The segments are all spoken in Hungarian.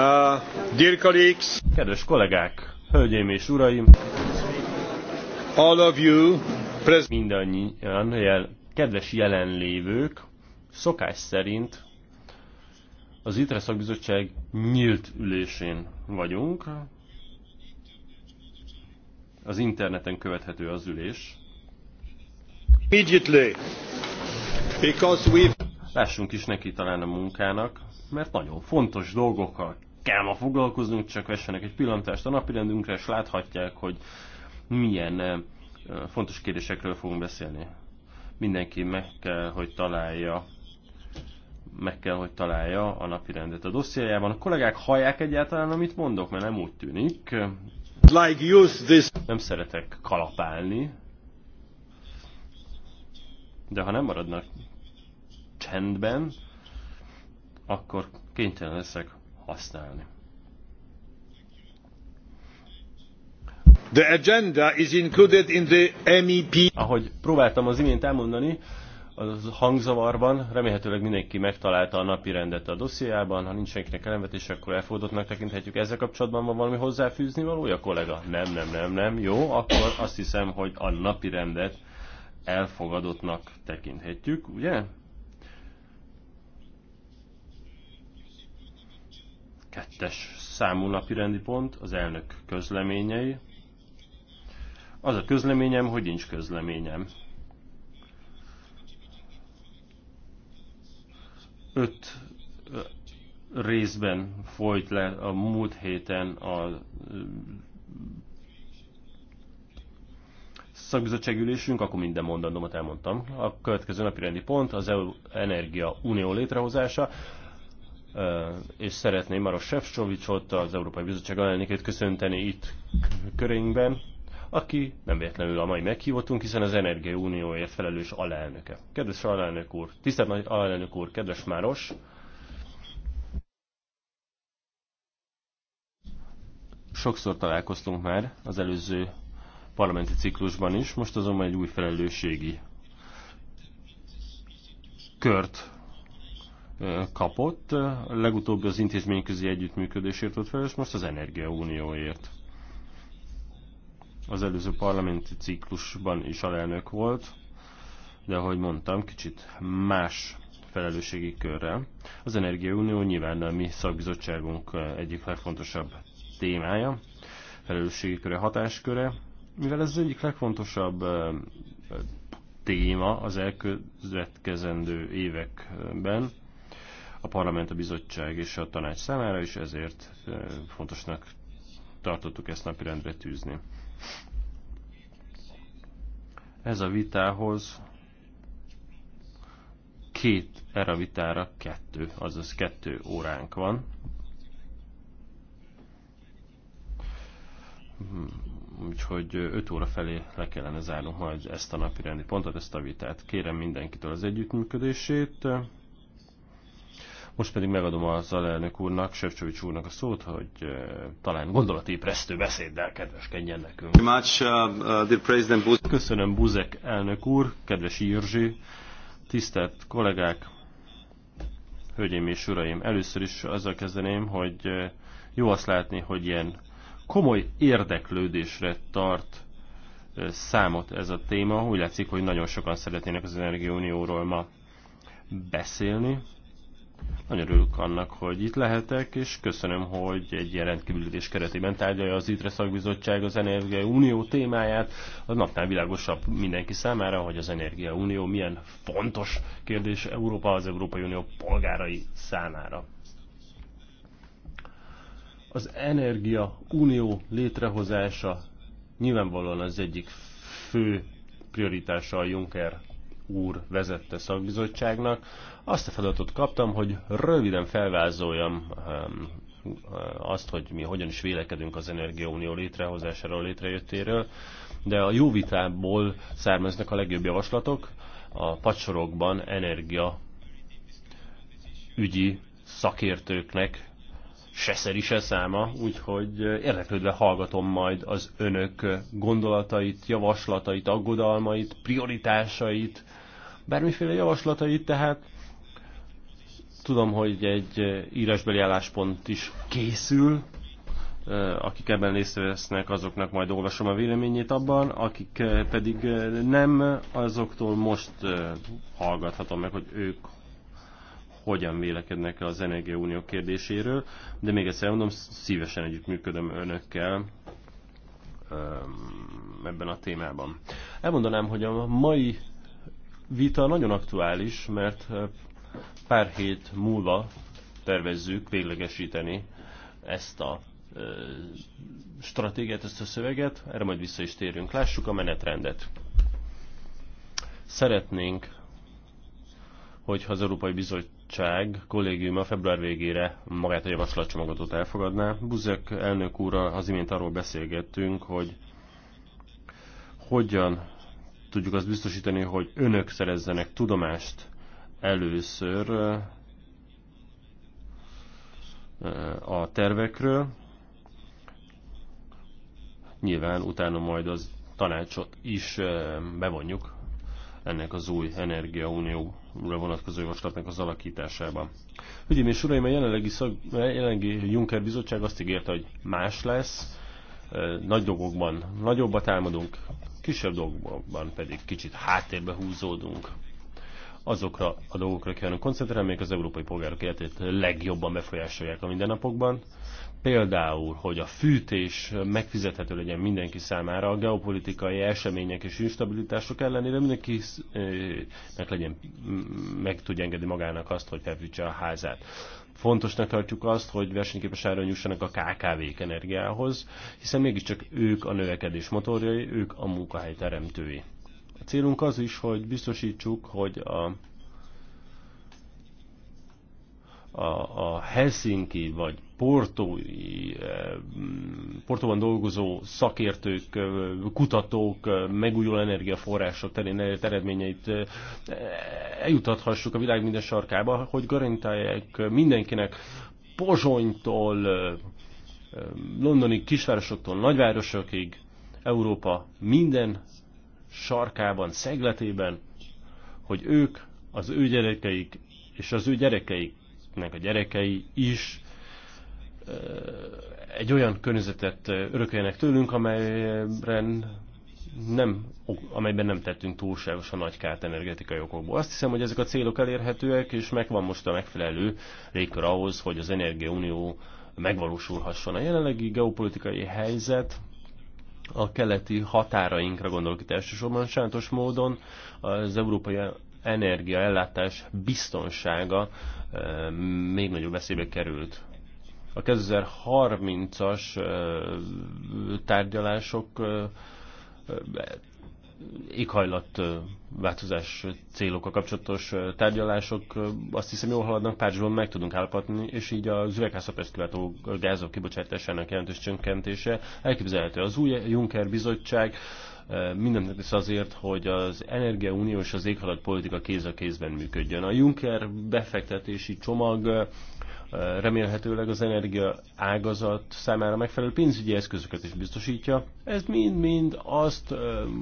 Uh, Kedves kollégák, hölgyeim és uraim, all of you, mindannyian, jel, kedves jelenlévők, szokás szerint az ITRE szakbizottság nyílt ülésén vagyunk. Az interneten követhető az ülés. Immediately, because we Lássunk is neki talán a munkának, mert nagyon fontos dolgokat kell ma foglalkoznunk, csak vessenek egy pillantást a napirendünkre, és láthatják, hogy milyen eh, fontos kérdésekről fogunk beszélni. Mindenki meg kell, hogy találja meg kell, hogy találja a napirendet a dossziájában. A kollégák hallják egyáltalán, amit mondok, mert nem úgy tűnik. Like use this. Nem szeretek kalapálni, de ha nem maradnak csendben, akkor kénytelen leszek használni. The agenda is included in the MEP. Ahogy próbáltam az imént elmondani, az hangzavarban, remélhetőleg mindenki megtalálta a napi rendet a dossziában, ha nincs senkinek elemvetés, akkor elfogadottnak tekinthetjük. Ezzel kapcsolatban van valami hozzáfűzni valója, kollega? Nem, nem, nem, nem. Jó, akkor azt hiszem, hogy a napi rendet elfogadottnak tekinthetjük, ugye? kettes számú napirendi pont, az elnök közleményei. Az a közleményem, hogy nincs közleményem. Öt részben folyt le a múlt héten a szakbizottságülésünk, akkor minden mondandomat elmondtam. A következő napi rendi pont az EU Energia Unió létrehozása és szeretném Maros Sefcsovicsot, az Európai Bizottság alelnökét köszönteni itt körénkben, aki nem véletlenül a mai meghívottunk, hiszen az Energia Unióért felelős alelnöke. Kedves alelnök úr, tisztelt nagy alelnök úr, kedves Máros! Sokszor találkoztunk már az előző parlamenti ciklusban is, most azonban egy új felelősségi kört kapott, legutóbb az intézményközi együttműködésért volt fel, és most az Energiaunióért. Az előző parlamenti ciklusban is alelnök volt, de ahogy mondtam, kicsit más felelősségi körrel. Az Energiaunió nyilván a mi szakbizottságunk egyik legfontosabb témája, felelősségi köre, hatásköre, mivel ez az egyik legfontosabb téma az elkövetkezendő években, a parlament, a bizottság és a tanács számára, és ezért fontosnak tartottuk ezt napirendre tűzni. Ez a vitához két, erre a vitára kettő, azaz kettő óránk van. Hmm, úgyhogy 5 óra felé le kellene zárnunk majd ezt a napi rendi pontot, ezt a vitát. Kérem mindenkitől az együttműködését. Most pedig megadom az alelnök úrnak, Sefcsovics úrnak a szót, hogy uh, talán gondolatépresztő beszéddel kedveskedjen nekünk. Uh, uh, Köszönöm Buzek elnök úr, kedves Jirzsi, tisztelt kollégák, hölgyeim és uraim. Először is azzal kezdeném, hogy eh, jó azt látni, hogy ilyen komoly érdeklődésre tart eh, számot ez a téma. Úgy látszik, hogy nagyon sokan szeretnének az Energiaunióról ma beszélni. Nagyon örülök annak, hogy itt lehetek, és köszönöm, hogy egy ilyen rendkívülítés keretében tárgyalja az ITRE szakbizottság az Energia Unió témáját. A napnál világosabb mindenki számára, hogy az Energia Unió milyen fontos kérdés Európa az Európai Unió polgárai számára. Az Energia Unió létrehozása nyilvánvalóan az egyik fő prioritása a Juncker úr vezette szakbizottságnak. Azt a feladatot kaptam, hogy röviden felvázoljam ehm, eh, azt, hogy mi hogyan is vélekedünk az Energiaunió létrehozásáról, létrejöttéről, de a jó vitából származnak a legjobb javaslatok. A pacsorokban energia ügyi szakértőknek se szeri, se száma, úgyhogy eh, érdeklődve hallgatom majd az önök gondolatait, javaslatait, aggodalmait, prioritásait, bármiféle javaslatait, tehát Tudom, hogy egy írásbeli álláspont is készül, akik ebben részt vesznek, azoknak majd olvasom a véleményét abban, akik pedig nem, azoktól most hallgathatom meg, hogy ők hogyan vélekednek az Energiaunió kérdéséről, de még egyszer mondom, szívesen együttműködöm önökkel ebben a témában. Elmondanám, hogy a mai vita nagyon aktuális, mert Pár hét múlva tervezzük véglegesíteni ezt a e, stratégiát, ezt a szöveget, erre majd vissza is térünk. Lássuk a menetrendet. Szeretnénk, hogyha az Európai Bizottság kollégiuma február végére magát a javaslatcsomagot elfogadná. Buzek elnök úr, az imént arról beszélgettünk, hogy hogyan tudjuk azt biztosítani, hogy önök szerezzenek tudomást először a tervekről, nyilván utána majd az tanácsot is bevonjuk ennek az új energiaunióra vonatkozó javaslatnak az alakításában. Hölgyeim és uraim, a jelenlegi, szag, a jelenlegi Juncker bizottság azt ígérte, hogy más lesz, nagy dolgokban nagyobbat álmodunk, kisebb dolgokban pedig kicsit háttérbe húzódunk azokra a dolgokra kellene koncentrálni, amelyek az európai polgárok életét legjobban befolyásolják a mindennapokban. Például, hogy a fűtés megfizethető legyen mindenki számára, a geopolitikai események és instabilitások ellenére meg eh, legyen, mm, meg tudja engedni magának azt, hogy felfűtse a házát. Fontosnak tartjuk azt, hogy versenyképes áron jussanak a KKV-k energiához, hiszen mégiscsak ők a növekedés motorjai, ők a munkahely teremtői a célunk az is, hogy biztosítsuk, hogy a a, a Helsinki vagy Portói, eh, Portóban dolgozó szakértők, eh, kutatók, eh, megújuló energiaforrások terén elért eredményeit eljutathassuk a világ minden sarkába, hogy garantálják mindenkinek Pozsonytól, londoni kisvárosoktól, nagyvárosokig Európa minden sarkában, szegletében, hogy ők, az ő gyerekeik és az ő gyerekeiknek a gyerekei is egy olyan környezetet örököljenek tőlünk, amelyben nem, amelyben nem tettünk túlságosan nagy kárt energetikai okokból. Azt hiszem, hogy ezek a célok elérhetőek, és megvan most a megfelelő légkör ahhoz, hogy az Energiaunió megvalósulhasson. A jelenlegi geopolitikai helyzet a keleti határainkra gondolok itt elsősorban, sajnos módon az európai energiaellátás biztonsága eh, még nagyobb veszélybe került. A 2030-as eh, tárgyalások eh, Éghajlatváltozás célokkal kapcsolatos tárgyalások azt hiszem jól haladnak, Párizsban meg tudunk állapotni, és így az üvegházhatást kiváltó gázok kibocsátásának jelentős csökkentése elképzelhető. Az új Juncker bizottság mindent tesz azért, hogy az energiaunió és az éghajlat politika kéz a kézben működjön. A Juncker befektetési csomag remélhetőleg az energia ágazat számára megfelelő pénzügyi eszközöket is biztosítja. Ez mind-mind azt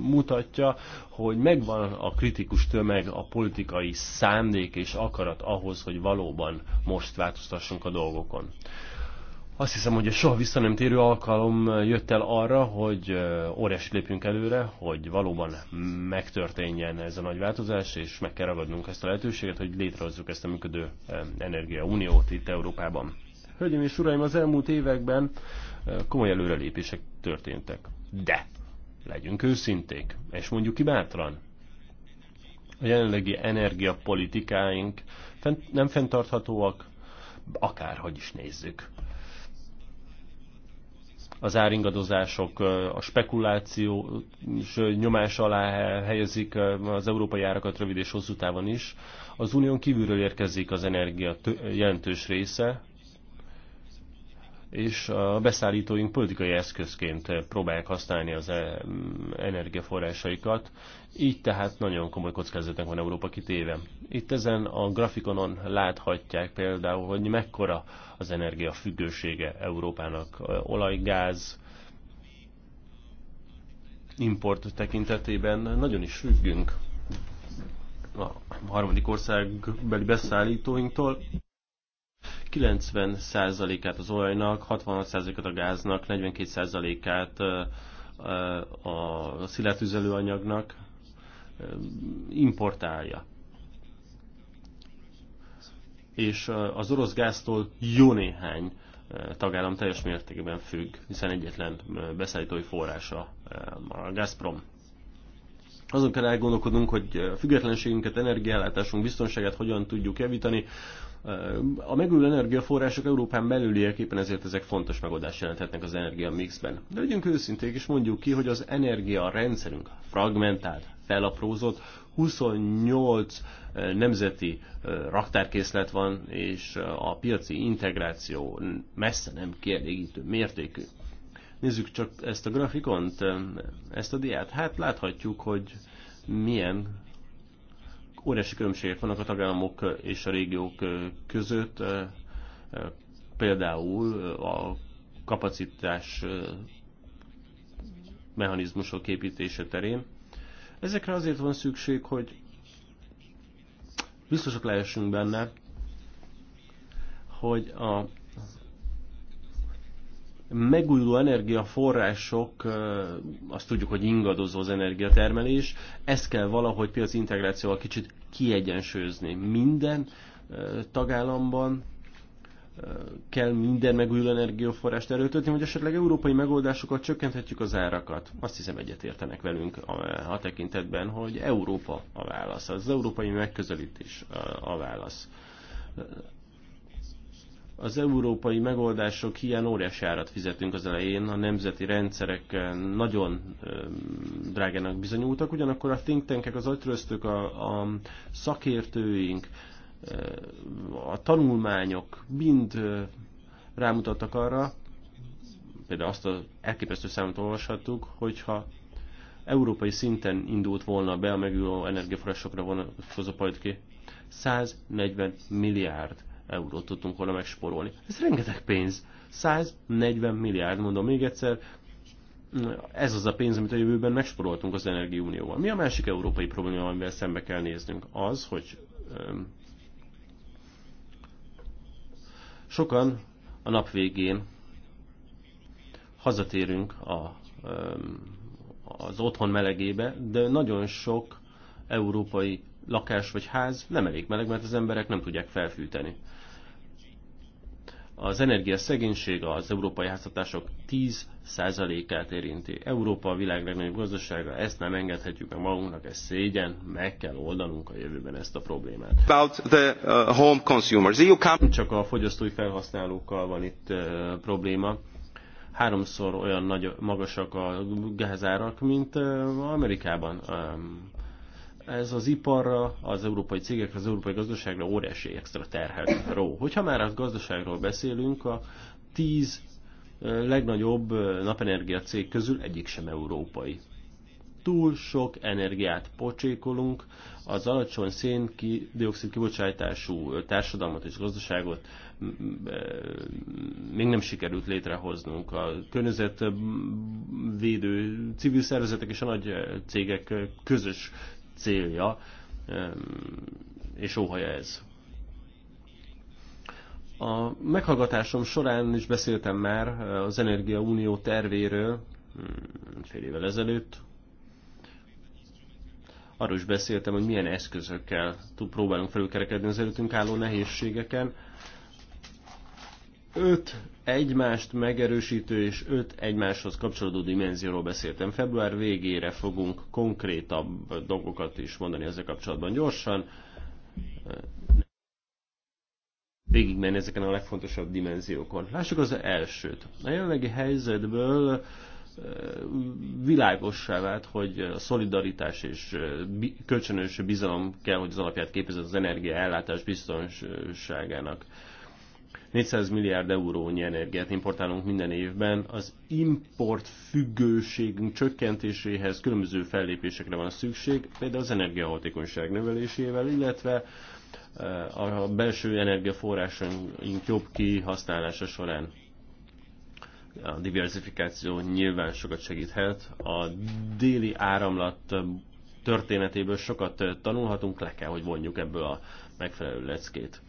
mutatja, hogy megvan a kritikus tömeg, a politikai szándék és akarat ahhoz, hogy valóban most változtassunk a dolgokon. Azt hiszem, hogy a soha vissza nem térő alkalom jött el arra, hogy óriási lépjünk előre, hogy valóban megtörténjen ez a nagy változás, és meg kell ragadnunk ezt a lehetőséget, hogy létrehozzuk ezt a működő energiauniót itt Európában. Hölgyeim és uraim, az elmúlt években komoly előrelépések történtek. De legyünk őszinték, és mondjuk ki bátran. A jelenlegi energiapolitikáink nem fenntarthatóak, akárhogy is nézzük az áringadozások, a spekuláció nyomás alá helyezik az európai árakat rövid és hosszú távon is. Az unión kívülről érkezik az energia jelentős része, és a beszállítóink politikai eszközként próbálják használni az energiaforrásaikat, így tehát nagyon komoly kockázatnak van Európa kitéve. Itt ezen a grafikonon láthatják például, hogy mekkora az energia függősége Európának olajgáz, import tekintetében nagyon is függünk a harmadik országbeli beszállítóinktól, 90%-át az olajnak, 66%-át a gáznak, 42%-át a szilárd importálja. És az orosz gáztól jó néhány tagállam teljes mértékben függ, hiszen egyetlen beszállítói forrása a Gazprom. Azon kell elgondolkodnunk, hogy függetlenségünket, energiállátásunk biztonságát hogyan tudjuk javítani. A megújuló energiaforrások Európán belüliek éppen ezért ezek fontos megoldást jelenthetnek az energia mixben. De legyünk őszinték és mondjuk ki, hogy az energia rendszerünk fragmentált, felaprózott, 28 nemzeti raktárkészlet van, és a piaci integráció messze nem kielégítő mértékű. Nézzük csak ezt a grafikont, ezt a diát. Hát láthatjuk, hogy milyen óriási különbségek vannak a tagállamok és a régiók között. Például a kapacitás mechanizmusok építése terén. Ezekre azért van szükség, hogy biztosak lehessünk benne, hogy a megújuló energiaforrások, azt tudjuk, hogy ingadozó az energiatermelés, ezt kell valahogy piaci integrációval kicsit kiegyensúlyozni. Minden tagállamban kell minden megújuló energiaforrást erőltetni, vagy esetleg európai megoldásokat csökkenthetjük az árakat. Azt hiszem egyetértenek velünk a, a tekintetben, hogy Európa a válasz, az európai megközelítés a, a válasz. Az európai megoldások hiány óriási árat fizetünk az elején, a nemzeti rendszerek eh, nagyon eh, drágának bizonyultak, ugyanakkor a think tankek, az agytröztök, a, a szakértőink, eh, a tanulmányok mind rámutattak arra, például azt az elképesztő számot olvashattuk, hogyha európai szinten indult volna be a megújuló energiaforrásokra vonatkozó politikai 140 milliárd eurót tudtunk volna megsporolni. Ez rengeteg pénz. 140 milliárd, mondom még egyszer, ez az a pénz, amit a jövőben megsporoltunk az Energiaunióval. Mi a másik európai probléma, amivel szembe kell néznünk? Az, hogy sokan a nap végén hazatérünk a, az otthon melegébe, de nagyon sok európai lakás vagy ház nem elég meleg, mert az emberek nem tudják felfűteni. Az energiaszegénység az európai háztartások 10%-át érinti. Európa a világ legnagyobb gazdasága, ezt nem engedhetjük meg magunknak, ez szégyen, meg kell oldanunk a jövőben ezt a problémát. About the uh, home consumers. you come... Csak a fogyasztói felhasználókkal van itt uh, probléma. Háromszor olyan nagy, magasak a gázárak, mint uh, Amerikában. Um, ez az iparra, az európai cégekre, az európai gazdaságra óriási extra terhet ró. Hogyha már a gazdaságról beszélünk, a tíz legnagyobb napenergia cég közül egyik sem európai. Túl sok energiát pocsékolunk, az alacsony szén-dioxid kibocsátású társadalmat és gazdaságot még nem sikerült létrehoznunk. A környezetvédő civil szervezetek és a nagy cégek közös célja és óhaja ez. A meghallgatásom során is beszéltem már az Energia Unió tervéről hmm, fél évvel ezelőtt. Arról is beszéltem, hogy milyen eszközökkel próbálunk felülkerekedni az előttünk álló nehézségeken. Öt egymást megerősítő és öt egymáshoz kapcsolódó dimenzióról beszéltem. Február végére fogunk konkrétabb dolgokat is mondani ezzel kapcsolatban gyorsan. Eh, végigmenni ezeken a legfontosabb dimenziókon. Lássuk az elsőt. A jelenlegi helyzetből eh, világossá vált, hogy a szolidaritás és eh, kölcsönös bizalom kell, hogy az alapját képezze az energiaellátás biztonságának. 400 milliárd eurónyi energiát importálunk minden évben. Az import függőségünk csökkentéséhez különböző fellépésekre van szükség, például az energiahatékonyság növelésével, illetve eh, a belső energiaforrásaink jobb kihasználása során a diversifikáció nyilván sokat segíthet. A déli áramlat történetéből sokat eh, tanulhatunk, le kell, hogy vonjuk ebből a megfelelő leckét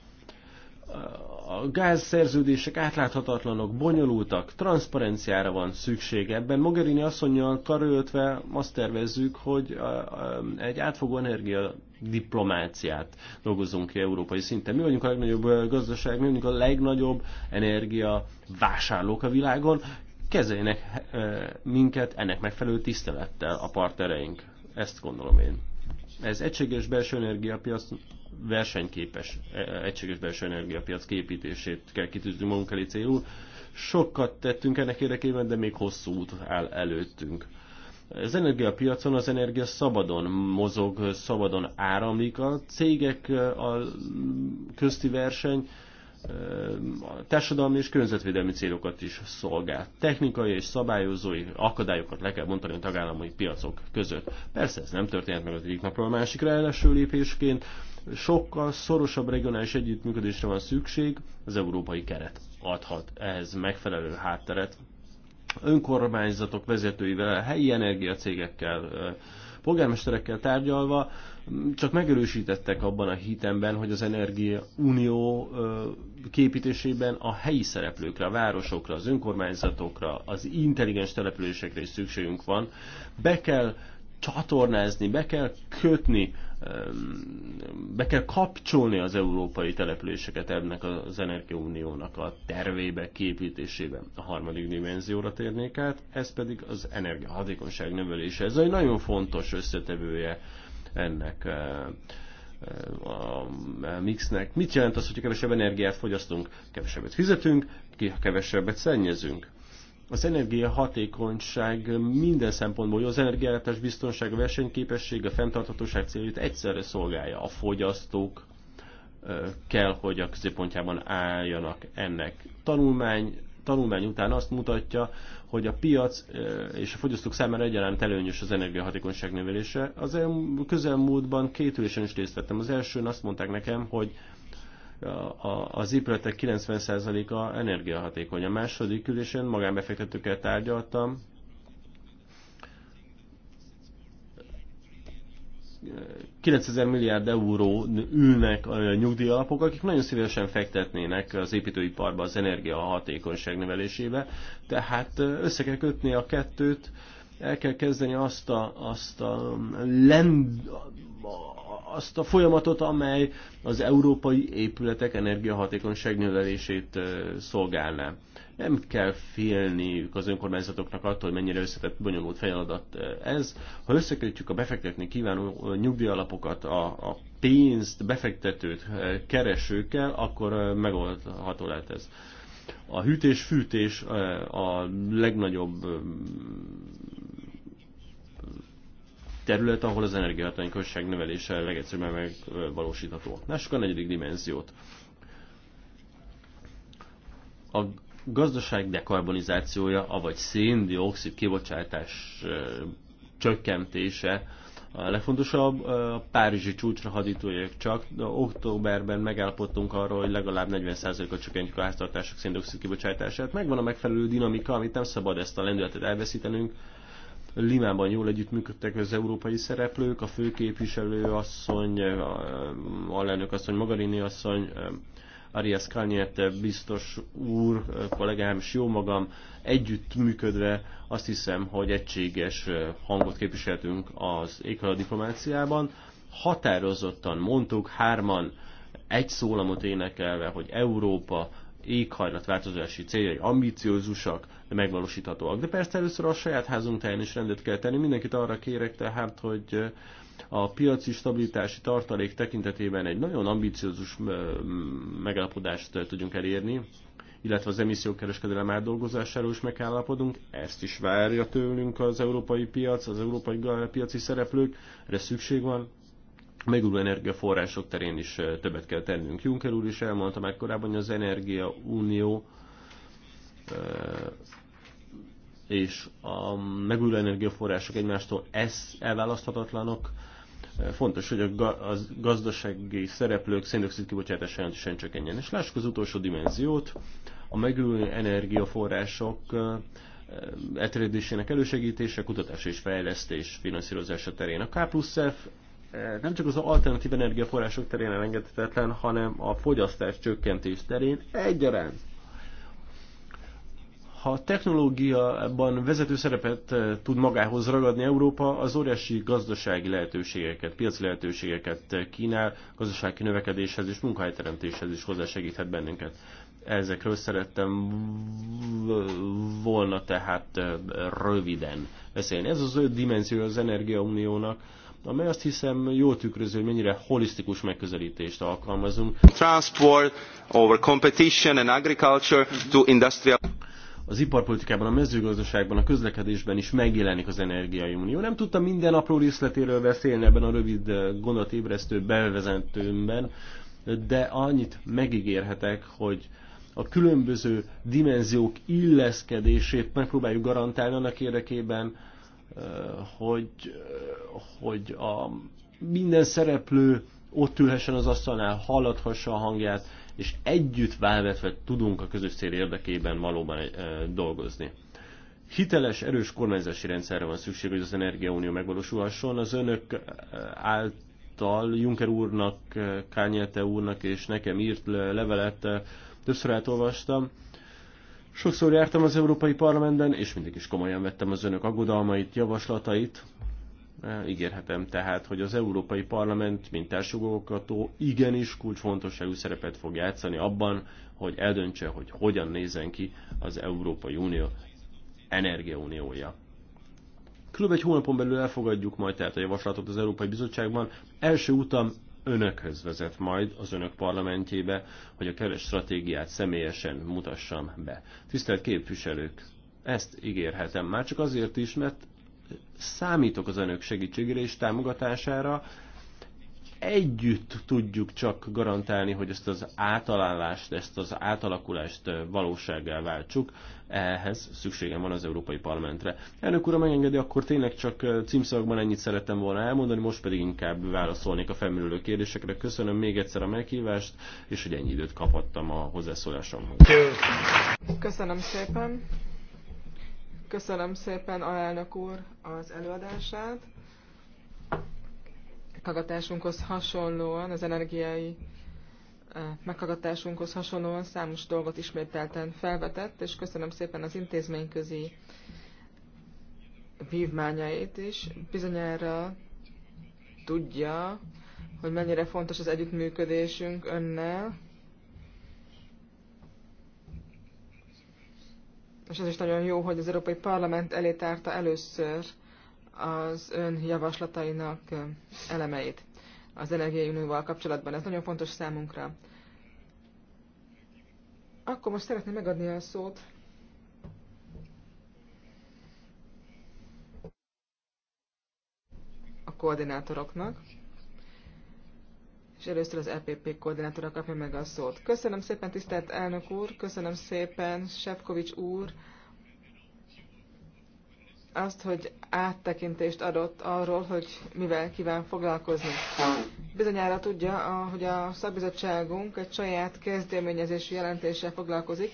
a gázszerződések átláthatatlanok, bonyolultak, transzparenciára van szükség ebben. Mogherini asszonynal karöltve azt tervezzük, hogy egy átfogó energia diplomáciát dolgozunk ki európai szinten. Mi vagyunk a legnagyobb gazdaság, mi vagyunk a legnagyobb energia vásárlók a világon. Kezeljenek minket ennek megfelelő tisztelettel a partnereink. Ezt gondolom én. Ez egységes belső energiapiac versenyképes e, e, egységes belső energiapiac képítését kell kitűzni magunk elé célul. Sokat tettünk ennek érdekében, de még hosszú út áll előttünk. Az energiapiacon az energia szabadon mozog, szabadon áramlik. A cégek, a közti verseny a társadalmi és környezetvédelmi célokat is szolgál. Technikai és szabályozói akadályokat le kell bontani a tagállami piacok között. Persze ez nem történt meg az egyik napról a másikra első lépésként, sokkal szorosabb regionális együttműködésre van szükség, az európai keret adhat ehhez megfelelő hátteret. Önkormányzatok vezetőivel, helyi energiacégekkel, polgármesterekkel tárgyalva csak megerősítettek abban a hitemben, hogy az Energia Unió képítésében a helyi szereplőkre, a városokra, az önkormányzatokra, az intelligens településekre is szükségünk van. Be kell csatornázni, be kell kötni, be kell kapcsolni az európai településeket ennek az energiauniónak a tervébe, képítésében. A harmadik dimenzióra térnék át, ez pedig az energiahatékonyság növelése. Ez egy nagyon fontos összetevője ennek eh, eh, a mixnek. Mit jelent az, hogy kevesebb energiát fogyasztunk? Kevesebbet fizetünk, kevesebbet szennyezünk. Az energia hatékonyság minden szempontból jó, az energiállátás biztonság, a versenyképesség, a fenntarthatóság céljait egyszerre szolgálja. A fogyasztók eh, kell, hogy a középpontjában álljanak ennek. Tanulmány, tanulmány után azt mutatja, hogy a piac és a fogyasztók számára egyaránt előnyös az energiahatékonyság növelése. Az közelmúltban két ülésen is részt vettem. Az elsőn azt mondták nekem, hogy az épületek 90%-a energiahatékony. A második ülésen magánbefektetőkkel tárgyaltam, 9000 milliárd euró ülnek a nyugdíjalapok, akik nagyon szívesen fektetnének az építőiparba, az energia hatékonyság növelésébe. Tehát össze kell kötni a kettőt, el kell kezdeni azt a, azt a, lend, azt a folyamatot, amely az európai épületek energiahatékonyság növelését szolgálná. Nem kell félniük az önkormányzatoknak attól, hogy mennyire összetett, bonyolult feladat ez. Ha összekötjük a befektetni kívánó nyugdíjalapokat, a, a pénzt, befektetőt, keresőkkel, akkor megoldható lehet ez. A hűtés-fűtés a legnagyobb terület, ahol az energiahatékonyság növelése legegyszerűbben megvalósítható. Lássuk a negyedik dimenziót. A gazdaság dekarbonizációja, avagy széndiokszid kibocsátás csökkentése a legfontosabb. A Párizsi csúcsra hadítójék csak. de Októberben megállapodtunk arról, hogy legalább 40%-a csökkentjük a háztartások széndiokszid kibocsátását. Megvan a megfelelő dinamika, amit nem szabad ezt a lendületet elveszítenünk. Limában jól együttműködtek az európai szereplők, a főképviselő asszony, a alelnök asszony, Magarini asszony, Arias Kanyete biztos úr, kollégám és jó magam együtt működve azt hiszem, hogy egységes hangot képviseltünk az éghajlat diplomáciában. Határozottan mondtuk, hárman egy szólamot énekelve, hogy Európa éghajlatváltozási céljai ambiciózusak, de megvalósíthatóak. De persze először a saját házunk táján is rendet kell tenni. Mindenkit arra kérek tehát, hogy a piaci stabilitási tartalék tekintetében egy nagyon ambiciózus megállapodást tudjunk elérni, illetve az emissziókereskedelem átdolgozásáról is megállapodunk, ezt is várja tőlünk az európai piac, az európai piaci szereplők, erre szükség van, megújuló energiaforrások terén is többet kell tennünk. Juncker úr is elmondta már korábban, hogy az Energia Unió és a megújuló energiaforrások egymástól ez elválaszthatatlanok, Fontos, hogy a gazdasági szereplők széndiokszid kibocsátás jelentősen csökkenjen. És lássuk az utolsó dimenziót, a megújuló energiaforrások elterjedésének elősegítése, kutatás és fejlesztés finanszírozása terén. A K plusz F nem csak az alternatív energiaforrások terén elengedhetetlen, hanem a fogyasztás csökkentés terén egyaránt. Ha technológiában vezető szerepet eh, tud magához ragadni Európa, az óriási gazdasági lehetőségeket, piaci lehetőségeket eh, kínál, gazdasági növekedéshez és munkahelyteremtéshez is hozzásegíthet bennünket. Ezekről szerettem volna tehát eh, röviden beszélni. Ez az öt dimenzió az energiauniónak, amely azt hiszem jól tükröző, hogy mennyire holisztikus megközelítést alkalmazunk. Transport over competition and agriculture to industrial az iparpolitikában, a mezőgazdaságban, a közlekedésben is megjelenik az energiai unió. Nem tudtam minden apró részletéről beszélni ebben a rövid eh, gondolatébresztő bevezetőmben, de annyit megígérhetek, hogy a különböző dimenziók illeszkedését megpróbáljuk garantálni annak érdekében, eh, hogy, eh, hogy a minden szereplő ott ülhessen az asztalnál, hallathassa a hangját, és együtt válvetve tudunk a közös cél érdekében valóban eh, dolgozni. Hiteles, erős kormányzási rendszerre van szükség, hogy az Energiaunió megvalósulhasson. Az önök eh, által Juncker úrnak, eh, Kányete úrnak és nekem írt levelet többször átolvastam. Sokszor jártam az Európai Parlamentben, és mindig is komolyan vettem az önök aggodalmait, javaslatait. E, ígérhetem tehát, hogy az Európai Parlament, mint társjogogató, igenis kulcsfontosságú szerepet fog játszani abban, hogy eldöntse, hogy hogyan nézzen ki az Európai Unió energiauniója. Különben egy hónapon belül elfogadjuk majd tehát a javaslatot az Európai Bizottságban. Első utam önökhöz vezet majd az önök parlamentjébe, hogy a keres stratégiát személyesen mutassam be. Tisztelt képviselők, ezt ígérhetem már csak azért is, mert számítok az önök segítségére és támogatására. Együtt tudjuk csak garantálni, hogy ezt az átalálást, ezt az átalakulást valósággá váltsuk. Ehhez szükségem van az Európai Parlamentre. Elnök úr, megengedi, akkor tényleg csak címszavakban ennyit szerettem volna elmondani, most pedig inkább válaszolnék a felmerülő kérdésekre. Köszönöm még egyszer a meghívást, és hogy ennyi időt kaphattam a hozzászólásomhoz. Köszönöm szépen. Köszönöm szépen, elnök úr, az előadását. Meghallgatásunkhoz hasonlóan, az energiai eh, meghallgatásunkhoz hasonlóan számos dolgot ismételten felvetett, és köszönöm szépen az intézményközi vívmányait is. Bizonyára tudja, hogy mennyire fontos az együttműködésünk önnel, és ez is nagyon jó, hogy az Európai Parlament elé tárta először az ön javaslatainak elemeit az unióval kapcsolatban. Ez nagyon fontos számunkra. Akkor most szeretném megadni a szót a koordinátoroknak és először az EPP koordinátora kapja meg a szót. Köszönöm szépen, tisztelt elnök úr, köszönöm szépen, Sefkovics úr, azt, hogy áttekintést adott arról, hogy mivel kíván foglalkozni. Bizonyára tudja, hogy a szakbizottságunk egy saját kezdeményezési jelentéssel foglalkozik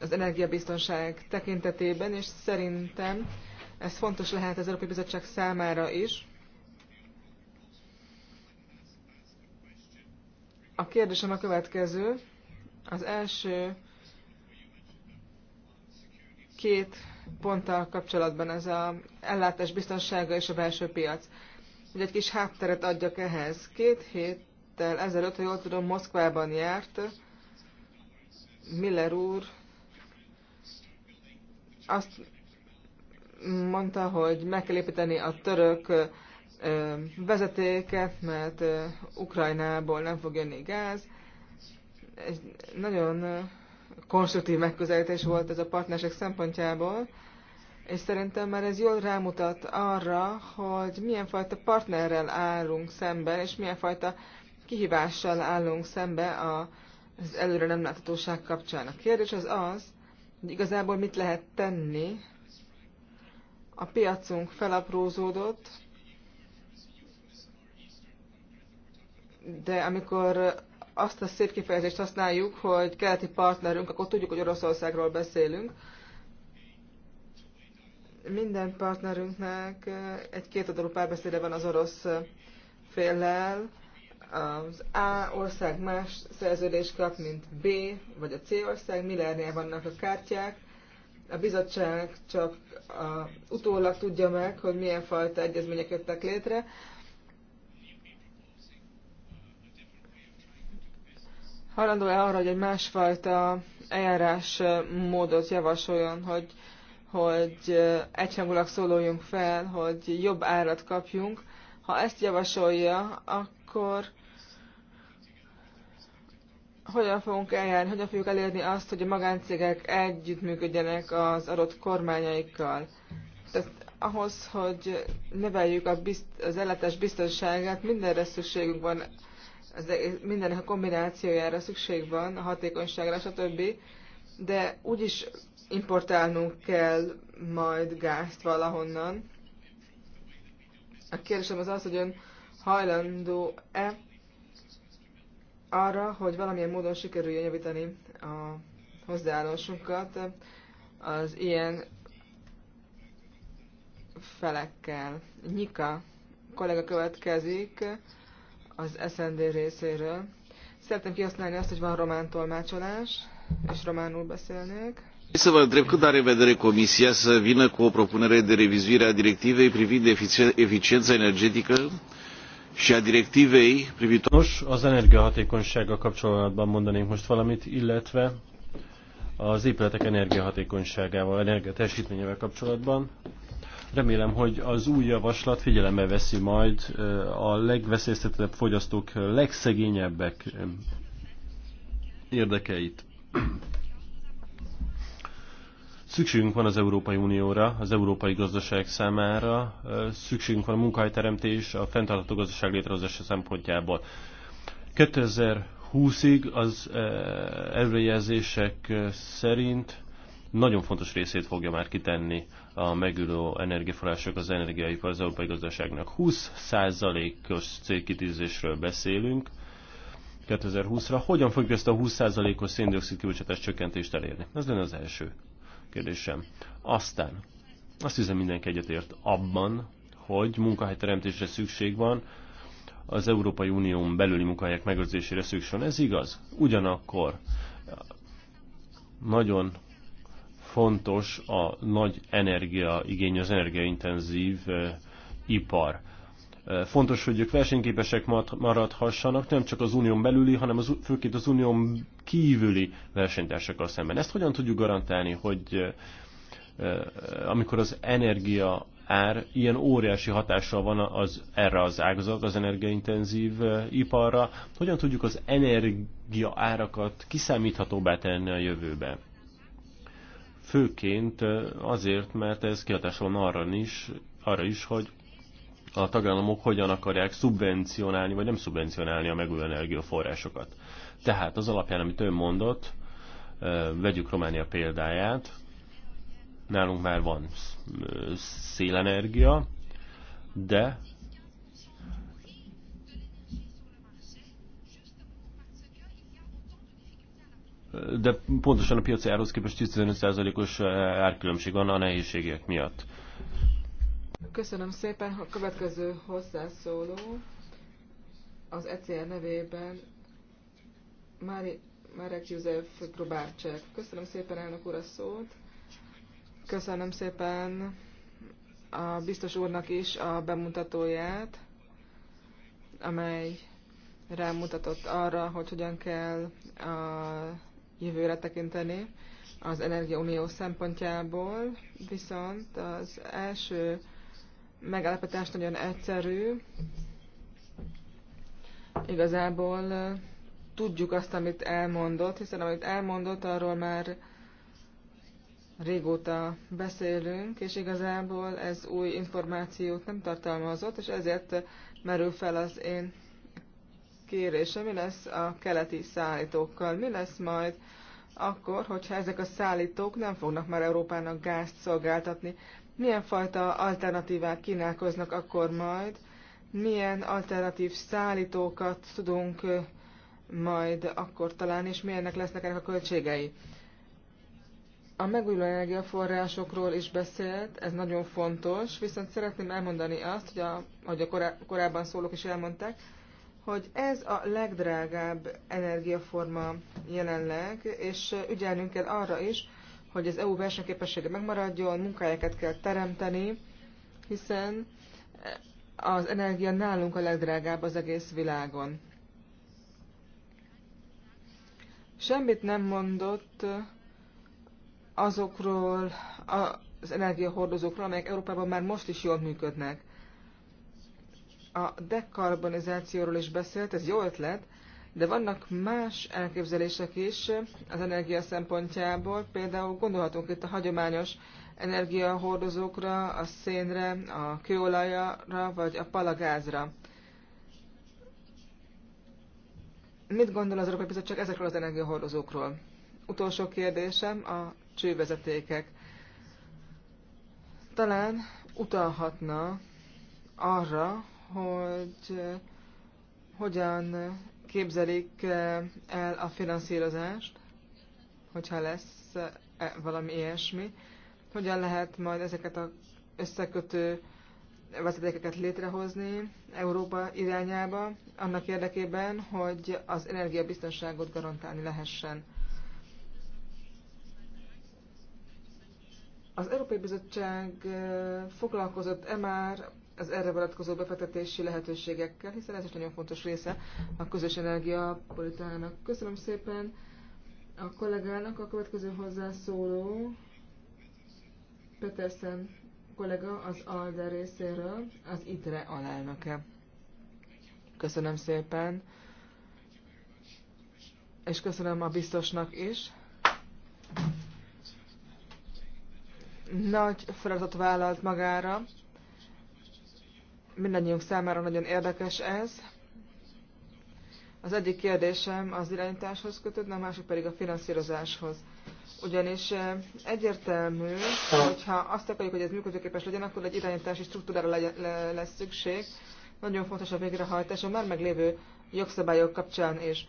az energiabiztonság tekintetében, és szerintem ez fontos lehet az Európai Bizottság számára is, A kérdésem a következő. Az első két ponttal kapcsolatban ez a ellátás biztonsága és a belső piac. Hogy egy kis hátteret adjak ehhez. Két héttel ezelőtt, ha jól tudom, Moszkvában járt Miller úr azt mondta, hogy meg kell építeni a török vezetéket, mert Ukrajnából nem fog jönni gáz. Egy nagyon konstruktív megközelítés volt ez a partnerség szempontjából, és szerintem már ez jól rámutat arra, hogy milyen fajta partnerrel állunk szemben, és milyen fajta kihívással állunk szembe az előre nem láthatóság kapcsán. A kérdés az az, hogy igazából mit lehet tenni. A piacunk felaprózódott, de amikor azt a szép kifejezést használjuk, hogy keleti partnerünk, akkor tudjuk, hogy Oroszországról beszélünk. Minden partnerünknek egy kétoldalú párbeszéde van az orosz féllel. Az A ország más szerződést kap, mint B vagy a C ország. Millernél vannak a kártyák. A bizottság csak a, utólag tudja meg, hogy milyen fajta egyezmények jöttek létre Hajlandó-e arra, hogy egy másfajta eljárás módot javasoljon, hogy, hogy egyhangulag szóloljunk fel, hogy jobb árat kapjunk. Ha ezt javasolja, akkor hogyan fogunk eljárni, hogyan fogjuk elérni azt, hogy a magáncégek együttműködjenek az adott kormányaikkal. Tehát ahhoz, hogy növeljük a bizt- az ellátás biztonságát, mindenre szükségünk van az mindennek a kombinációjára szükség van, a hatékonyságra, stb. De úgyis importálnunk kell majd gázt valahonnan. A kérdésem az az, hogy ön hajlandó-e arra, hogy valamilyen módon sikerüljön javítani a hozzáállásunkat az ilyen felekkel. Nyika kollega következik az SND részéről. Szeretném kihasználni azt, hogy van román tolmácsolás, és románul beszélnék. Să szóval, vă întreb cât are vedere Comisia să vină cu o propunere de revizuire a directivei privind eficiența energetică és a directivei privitoare... Nos, az energiahatékonysággal kapcsolatban mondanék most valamit, illetve az épületek energiahatékonyságával, energiatesítményével kapcsolatban. Remélem, hogy az új javaslat figyelembe veszi majd a legveszélyeztetettebb fogyasztók, legszegényebbek érdekeit. Szükségünk van az Európai Unióra, az európai gazdaság számára, szükségünk van a munkahelyteremtés, a fenntartható gazdaság létrehozása szempontjából. 2020-ig az előrejelzések szerint nagyon fontos részét fogja már kitenni a megülő energiaforrások az energiaipar az európai gazdaságnak. 20%-os célkitűzésről beszélünk 2020-ra. Hogyan fogjuk ezt a 20%-os széndiokszid kibocsátás csökkentést elérni? Ez lenne az első kérdésem. Aztán azt hiszem mindenki egyetért abban, hogy munkahelyteremtésre szükség van, az Európai Unión belüli munkahelyek megőrzésére szükség van. Ez igaz. Ugyanakkor nagyon fontos a nagy energiaigény, az energiaintenzív ipar. Fontos, hogy ők versenyképesek maradhassanak, nem csak az unión belüli, hanem az, főként az unión kívüli versenytársakkal szemben. Ezt hogyan tudjuk garantálni, hogy amikor az energia ár ilyen óriási hatással van az, erre az ágazat, az energiaintenzív iparra, hogyan tudjuk az energia árakat kiszámíthatóbbá tenni a jövőben? főként azért, mert ez kihatással van arra is, arra is, hogy a tagállamok hogyan akarják szubvencionálni, vagy nem szubvencionálni a megújuló energiaforrásokat. Tehát az alapján, amit ön mondott, vegyük Románia példáját, nálunk már van szélenergia, de de pontosan a piaci árhoz képest 15%-os eh, árkülönbség van a nehézségek miatt. Köszönöm szépen. A következő hozzászóló az ECR nevében Mári, Márek József Grubárcsek. Köszönöm szépen, elnök úr, a szót. Köszönöm szépen a biztos úrnak is a bemutatóját, amely rámutatott arra, hogy hogyan kell a jövőre tekinteni az Energiaunió szempontjából, viszont az első megállapítás nagyon egyszerű. Igazából tudjuk azt, amit elmondott, hiszen amit elmondott, arról már régóta beszélünk, és igazából ez új információt nem tartalmazott, és ezért merül fel az én kérése, mi lesz a keleti szállítókkal, mi lesz majd akkor, hogyha ezek a szállítók nem fognak már Európának gázt szolgáltatni, milyen fajta alternatívák kínálkoznak akkor majd, milyen alternatív szállítókat tudunk majd akkor találni, és milyennek lesznek ennek a költségei. A megújuló energiaforrásokról is beszélt, ez nagyon fontos, viszont szeretném elmondani azt, hogy a, hogy a korábban szólók is elmondták, hogy ez a legdrágább energiaforma jelenleg, és ügyelnünk kell arra is, hogy az EU versenyképessége megmaradjon, munkahelyeket kell teremteni, hiszen az energia nálunk a legdrágább az egész világon. Semmit nem mondott azokról az energiahordozókról, amelyek Európában már most is jól működnek a dekarbonizációról is beszélt, ez jó ötlet, de vannak más elképzelések is az energia szempontjából, például gondolhatunk itt a hagyományos energiahordozókra, a szénre, a kőolajra vagy a palagázra. Mit gondol az Európai Bizottság ezekről az energiahordozókról? Utolsó kérdésem a csővezetékek. Talán utalhatna arra, hogy hogyan képzelik el a finanszírozást, hogyha lesz -e valami ilyesmi, hogyan lehet majd ezeket az összekötő vezetékeket létrehozni Európa irányába, annak érdekében, hogy az energiabiztonságot garantálni lehessen. Az Európai Bizottság foglalkozott-e már az erre vonatkozó befektetési lehetőségekkel, hiszen ez is nagyon fontos része a közös energiapolitának. Köszönöm szépen a kollégának, a következő hozzászóló Petersen kollega az ALDE részéről, az ITRE alelnöke. Köszönöm szépen, és köszönöm a biztosnak is. Nagy feladat vállalt magára, mindannyiunk számára nagyon érdekes ez. Az egyik kérdésem az irányításhoz kötődne, a másik pedig a finanszírozáshoz. Ugyanis eh, egyértelmű, hogyha azt akarjuk, hogy ez működőképes legyen, akkor egy irányítási struktúrára legyen, le, lesz szükség. Nagyon fontos a végrehajtás a már meglévő jogszabályok kapcsán is.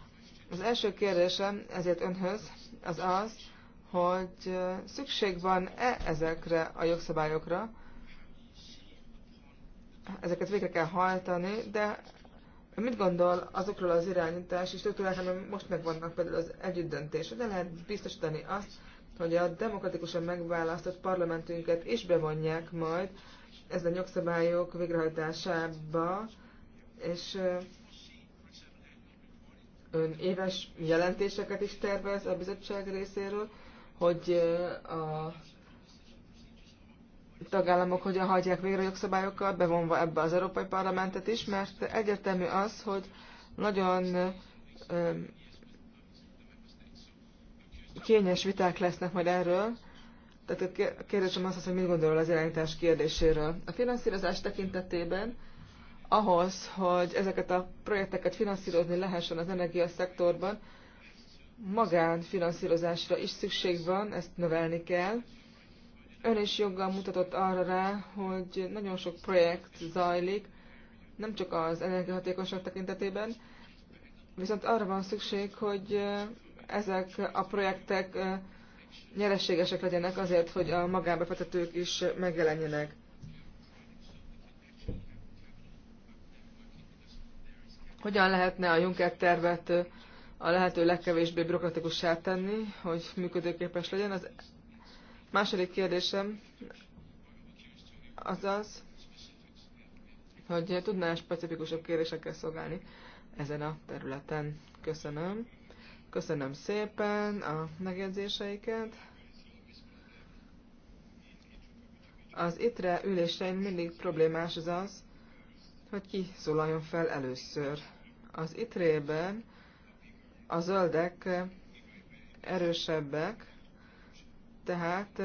Az első kérdésem ezért önhöz az az, hogy eh, szükség van-e ezekre a jogszabályokra, ezeket végre kell hajtani, de mit gondol azokról az irányítási struktúrákról, ami most megvannak például az együttdöntés? De lehet biztosítani azt, hogy a demokratikusan megválasztott parlamentünket is bevonják majd ez a nyugszabályok végrehajtásába, és ön éves jelentéseket is tervez a bizottság részéről, hogy a tagállamok hogyan hagyják végre a jogszabályokat, bevonva ebbe az Európai Parlamentet is, mert egyértelmű az, hogy nagyon kényes viták lesznek majd erről, tehát a kérdésem az, hogy mit gondol az irányítás kérdéséről. A finanszírozás tekintetében ahhoz, hogy ezeket a projekteket finanszírozni lehessen az energiaszektorban, magánfinanszírozásra is szükség van, ezt növelni kell. Ön is joggal mutatott arra rá, hogy nagyon sok projekt zajlik, nem csak az energiahatékonyság tekintetében, viszont arra van szükség, hogy ezek a projektek nyereségesek legyenek azért, hogy a magánbefektetők is megjelenjenek. Hogyan lehetne a Juncker tervet a lehető legkevésbé bürokratikussá tenni, hogy működőképes legyen? Az Második kérdésem az az, hogy tudná -e specifikusabb kérdésekkel szolgálni ezen a területen. Köszönöm. Köszönöm szépen a megjegyzéseiket. Az ITRE ülésein mindig problémás az az, hogy ki szólaljon fel először. Az itre a zöldek erősebbek, tehát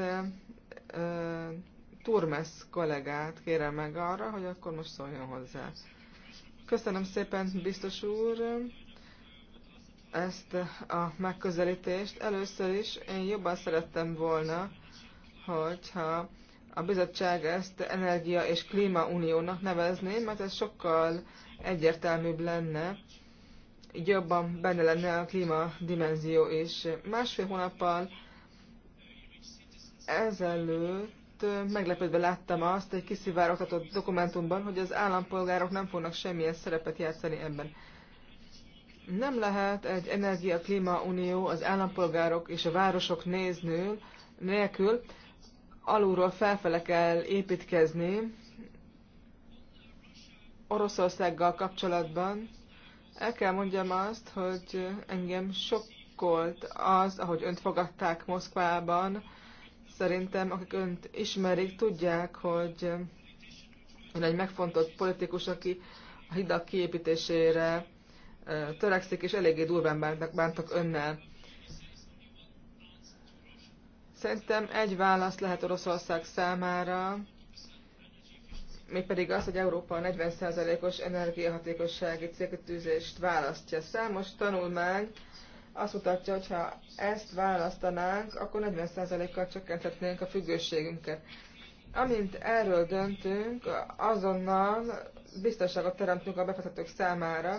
Turmes kollégát kérem meg arra, hogy akkor most szóljon hozzá. Köszönöm szépen, biztos úr, ezt a megközelítést. Először is én jobban szerettem volna, hogyha a bizottság ezt energia és klímauniónak nevezné, mert ez sokkal egyértelműbb lenne, jobban benne lenne a klímadimenzió dimenzió is. Másfél hónappal ezelőtt meglepődve láttam azt egy kiszivárogtatott dokumentumban, hogy az állampolgárok nem fognak semmilyen szerepet játszani ebben. Nem lehet egy energia-klíma unió az állampolgárok és a városok néznül, nélkül, alulról felfele kell építkezni Oroszországgal kapcsolatban. El kell mondjam azt, hogy engem sokkolt az, ahogy önt fogadták Moszkvában, Szerintem, akik önt ismerik, tudják, hogy ön egy megfontolt politikus, aki a hidak kiépítésére törekszik, és eléggé durván bántak önnel. Szerintem egy válasz lehet Oroszország számára, mégpedig az, hogy Európa 40%-os energiahatékossági célkötűzést választja. Számos tanulmány azt mutatja, hogy ha ezt választanánk, akkor 40%-kal csökkenthetnénk a függőségünket. Amint erről döntünk, azonnal biztonságot teremtünk a befektetők számára,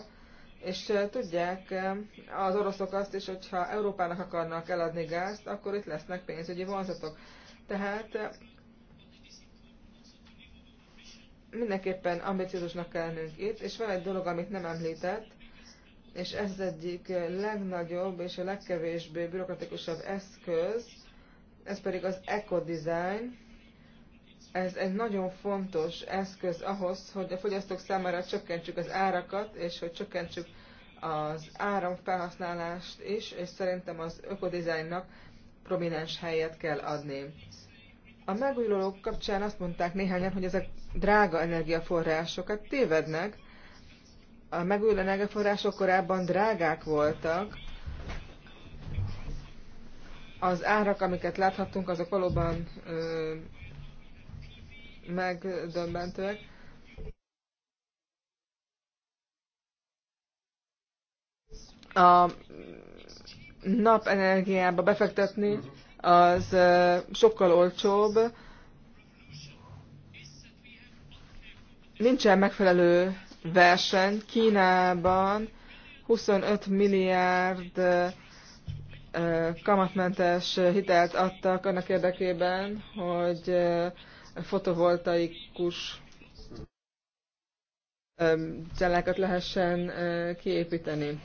és tudják az oroszok azt is, hogy ha Európának akarnak eladni gázt, akkor itt lesznek pénzügyi vonzatok. Tehát mindenképpen ambiciózusnak kell lennünk itt, és van egy dolog, amit nem említett, és ez az egyik legnagyobb és a legkevésbé bürokratikusabb eszköz, ez pedig az eco-design. Ez egy nagyon fontos eszköz ahhoz, hogy a fogyasztók számára csökkentsük az árakat, és hogy csökkentsük az áramfelhasználást is, és szerintem az ökodizájnnak prominens helyet kell adni. A megújulók kapcsán azt mondták néhányan, hogy ezek drága energiaforrásokat tévednek, a megújuló energiaforrások korábban drágák voltak. Az árak, amiket láthattunk, azok valóban ö, megdöbbentőek. A napenergiába befektetni az sokkal olcsóbb. Nincsen megfelelő versenyt. Kínában 25 milliárd kamatmentes hitelt adtak annak érdekében, hogy fotovoltaikus cellákat lehessen kiépíteni.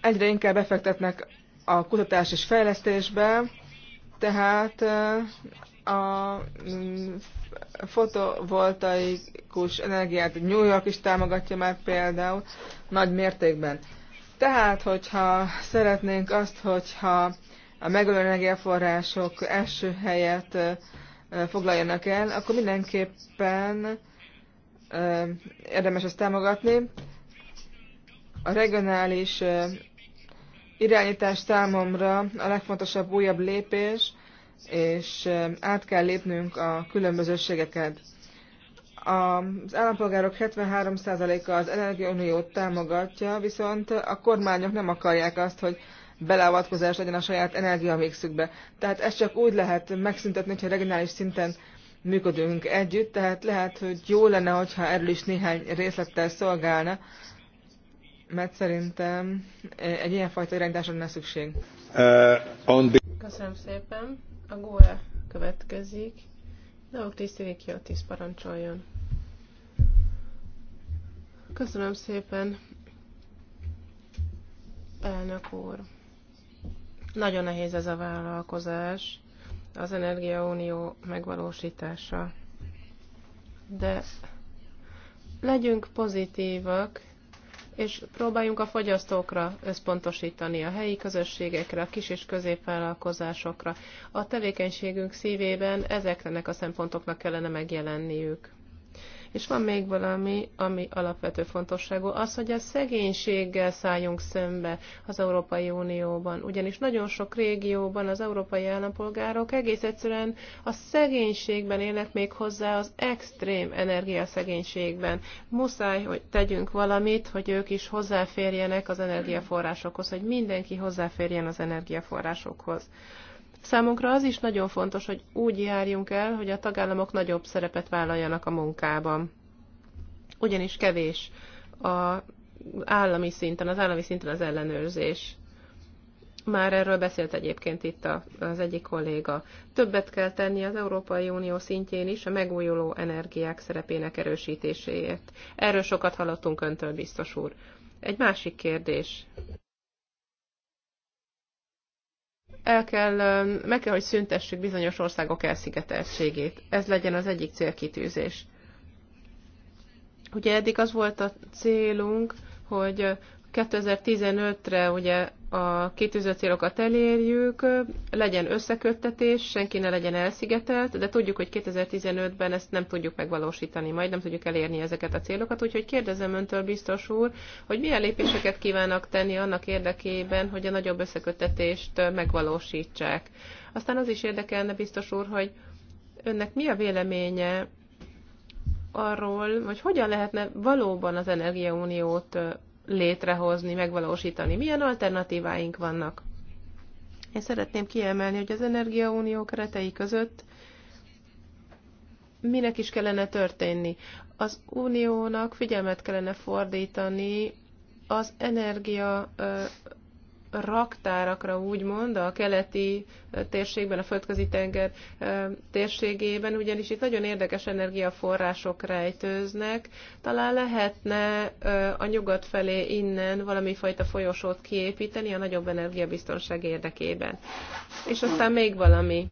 Egyre inkább befektetnek a kutatás és fejlesztésbe, tehát a fotovoltaikus energiát New York is támogatja már például nagy mértékben. Tehát, hogyha szeretnénk azt, hogyha a megölő energiaforrások első helyet foglaljanak el, akkor mindenképpen érdemes ezt támogatni. A regionális irányítás számomra a legfontosabb újabb lépés, és át kell lépnünk a különbözőségeket. Az állampolgárok 73%-a az energiauniót támogatja, viszont a kormányok nem akarják azt, hogy beleavatkozás legyen a saját energiamixükbe. Tehát ezt csak úgy lehet megszüntetni, hogyha regionális szinten működünk együtt, tehát lehet, hogy jó lenne, hogyha erről is néhány részlettel szolgálna, mert szerintem egy ilyenfajta irányításra lenne szükség. Uh, Köszönöm szépen. A GUE következik. Deok tisztelik, a tiszt parancsoljon. Köszönöm szépen, elnök úr. Nagyon nehéz ez a vállalkozás, az Energiaunió megvalósítása. De legyünk pozitívak, és próbáljunk a fogyasztókra összpontosítani, a helyi közösségekre, a kis és középvállalkozásokra. A tevékenységünk szívében ezeknek a szempontoknak kellene megjelenniük. És van még valami, ami alapvető fontosságú, az, hogy a szegénységgel szálljunk szembe az Európai Unióban. Ugyanis nagyon sok régióban az európai állampolgárok egész egyszerűen a szegénységben élnek még hozzá az extrém energiaszegénységben. Muszáj, hogy tegyünk valamit, hogy ők is hozzáférjenek az energiaforrásokhoz, hogy mindenki hozzáférjen az energiaforrásokhoz. Számunkra az is nagyon fontos, hogy úgy járjunk el, hogy a tagállamok nagyobb szerepet vállaljanak a munkában. Ugyanis kevés a állami szinten, az állami szinten az ellenőrzés. Már erről beszélt egyébként itt az egyik kolléga. Többet kell tenni az Európai Unió szintjén is a megújuló energiák szerepének erősítéséért. Erről sokat hallottunk öntől, biztos úr. Egy másik kérdés el kell, meg kell, hogy szüntessük bizonyos országok elszigeteltségét. Ez legyen az egyik célkitűzés. Ugye eddig az volt a célunk, hogy 2015-re ugye a kitűző célokat elérjük, legyen összeköttetés, senki ne legyen elszigetelt, de tudjuk, hogy 2015-ben ezt nem tudjuk megvalósítani, majd nem tudjuk elérni ezeket a célokat, úgyhogy kérdezem öntől biztos úr, hogy milyen lépéseket kívánnak tenni annak érdekében, hogy a nagyobb összeköttetést megvalósítsák. Aztán az is érdekelne biztos úr, hogy önnek mi a véleménye arról, hogy hogyan lehetne valóban az energiauniót létrehozni, megvalósítani? Milyen alternatíváink vannak? Én szeretném kiemelni, hogy az Energiaunió keretei között minek is kellene történni. Az uniónak figyelmet kellene fordítani az energia raktárakra úgymond a keleti térségben, a földközi tenger térségében, ugyanis itt nagyon érdekes energiaforrások rejtőznek. Talán lehetne a nyugat felé innen valami fajta folyosót kiépíteni a nagyobb energiabiztonság érdekében. És aztán még valami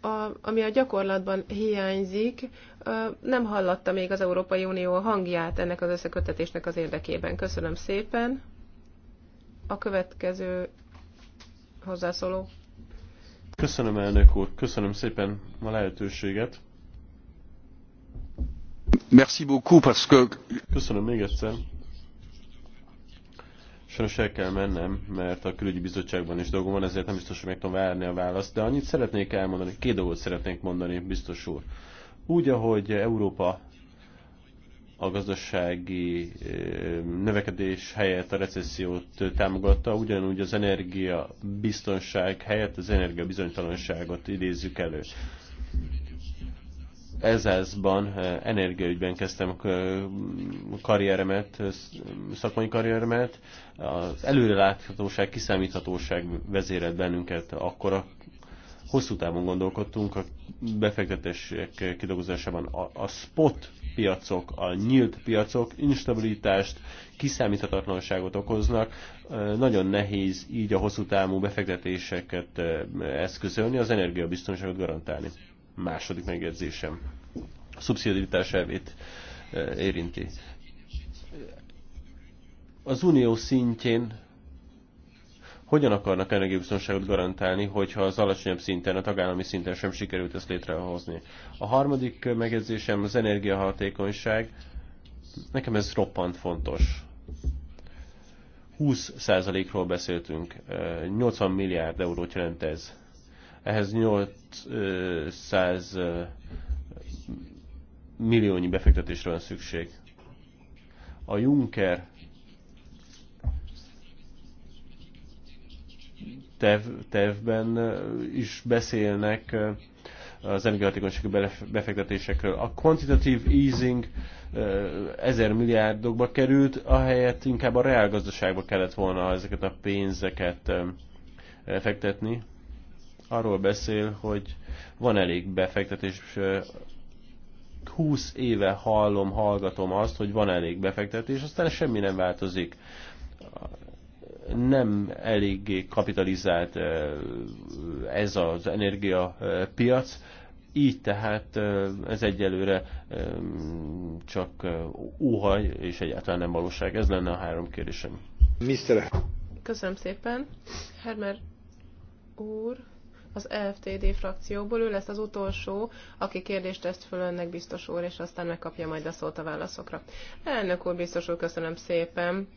a, ami a gyakorlatban hiányzik, nem hallatta még az Európai Unió hangját ennek az összekötetésnek az érdekében. Köszönöm szépen. A következő hozzászóló. Köszönöm, elnök úr. Köszönöm szépen a lehetőséget. Merci beaucoup, parce que... Köszönöm még egyszer, Sajnos el kell mennem, mert a külügyi bizottságban is dolgom van, ezért nem biztos, hogy meg tudom várni a választ, de annyit szeretnék elmondani, két dolgot szeretnék mondani, biztos úr. Úgy, ahogy Európa a gazdasági eh, növekedés helyett a recessziót támogatta, ugyanúgy az energia biztonság helyett az energia bizonytalanságot idézzük elő. Ezázban eh, energiaügyben kezdtem eh, karrieremet, eh, szakmai karrieremet. Az előreláthatóság, kiszámíthatóság vezérelt bennünket akkor a hosszú távon gondolkodtunk a befektetések kidolgozásában. A, a spot piacok, a nyílt piacok instabilitást, kiszámíthatatlanságot okoznak. Nagyon nehéz így a hosszú távú befektetéseket eszközölni, az energiabiztonságot garantálni második megjegyzésem. A szubszidiaritás elvét eh, érinti. Az unió szintjén hogyan akarnak energiabiztonságot garantálni, hogyha az alacsonyabb szinten, a tagállami szinten sem sikerült ezt létrehozni. A harmadik megjegyzésem az energiahatékonyság. Nekem ez roppant fontos. 20%-ról beszéltünk, 80 eh, milliárd eurót jelent ez. Ehhez 800 milliónyi befektetésre van szükség. A Juncker tev, tevben is beszélnek az energiahatékonyságú befektetésekről. A quantitative easing ezer milliárdokba került, ahelyett inkább a reálgazdaságba kellett volna ezeket a pénzeket fektetni arról beszél, hogy van elég befektetés. 20 éve hallom, hallgatom azt, hogy van elég befektetés, aztán semmi nem változik. Nem eléggé kapitalizált ez az energiapiac, így tehát ez egyelőre csak óhaj és egyáltalán nem valóság. Ez lenne a három kérdésem. Mr. Köszönöm szépen. Hermer úr az EFTD frakcióból. Ő lesz az utolsó, aki kérdést tesz föl önnek biztos úr, és aztán megkapja majd a szót a válaszokra. Elnök úr, biztos úr, köszönöm szépen.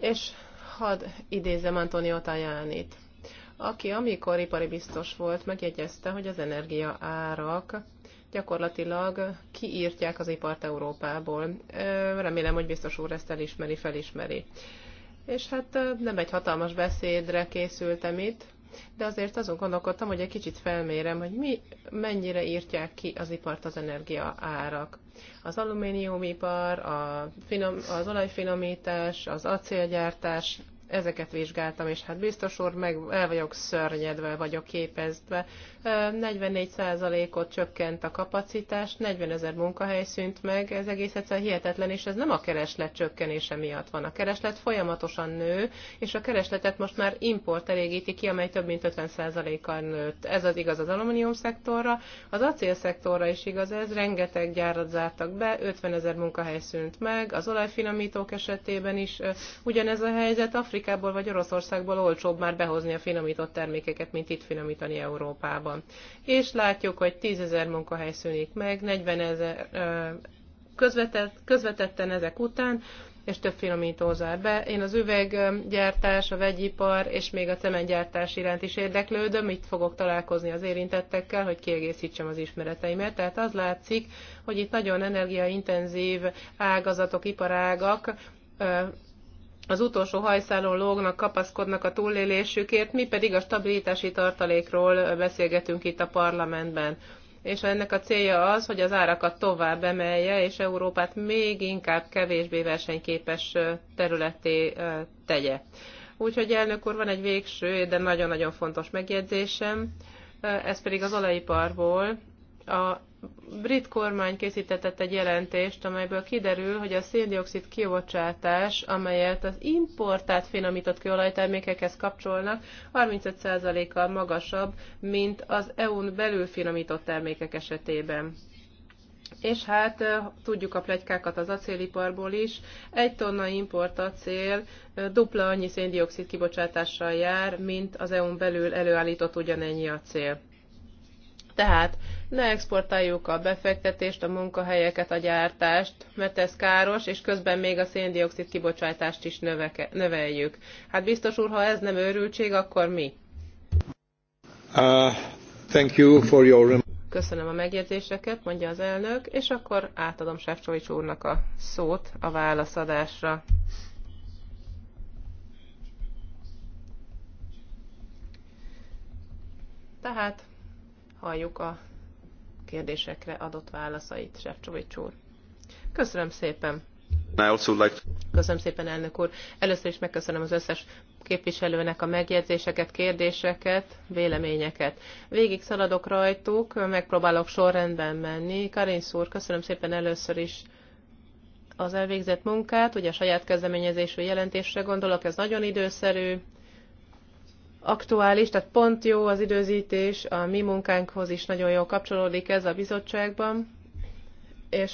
És hadd idézem Antonio Tajánit, aki amikor ipari biztos volt, megjegyezte, hogy az energia árak gyakorlatilag kiírtják az ipart Európából. Remélem, hogy biztos úr ezt elismeri, felismeri. És hát nem egy hatalmas beszédre készültem itt, de azért azon gondolkodtam, hogy egy kicsit felmérem, hogy mi, mennyire írtják ki az ipart az energia árak. Az alumíniumipar, a finom, az olajfinomítás, az acélgyártás ezeket vizsgáltam, és hát biztos úr, meg el vagyok szörnyedve, vagyok képezve. 44%-ot csökkent a kapacitás, 40 ezer munkahely szűnt meg, ez egész egyszer hihetetlen, és ez nem a kereslet csökkenése miatt van. A kereslet folyamatosan nő, és a keresletet most már import elégíti ki, amely több mint 50%-kal nőtt. Ez az igaz az alumínium szektorra, az acél szektorra is igaz ez, rengeteg gyárat zártak be, 50 ezer munkahely szűnt meg, az olajfinomítók esetében is ugyanez a helyzet, Afrika Afrikából vagy Oroszországból olcsóbb már behozni a finomított termékeket, mint itt finomítani Európában. És látjuk, hogy 10 ezer munkahely szűnik meg, 40 ezer közvetett, közvetetten ezek után, és több finomító zár be. Én az üveggyártás, a vegyipar és még a cementgyártás iránt is érdeklődöm, itt fogok találkozni az érintettekkel, hogy kiegészítsem az ismereteimet. Tehát az látszik, hogy itt nagyon energiaintenzív ágazatok, iparágak az utolsó hajszálon lógnak, kapaszkodnak a túlélésükért, mi pedig a stabilitási tartalékról beszélgetünk itt a parlamentben. És ennek a célja az, hogy az árakat tovább emelje, és Európát még inkább kevésbé versenyképes területé tegye. Úgyhogy elnök úr, van egy végső, de nagyon-nagyon fontos megjegyzésem, ez pedig az olajiparból, a brit kormány készített egy jelentést, amelyből kiderül, hogy a széndiokszid kibocsátás, amelyet az importált finomított kőolajtermékekhez kapcsolnak, 35%-kal magasabb, mint az EU-n belül finomított termékek esetében. És hát tudjuk a plegykákat az acéliparból is, egy tonna import acél dupla annyi széndiokszid kibocsátással jár, mint az EU-n belül előállított ugyanennyi acél. Tehát ne exportáljuk a befektetést, a munkahelyeket, a gyártást, mert ez káros, és közben még a széndiokszid kibocsátást is növeke, növeljük. Hát biztos úr, ha ez nem őrültség, akkor mi? Uh, thank you for your... Köszönöm a megjegyzéseket, mondja az elnök, és akkor átadom Sefcsovics úrnak a szót a válaszadásra. Tehát halljuk a kérdésekre adott válaszait, Sefcsovics úr. Köszönöm szépen! Köszönöm szépen, elnök úr. Először is megköszönöm az összes képviselőnek a megjegyzéseket, kérdéseket, véleményeket. Végig szaladok rajtuk, megpróbálok sorrendben menni. Karin úr, köszönöm szépen először is az elvégzett munkát, ugye a saját kezdeményezésű jelentésre gondolok, ez nagyon időszerű, aktuális, tehát pont jó az időzítés, a mi munkánkhoz is nagyon jól kapcsolódik ez a bizottságban, és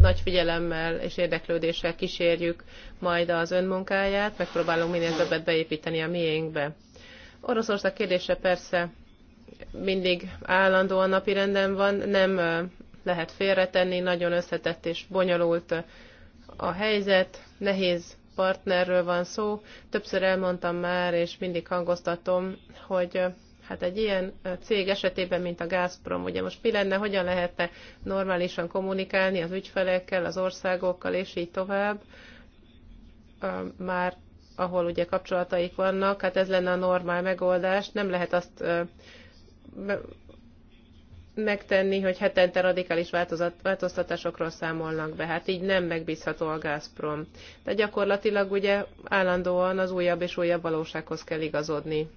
nagy figyelemmel és érdeklődéssel kísérjük majd az önmunkáját, megpróbálunk minél többet beépíteni a miénkbe. Oroszország kérdése persze mindig állandóan renden van, nem lehet félretenni, nagyon összetett és bonyolult a helyzet, nehéz partnerről van szó. Többször elmondtam már, és mindig hangoztatom, hogy hát egy ilyen cég esetében, mint a Gazprom, ugye most mi lenne, hogyan lehetne normálisan kommunikálni az ügyfelekkel, az országokkal, és így tovább, már ahol ugye kapcsolataik vannak, hát ez lenne a normál megoldás, nem lehet azt megtenni, hogy hetente radikális változat, változtatásokról számolnak be. Hát így nem megbízható a Gazprom. De gyakorlatilag ugye állandóan az újabb és újabb valósághoz kell igazodni.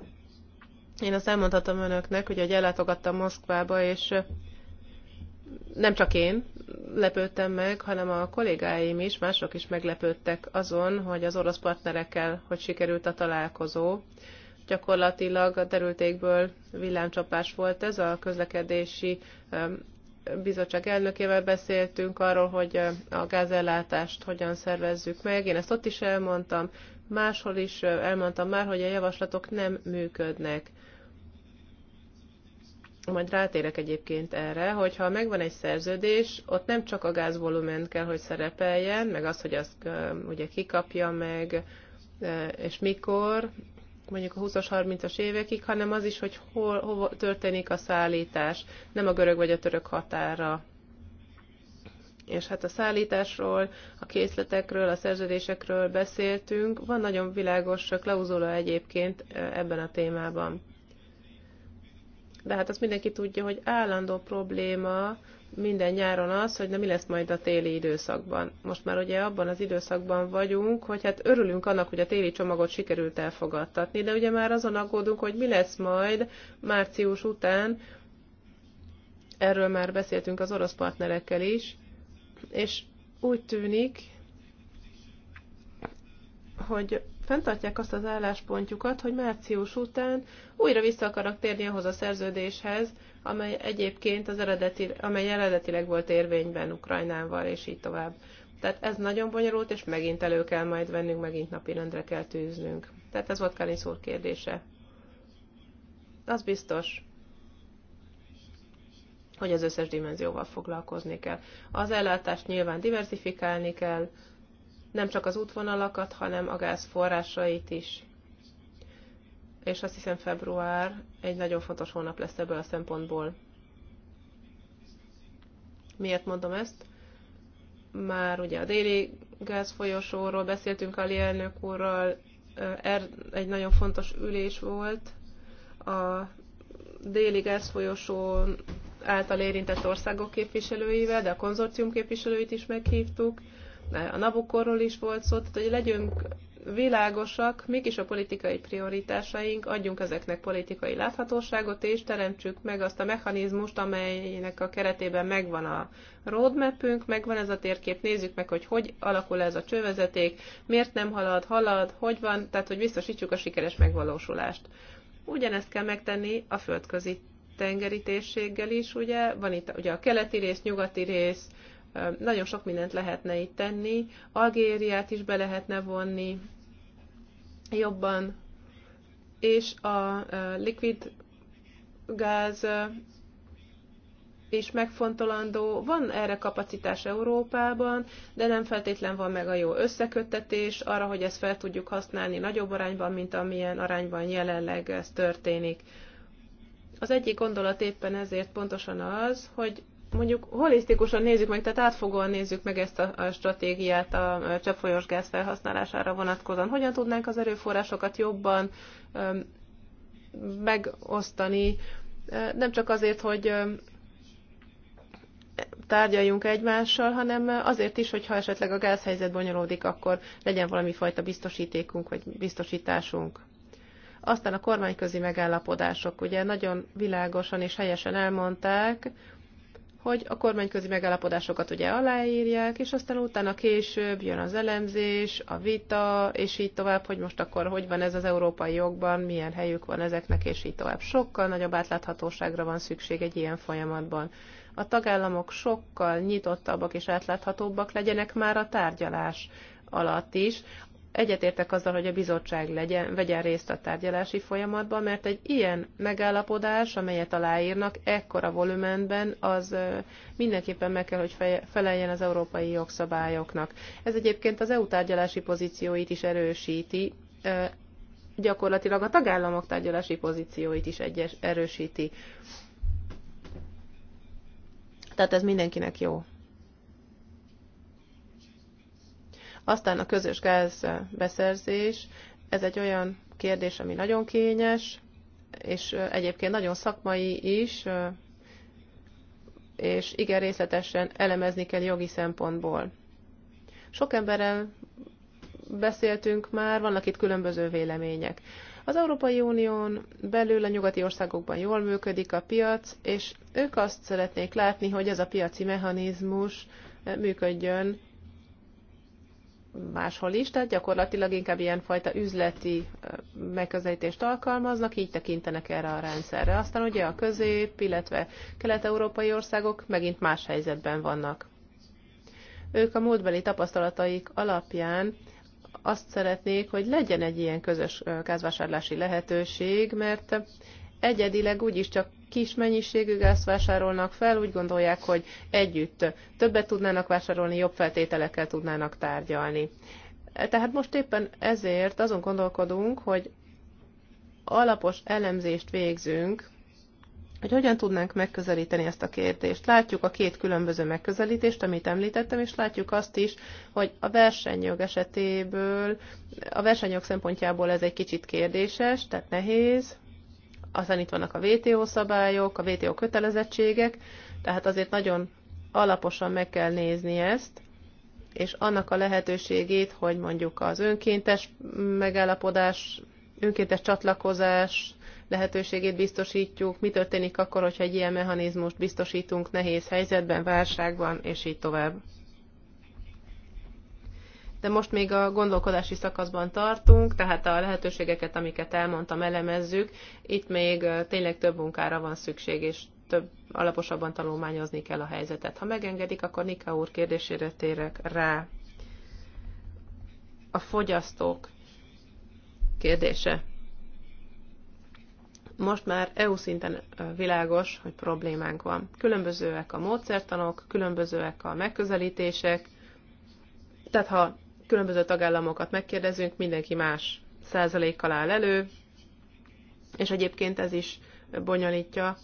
Én azt elmondhatom önöknek, hogy, ellátogattam Moszkvába, és nem csak én lepődtem meg, hanem a kollégáim is, mások is meglepődtek azon, hogy az orosz partnerekkel hogy sikerült a találkozó Gyakorlatilag a terültékből villámcsapás volt ez, a közlekedési bizottság elnökével beszéltünk arról, hogy a gázellátást hogyan szervezzük meg. Én ezt ott is elmondtam, máshol is elmondtam már, hogy a javaslatok nem működnek. Majd rátérek egyébként erre, hogy ha megvan egy szerződés, ott nem csak a gázvolumen kell, hogy szerepeljen, meg az, hogy azt ugye kikapja meg, e, és mikor, mondjuk a 20-as, 30-as évekig, hanem az is, hogy hol, hova történik a szállítás, nem a görög vagy a török határa. És hát a szállításról, a készletekről, a szerződésekről beszéltünk. Van nagyon világos klauzula egyébként ebben a témában. De hát azt mindenki tudja, hogy állandó probléma minden nyáron az, hogy na mi lesz majd a téli időszakban. Most már ugye abban az időszakban vagyunk, hogy hát örülünk annak, hogy a téli csomagot sikerült elfogadtatni, de ugye már azon aggódunk, hogy mi lesz majd március után, erről már beszéltünk az orosz partnerekkel is, és úgy tűnik, hogy fenntartják azt az álláspontjukat, hogy március után újra vissza akarnak térni ahhoz a szerződéshez, amely egyébként az eredeti, amely eredetileg volt érvényben Ukrajnával, és így tovább. Tehát ez nagyon bonyolult, és megint elő kell majd vennünk, megint napirendre kell tűznünk. Tehát ez volt Kalinsz úr kérdése. Az biztos, hogy az összes dimenzióval foglalkozni kell. Az ellátást nyilván diversifikálni kell, nem csak az útvonalakat, hanem a gáz forrásait is és azt hiszem február egy nagyon fontos hónap lesz ebből a szempontból. Miért mondom ezt? Már ugye a déli gázfolyosóról beszéltünk a elnök úrral, er, egy nagyon fontos ülés volt a déli gázfolyosó által érintett országok képviselőivel, de a konzorcium képviselőit is meghívtuk, a Nabukorról is volt szó, tehát hogy legyünk világosak, mik is a politikai prioritásaink, adjunk ezeknek politikai láthatóságot, és teremtsük meg azt a mechanizmust, amelynek a keretében megvan a roadmapünk, megvan ez a térkép, nézzük meg, hogy hogy alakul ez a csővezeték, miért nem halad, halad, hogy van, tehát hogy biztosítsuk a sikeres megvalósulást. Ugyanezt kell megtenni a földközi tengeri térséggel is, ugye, van itt ugye a keleti rész, nyugati rész, nagyon sok mindent lehetne itt tenni, Algériát is be lehetne vonni jobban, és a likvid gáz is megfontolandó. Van erre kapacitás Európában, de nem feltétlen van meg a jó összeköttetés arra, hogy ezt fel tudjuk használni nagyobb arányban, mint amilyen arányban jelenleg ez történik. Az egyik gondolat éppen ezért pontosan az, hogy mondjuk holisztikusan nézzük meg, tehát átfogóan nézzük meg ezt a stratégiát a cseppfolyós gáz felhasználására vonatkozóan. Hogyan tudnánk az erőforrásokat jobban megosztani, nem csak azért, hogy tárgyaljunk egymással, hanem azért is, hogyha esetleg a gázhelyzet bonyolódik, akkor legyen valami fajta biztosítékunk vagy biztosításunk. Aztán a kormányközi megállapodások. Ugye nagyon világosan és helyesen elmondták, hogy a kormányközi megállapodásokat ugye aláírják, és aztán utána később jön az elemzés, a vita, és így tovább, hogy most akkor hogy van ez az európai jogban, milyen helyük van ezeknek, és így tovább. Sokkal nagyobb átláthatóságra van szükség egy ilyen folyamatban. A tagállamok sokkal nyitottabbak és átláthatóbbak legyenek már a tárgyalás alatt is, Egyetértek azzal, hogy a bizottság legyen, vegyen részt a tárgyalási folyamatban, mert egy ilyen megállapodás, amelyet aláírnak ekkora volumenben, az mindenképpen meg kell, hogy feleljen az európai jogszabályoknak. Ez egyébként az EU tárgyalási pozícióit is erősíti, gyakorlatilag a tagállamok tárgyalási pozícióit is egyes erősíti. Tehát ez mindenkinek jó. Aztán a közös beszerzés, ez egy olyan kérdés, ami nagyon kényes, és egyébként nagyon szakmai is, és igen részletesen elemezni kell jogi szempontból. Sok emberrel beszéltünk már, vannak itt különböző vélemények. Az Európai Unión belül a nyugati országokban jól működik a piac, és ők azt szeretnék látni, hogy ez a piaci mechanizmus működjön máshol is, tehát gyakorlatilag inkább ilyenfajta üzleti megközelítést alkalmaznak, így tekintenek erre a rendszerre. Aztán ugye a közép, illetve kelet-európai országok megint más helyzetben vannak. Ők a múltbeli tapasztalataik alapján azt szeretnék, hogy legyen egy ilyen közös kázvásárlási lehetőség, mert egyedileg úgyis csak kis mennyiségű gázt vásárolnak fel, úgy gondolják, hogy együtt többet tudnának vásárolni, jobb feltételekkel tudnának tárgyalni. Tehát most éppen ezért azon gondolkodunk, hogy alapos elemzést végzünk, hogy hogyan tudnánk megközelíteni ezt a kérdést. Látjuk a két különböző megközelítést, amit említettem, és látjuk azt is, hogy a versenyjog esetéből, a versenyjog szempontjából ez egy kicsit kérdéses, tehát nehéz, aztán itt vannak a VTO szabályok, a VTO kötelezettségek, tehát azért nagyon alaposan meg kell nézni ezt, és annak a lehetőségét, hogy mondjuk az önkéntes megállapodás, önkéntes csatlakozás lehetőségét biztosítjuk, mi történik akkor, hogyha egy ilyen mechanizmust biztosítunk nehéz helyzetben, válságban, és így tovább de most még a gondolkodási szakaszban tartunk, tehát a lehetőségeket, amiket elmondtam, elemezzük. Itt még tényleg több munkára van szükség, és több alaposabban tanulmányozni kell a helyzetet. Ha megengedik, akkor Nika úr kérdésére térek rá. A fogyasztók kérdése. Most már EU szinten világos, hogy problémánk van. Különbözőek a módszertanok, különbözőek a megközelítések. Tehát ha különböző tagállamokat megkérdezünk, mindenki más százalékkal áll elő, és egyébként ez is bonyolítja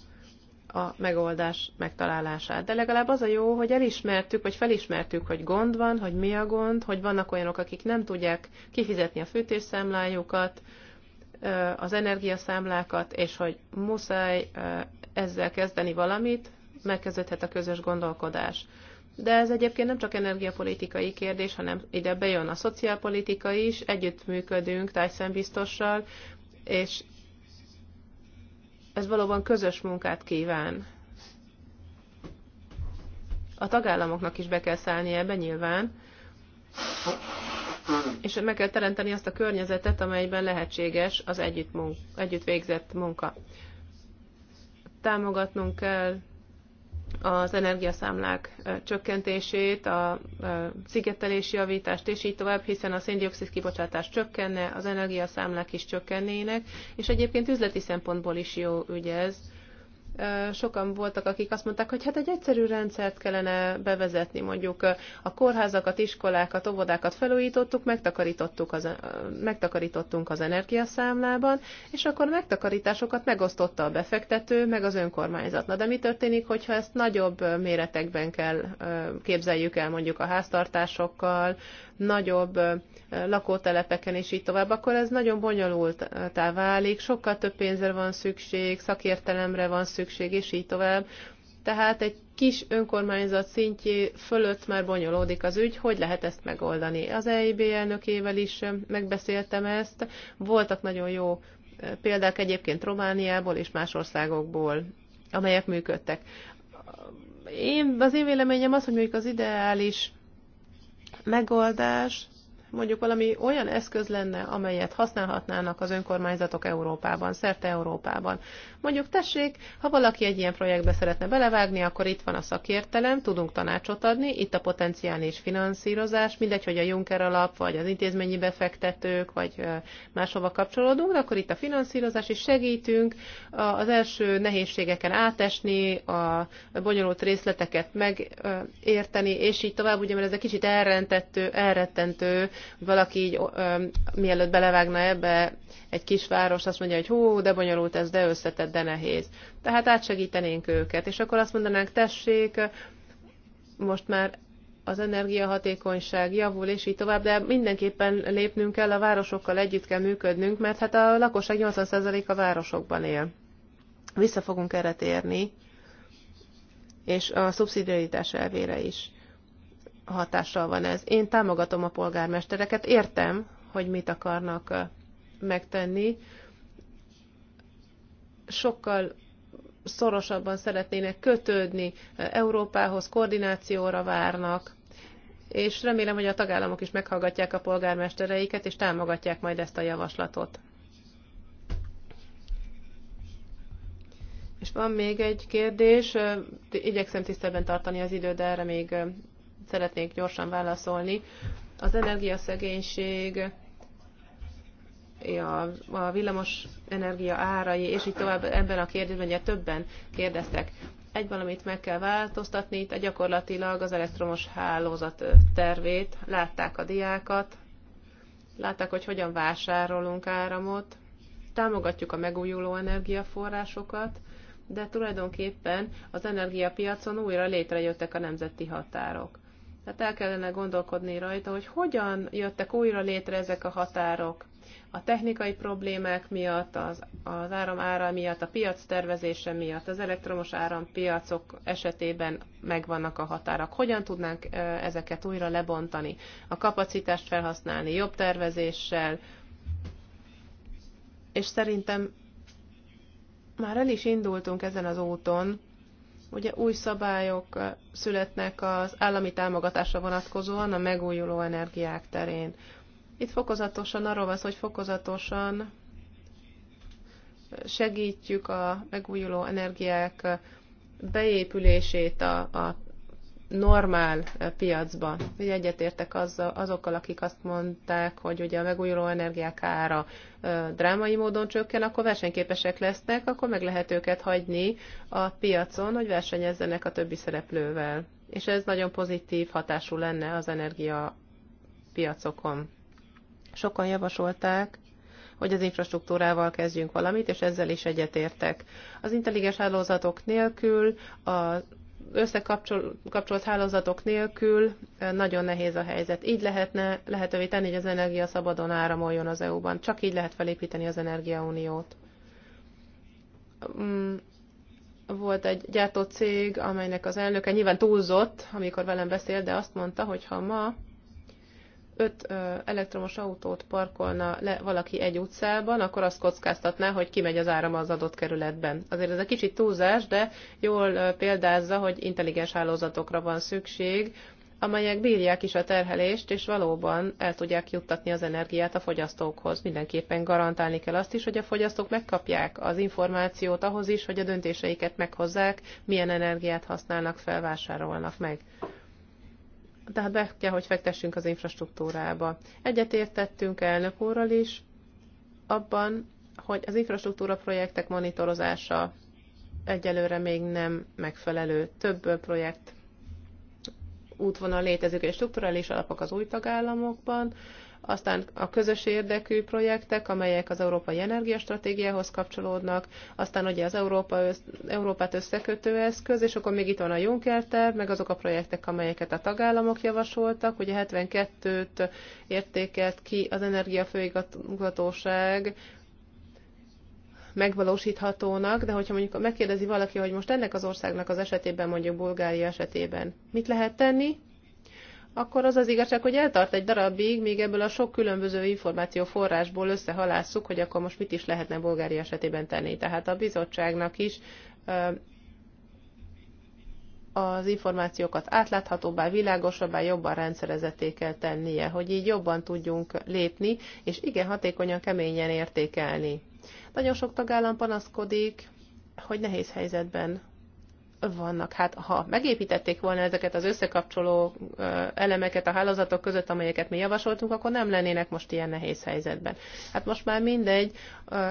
a megoldás megtalálását. De legalább az a jó, hogy elismertük, vagy felismertük, hogy gond van, hogy mi a gond, hogy vannak olyanok, akik nem tudják kifizetni a fűtésszámlájukat, az energiaszámlákat, és hogy muszáj ezzel kezdeni valamit, megkezdődhet a közös gondolkodás. De ez egyébként nem csak energiapolitikai kérdés, hanem ide bejön a szociálpolitika is, együttműködünk tájszembiztossal, és ez valóban közös munkát kíván. A tagállamoknak is be kell szállni ebbe nyilván, és meg kell teremteni azt a környezetet, amelyben lehetséges az együtt, mun- együtt végzett munka. Támogatnunk kell az energiaszámlák csökkentését, a szigetelési javítást, és így tovább, hiszen a széndiokszid kibocsátás csökkenne, az energiaszámlák is csökkennének, és egyébként üzleti szempontból is jó ügy ez, sokan voltak, akik azt mondták, hogy hát egy egyszerű rendszert kellene bevezetni, mondjuk a kórházakat, iskolákat, óvodákat felújítottuk, megtakarítottuk az, megtakarítottunk az energiaszámlában, és akkor megtakarításokat megosztotta a befektető, meg az önkormányzat. Na de mi történik, hogyha ezt nagyobb méretekben kell képzeljük el mondjuk a háztartásokkal, nagyobb lakótelepeken, és így tovább, akkor ez nagyon bonyolultá válik, sokkal több pénzre van szükség, szakértelemre van szükség, és így tovább. Tehát egy kis önkormányzat szintjé fölött már bonyolódik az ügy, hogy lehet ezt megoldani. Az EIB elnökével is megbeszéltem ezt, voltak nagyon jó példák egyébként Romániából és más országokból, amelyek működtek. Én, az én véleményem az, hogy mondjuk az ideális megoldás mondjuk valami olyan eszköz lenne, amelyet használhatnának az önkormányzatok Európában, szerte Európában. Mondjuk tessék, ha valaki egy ilyen projektbe szeretne belevágni, akkor itt van a szakértelem, tudunk tanácsot adni, itt a potenciális finanszírozás, mindegy, hogy a Juncker alap, vagy az intézményi befektetők, vagy máshova kapcsolódunk, de akkor itt a finanszírozás is segítünk az első nehézségeken átesni, a bonyolult részleteket megérteni, és így tovább, ugye, mert ez egy kicsit elrendettő, elrettentő valaki így, ö, mielőtt belevágna ebbe egy kisváros, azt mondja, hogy hú, de bonyolult ez, de összetett, de nehéz. Tehát átsegítenénk őket, és akkor azt mondanánk, tessék, most már az energiahatékonyság javul, és így tovább, de mindenképpen lépnünk kell, a városokkal együtt kell működnünk, mert hát a lakosság 80% a városokban él. Vissza fogunk erre térni, és a szubszidiaritás elvére is hatással van ez. Én támogatom a polgármestereket, értem, hogy mit akarnak megtenni. Sokkal szorosabban szeretnének kötődni Európához, koordinációra várnak, és remélem, hogy a tagállamok is meghallgatják a polgármestereiket, és támogatják majd ezt a javaslatot. És van még egy kérdés, igyekszem tisztelben tartani az időt, de erre még szeretnék gyorsan válaszolni. Az energiaszegénység, a, a villamos energia árai, és így tovább ebben a kérdésben ugye többen kérdeztek. Egy valamit meg kell változtatni, itt gyakorlatilag az elektromos hálózat tervét látták a diákat, látták, hogy hogyan vásárolunk áramot, támogatjuk a megújuló energiaforrásokat, de tulajdonképpen az energiapiacon újra létrejöttek a nemzeti határok. Tehát el kellene gondolkodni rajta, hogy hogyan jöttek újra létre ezek a határok. A technikai problémák miatt, az, az áram ára miatt, a piac tervezése miatt, az elektromos árampiacok esetében megvannak a határok. Hogyan tudnánk ezeket újra lebontani? A kapacitást felhasználni jobb tervezéssel, és szerintem már el is indultunk ezen az úton, Ugye új szabályok születnek az állami támogatásra vonatkozóan a megújuló energiák terén. Itt fokozatosan arról van hogy fokozatosan segítjük a megújuló energiák beépülését a, a normál eh, piacba. Ugye egyetértek azzal, azokkal, akik azt mondták, hogy ugye a megújuló energiák ára eh, drámai módon csökken, akkor versenyképesek lesznek, akkor meg lehet őket hagyni a piacon, hogy versenyezzenek a többi szereplővel. És ez nagyon pozitív hatású lenne az energia piacokon. Sokan javasolták, hogy az infrastruktúrával kezdjünk valamit, és ezzel is egyetértek. Az intelligens hálózatok nélkül, a összekapcsolt hálózatok nélkül nagyon nehéz a helyzet. Így lehetne lehetővé tenni, hogy az energia szabadon áramoljon az EU-ban. Csak így lehet felépíteni az energiauniót. Mm, volt egy gyártócég, amelynek az elnöke nyilván túlzott, amikor velem beszélt, de azt mondta, hogy ha ma öt elektromos autót parkolna le valaki egy utcában, akkor azt kockáztatná, hogy kimegy az áram az adott kerületben. Azért ez egy kicsit túlzás, de jól példázza, hogy intelligens hálózatokra van szükség, amelyek bírják is a terhelést, és valóban el tudják juttatni az energiát a fogyasztókhoz. Mindenképpen garantálni kell azt is, hogy a fogyasztók megkapják az információt ahhoz is, hogy a döntéseiket meghozzák, milyen energiát használnak, felvásárolnak meg tehát be kell, hogy fektessünk az infrastruktúrába. Egyetértettünk elnök úrral is abban, hogy az infrastruktúra projektek monitorozása egyelőre még nem megfelelő. Több projekt útvonal létezik, és strukturális alapok az új tagállamokban, aztán a közös érdekű projektek, amelyek az Európai Energiastratégiához kapcsolódnak, aztán ugye az Európa össz, Európát összekötő eszköz, és akkor még itt van a Juncker terv, meg azok a projektek, amelyeket a tagállamok javasoltak, ugye 72-t értékelt ki az Energiafőigazgatóság, megvalósíthatónak, de hogyha mondjuk megkérdezi valaki, hogy most ennek az országnak az esetében, mondjuk Bulgária esetében, mit lehet tenni, akkor az az igazság, hogy eltart egy darabig, még ebből a sok különböző információ forrásból összehalásszuk, hogy akkor most mit is lehetne Bulgária esetében tenni. Tehát a bizottságnak is az információkat átláthatóbbá, világosabbá, jobban rendszerezetté kell tennie, hogy így jobban tudjunk lépni, és igen hatékonyan, keményen értékelni. Nagyon sok tagállam panaszkodik, hogy nehéz helyzetben vannak. Hát ha megépítették volna ezeket az összekapcsoló elemeket a hálózatok között, amelyeket mi javasoltunk, akkor nem lennének most ilyen nehéz helyzetben. Hát most már mindegy.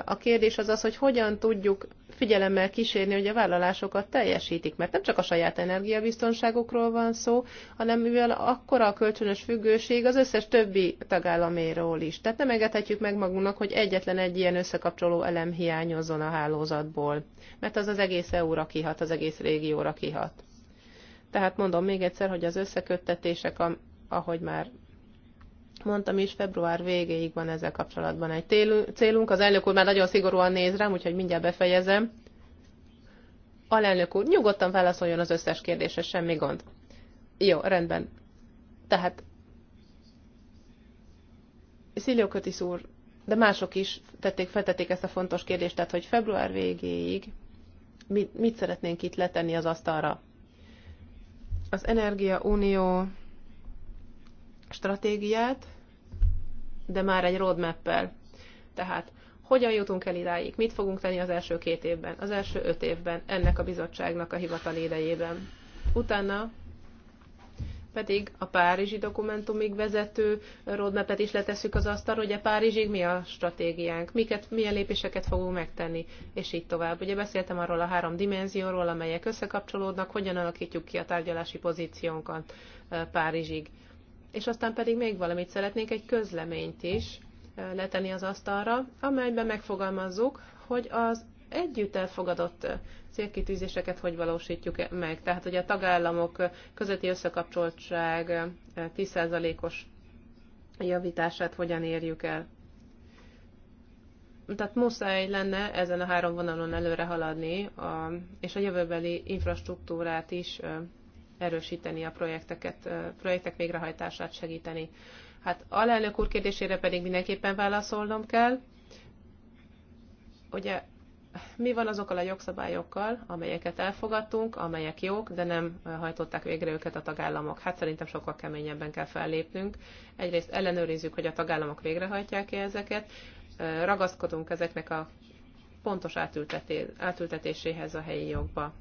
A kérdés az az, hogy hogyan tudjuk figyelemmel kísérni, hogy a vállalásokat teljesítik, mert nem csak a saját energiabiztonságokról van szó, hanem mivel akkora a kölcsönös függőség az összes többi tagállaméről is. Tehát nem engedhetjük meg magunknak, hogy egyetlen egy ilyen összekapcsoló elem hiányozzon a hálózatból, mert az az egész EU-ra kihat, az egész régió régióra kihat. Tehát mondom még egyszer, hogy az összeköttetések, ahogy már mondtam is, február végéig van ezzel kapcsolatban egy célunk. Az elnök úr már nagyon szigorúan néz rám, úgyhogy mindjárt befejezem. Alelnök úr, nyugodtan válaszoljon az összes kérdésre, semmi gond. Jó, rendben. Tehát Szilió Kötis úr, de mások is tették, feltették ezt a fontos kérdést, tehát hogy február végéig mit, mit szeretnénk itt letenni az asztalra. Az Energia Unió stratégiát, de már egy roadmap el Tehát hogyan jutunk el idáig, mit fogunk tenni az első két évben, az első öt évben, ennek a bizottságnak a hivatali idejében. Utána pedig a Párizsi dokumentumig vezető roadmapet is letesszük az asztalra, hogy a e Párizsig mi a stratégiánk, miket, milyen lépéseket fogunk megtenni, és így tovább. Ugye beszéltem arról a három dimenzióról, amelyek összekapcsolódnak, hogyan alakítjuk ki a tárgyalási pozíciónkat e, Párizsig. És aztán pedig még valamit szeretnék, egy közleményt is e, letenni az asztalra, amelyben megfogalmazzuk, hogy az együtt elfogadott célkitűzéseket hogy valósítjuk meg. Tehát ugye a tagállamok közötti összekapcsoltság 10%-os eh, javítását hogyan érjük el. Tehát muszáj lenne ezen a három vonalon előre haladni, a, és a jövőbeli infrastruktúrát is eh, erősíteni, a projekteket, eh, projektek végrehajtását segíteni. Hát alelnök úr kérdésére pedig mindenképpen válaszolnom kell. Ugye mi van azokkal a jogszabályokkal, amelyeket elfogadtunk, amelyek jók, de nem hajtották végre őket a tagállamok. Hát szerintem sokkal keményebben kell fellépnünk. Egyrészt ellenőrizzük, hogy a tagállamok végrehajtják-e ezeket, ragaszkodunk ezeknek a pontos átültetéséhez a helyi jogba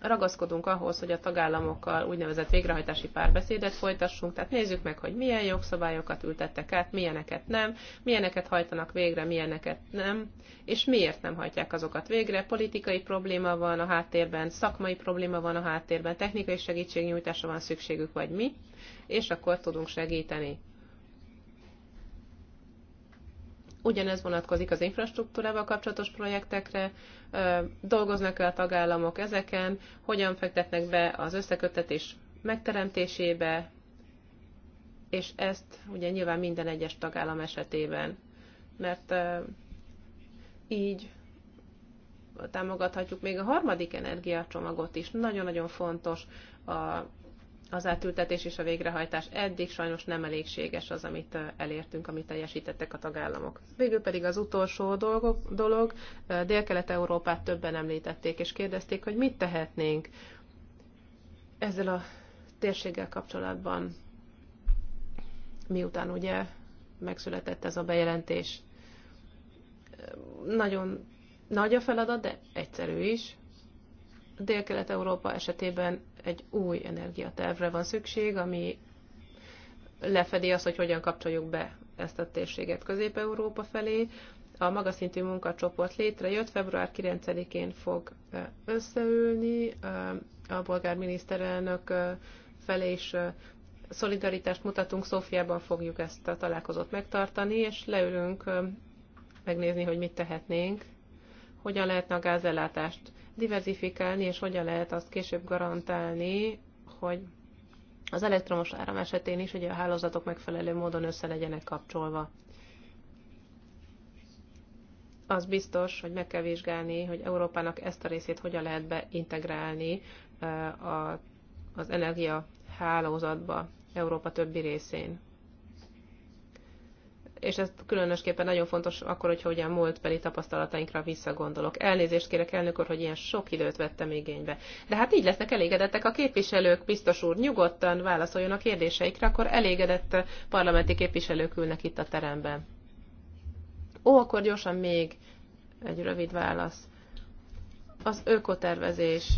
ragaszkodunk ahhoz, hogy a tagállamokkal úgynevezett végrehajtási párbeszédet folytassunk, tehát nézzük meg, hogy milyen jogszabályokat ültettek át, milyeneket nem, milyeneket hajtanak végre, milyeneket nem, és miért nem hajtják azokat végre. Politikai probléma van a háttérben, szakmai probléma van a háttérben, technikai segítségnyújtásra van szükségük, vagy mi, és akkor tudunk segíteni. Ugyanez vonatkozik az infrastruktúrával kapcsolatos projektekre, dolgoznak-e a tagállamok ezeken, hogyan fektetnek be az összeköttetés megteremtésébe, és ezt ugye nyilván minden egyes tagállam esetében, mert így támogathatjuk még a harmadik energiacsomagot is. Nagyon-nagyon fontos a az átültetés és a végrehajtás eddig sajnos nem elégséges az, amit elértünk, amit teljesítettek a tagállamok. Végül pedig az utolsó dolgok, dolog, Dél-Kelet-Európát többen említették, és kérdezték, hogy mit tehetnénk ezzel a térséggel kapcsolatban, miután ugye megszületett ez a bejelentés. Nagyon nagy a feladat, de egyszerű is. Dél-Kelet-Európa esetében egy új energiatervre van szükség, ami lefedi azt, hogy hogyan kapcsoljuk be ezt a térséget Közép-Európa felé. A magaszintű munkacsoport létrejött, február 9-én fog összeülni, a bolgár miniszterelnök felé is szolidaritást mutatunk, Szófiában fogjuk ezt a találkozót megtartani, és leülünk megnézni, hogy mit tehetnénk, hogyan lehetne a gázellátást diverzifikálni, és hogyan lehet azt később garantálni, hogy az elektromos áram esetén is ugye a hálózatok megfelelő módon össze legyenek kapcsolva. Az biztos, hogy meg kell vizsgálni, hogy Európának ezt a részét hogyan lehet beintegrálni az energia hálózatba Európa többi részén és ez különösképpen nagyon fontos akkor, ugye hogyan múltbeli tapasztalatainkra visszagondolok. Elnézést kérek, elnök úr, hogy ilyen sok időt vettem igénybe. De hát így lesznek elégedettek a képviselők, biztos úr, nyugodtan válaszoljon a kérdéseikre, akkor elégedett parlamenti képviselők ülnek itt a teremben. Ó, akkor gyorsan még egy rövid válasz. Az ökotervezés.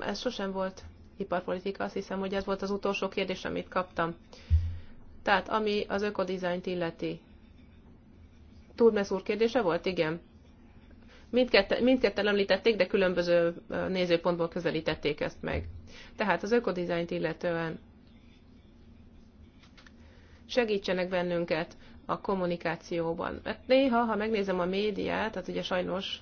Ez sosem volt iparpolitika, azt hiszem, hogy ez volt az utolsó kérdés, amit kaptam. Tehát ami az ökodizájnt illeti. Turmes úr kérdése volt? Igen. Mindketten, mindketten említették, de különböző nézőpontból közelítették ezt meg. Tehát az ökodizájnt illetően segítsenek bennünket a kommunikációban. Mert hát néha, ha megnézem a médiát, hát ugye sajnos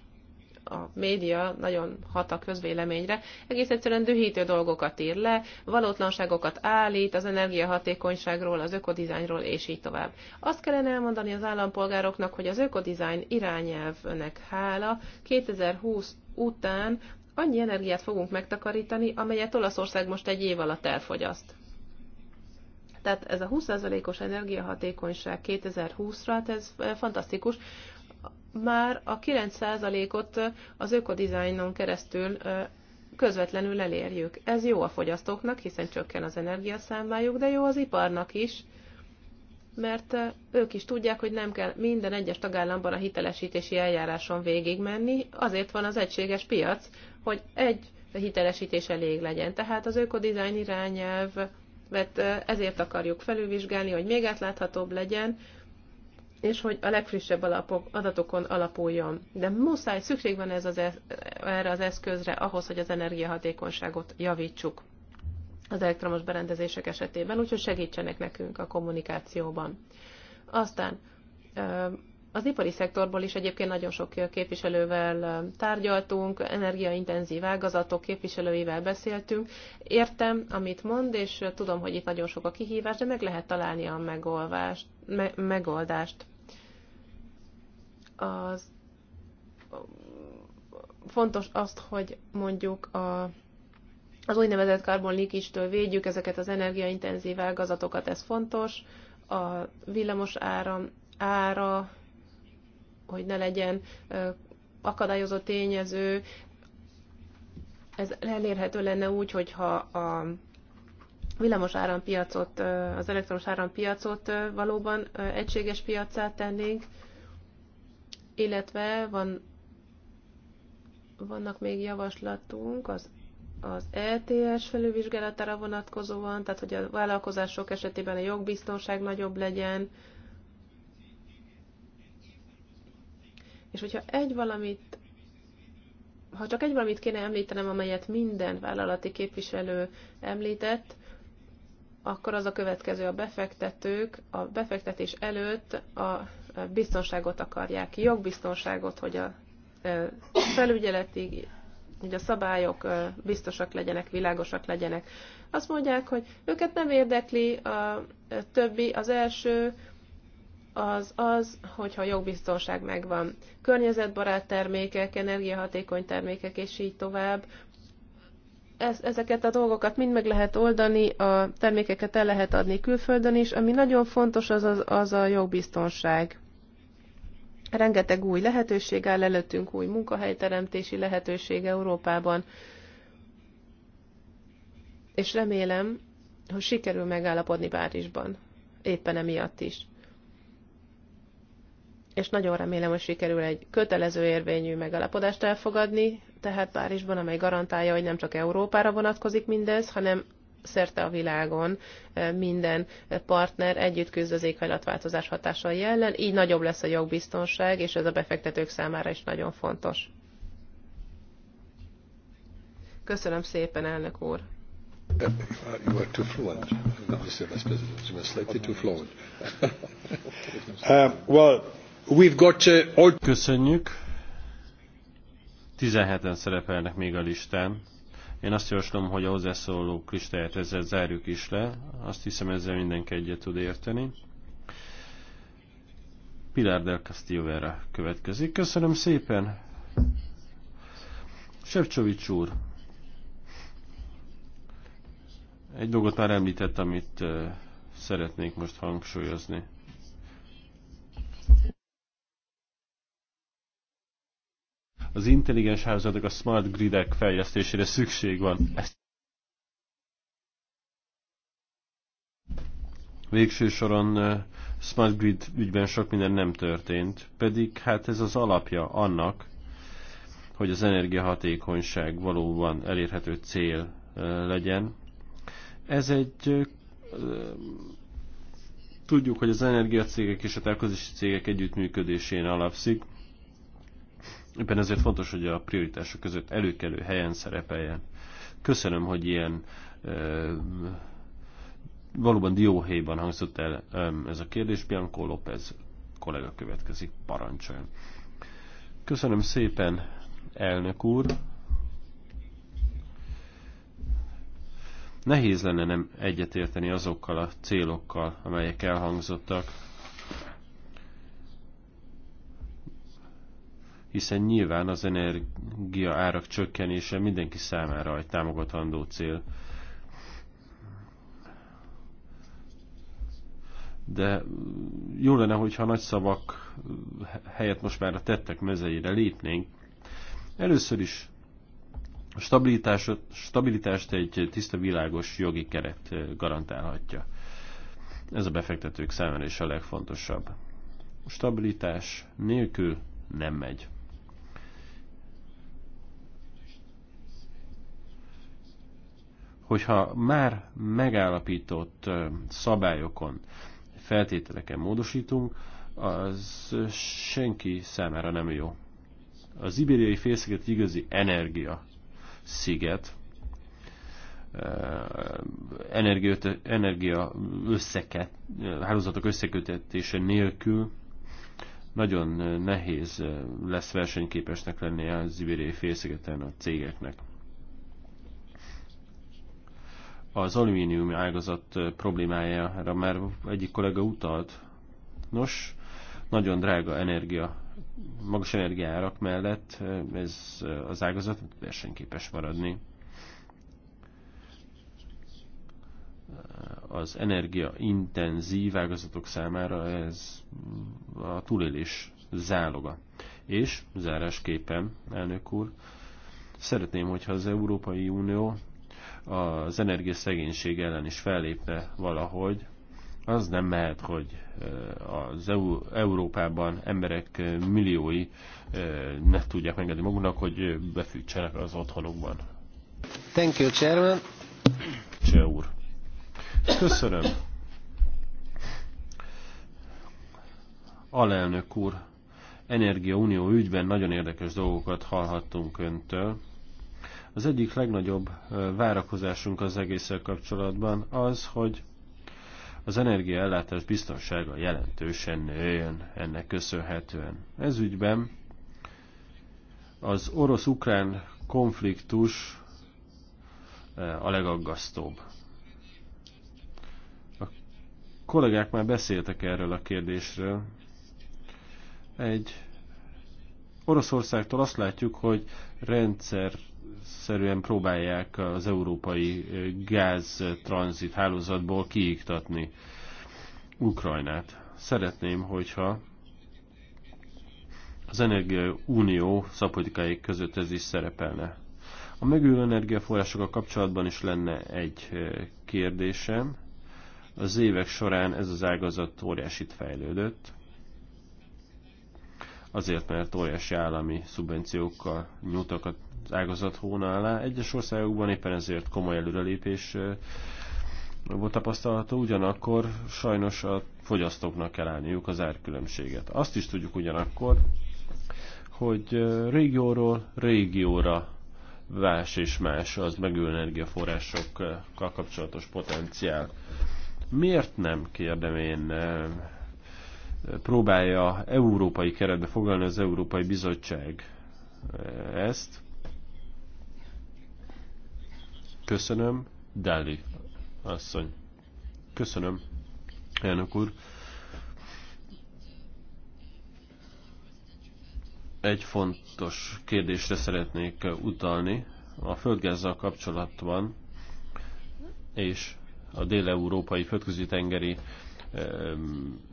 a média nagyon hat a közvéleményre, egész egyszerűen dühítő dolgokat ír le, valótlanságokat állít az energiahatékonyságról, az ökodizájnról, és így tovább. Azt kellene elmondani az állampolgároknak, hogy az ökodizájn irányelvnek hála 2020 után annyi energiát fogunk megtakarítani, amelyet Olaszország most egy év alatt elfogyaszt. Tehát ez a 20%-os energiahatékonyság 2020-ra, hát ez eh, fantasztikus már a 9%-ot az ökodizájnon keresztül közvetlenül elérjük. Ez jó a fogyasztóknak, hiszen csökken az energiaszámlájuk, de jó az iparnak is, mert ők is tudják, hogy nem kell minden egyes tagállamban a hitelesítési eljáráson végigmenni, azért van az egységes piac, hogy egy hitelesítés elég legyen. Tehát az ökodizájn irányelv, mert ezért akarjuk felülvizsgálni, hogy még átláthatóbb legyen, és hogy a legfrissebb alapok, adatokon alapuljon. De muszáj, szükség van ez az, e- erre az eszközre ahhoz, hogy az energiahatékonyságot javítsuk az elektromos berendezések esetében, úgyhogy segítsenek nekünk a kommunikációban. Aztán az ipari szektorból is egyébként nagyon sok képviselővel tárgyaltunk, energiaintenzív ágazatok képviselőivel beszéltünk. Értem, amit mond, és tudom, hogy itt nagyon sok a kihívás, de meg lehet találni a megolvást, me- megoldást. Az fontos azt, hogy mondjuk a az úgynevezett karbonlikistől védjük ezeket az energiaintenzív ágazatokat, ez fontos. A villamos áram ára hogy ne legyen akadályozó tényező. Ez elérhető lenne úgy, hogyha a villamos árampiacot, az elektromos árampiacot valóban egységes piacát tennénk, illetve van, vannak még javaslatunk az, az ETS felülvizsgálatára vonatkozóan, tehát hogy a vállalkozások esetében a jogbiztonság nagyobb legyen, És hogyha egy valamit, ha csak egy valamit kéne említenem, amelyet minden vállalati képviselő említett, akkor az a következő, a befektetők a befektetés előtt a biztonságot akarják, jogbiztonságot, hogy a felügyeleti, hogy a szabályok biztosak legyenek, világosak legyenek. Azt mondják, hogy őket nem érdekli a többi, az első, az az, hogyha jogbiztonság megvan. Környezetbarát termékek, energiahatékony termékek, és így tovább. Ez, ezeket a dolgokat mind meg lehet oldani, a termékeket el lehet adni külföldön is. Ami nagyon fontos, az, az, az a jogbiztonság. Rengeteg új lehetőség áll előttünk, új munkahelyteremtési lehetőség Európában. És remélem, hogy sikerül megállapodni Párizsban. Éppen emiatt is és nagyon remélem, hogy sikerül egy kötelező érvényű megalapodást elfogadni, tehát Párizsban, amely garantálja, hogy nem csak Európára vonatkozik mindez, hanem szerte a világon e, minden partner együtt küzd az éghajlatváltozás hatásai ellen, így nagyobb lesz a jogbiztonság, és ez a befektetők számára is nagyon fontos. Köszönöm szépen, elnök úr! You too fluent, Mr. Vice President. You slightly too fluent. uh, well, Uh, Köszönjük. 17-en szerepelnek még a listán. Én azt javaslom, hogy a hozzászóló listáját ezzel zárjuk is le. Azt hiszem ezzel mindenki egyet tud érteni. Pilar del Castillo -vera következik. Köszönöm szépen. Sevcsovics úr. Egy dolgot már említett, amit szeretnék most hangsúlyozni. az intelligens hálózatok, a smart gridek fejlesztésére szükség van. Ezt Végső soron Smart Grid ügyben sok minden nem történt, pedig hát ez az alapja annak, hogy az energiahatékonyság valóban elérhető cél legyen. Ez egy tudjuk, hogy az energiacégek és a távközlési cégek együttműködésén alapszik. Éppen ezért fontos, hogy a prioritások között előkelő helyen szerepeljen. Köszönöm, hogy ilyen valóban dióhéjban hangzott el ez a kérdés. Bianco López kollega következik, parancsoljon. Köszönöm szépen, elnök úr. Nehéz lenne nem egyetérteni azokkal a célokkal, amelyek elhangzottak hiszen nyilván az energia árak csökkenése mindenki számára egy támogatandó cél. De jó lenne, hogyha nagy szavak helyett most már a tettek mezeire lépnénk. Először is a stabilitást, stabilitást egy tiszta világos jogi keret garantálhatja. Ez a befektetők számára is a legfontosabb. A stabilitás nélkül nem megy. hogyha már megállapított szabályokon, feltételeken módosítunk, az senki számára nem jó. Az ibériai félsziget igazi energia sziget, energia, energia összeket, hálózatok összekötetése nélkül nagyon nehéz lesz versenyképesnek lenni az ibériai félszigeten a cégeknek. az alumínium ágazat problémájára már egyik kollega utalt. Nos, nagyon drága energia, magas energiárak mellett ez az ágazat versenyképes maradni. Az energia intenzív ágazatok számára ez a túlélés záloga. És zárásképpen, elnök úr, szeretném, hogyha az Európai Unió az energiaszegénység ellen is fellépne valahogy, az nem mehet, hogy az EU, Európában emberek milliói ne tudják megadni magunknak, hogy befűtsenek az otthonukban. Thank you, Chairman. Cseh úr. Köszönöm. Alelnök úr, Energia Unió ügyben nagyon érdekes dolgokat hallhattunk öntől. Az egyik legnagyobb várakozásunk az egészen kapcsolatban az, hogy az energiaellátás biztonsága jelentősen nőjön ennek köszönhetően. Ez ügyben az orosz-ukrán konfliktus a legaggasztóbb. A kollégák már beszéltek erről a kérdésről. Egy Oroszországtól azt látjuk, hogy rendszer szerűen próbálják az európai gáztranzit hálózatból kiiktatni Ukrajnát. Szeretném, hogyha az Energia Unió szapolitikai között ez is szerepelne. A megújuló energiaforrásokkal kapcsolatban is lenne egy eh, kérdésem. Az évek során ez az ágazat óriásit fejlődött, azért, mert óriási állami szubvenciókkal nyújtottak ágazat hóna alá. Egyes országokban éppen ezért komoly előrelépés volt tapasztalható, ugyanakkor sajnos a fogyasztóknak kell állniuk az árkülönbséget. Azt is tudjuk ugyanakkor, hogy régióról régióra vás és más az megülő energiaforrásokkal kapcsolatos potenciál. Miért nem, kérdem én, próbálja európai keretbe foglalni az Európai Bizottság ezt? Köszönöm, Deli asszony. Köszönöm, elnök úr. Egy fontos kérdésre szeretnék utalni. A földgázzal kapcsolatban és a dél-európai földközi tengeri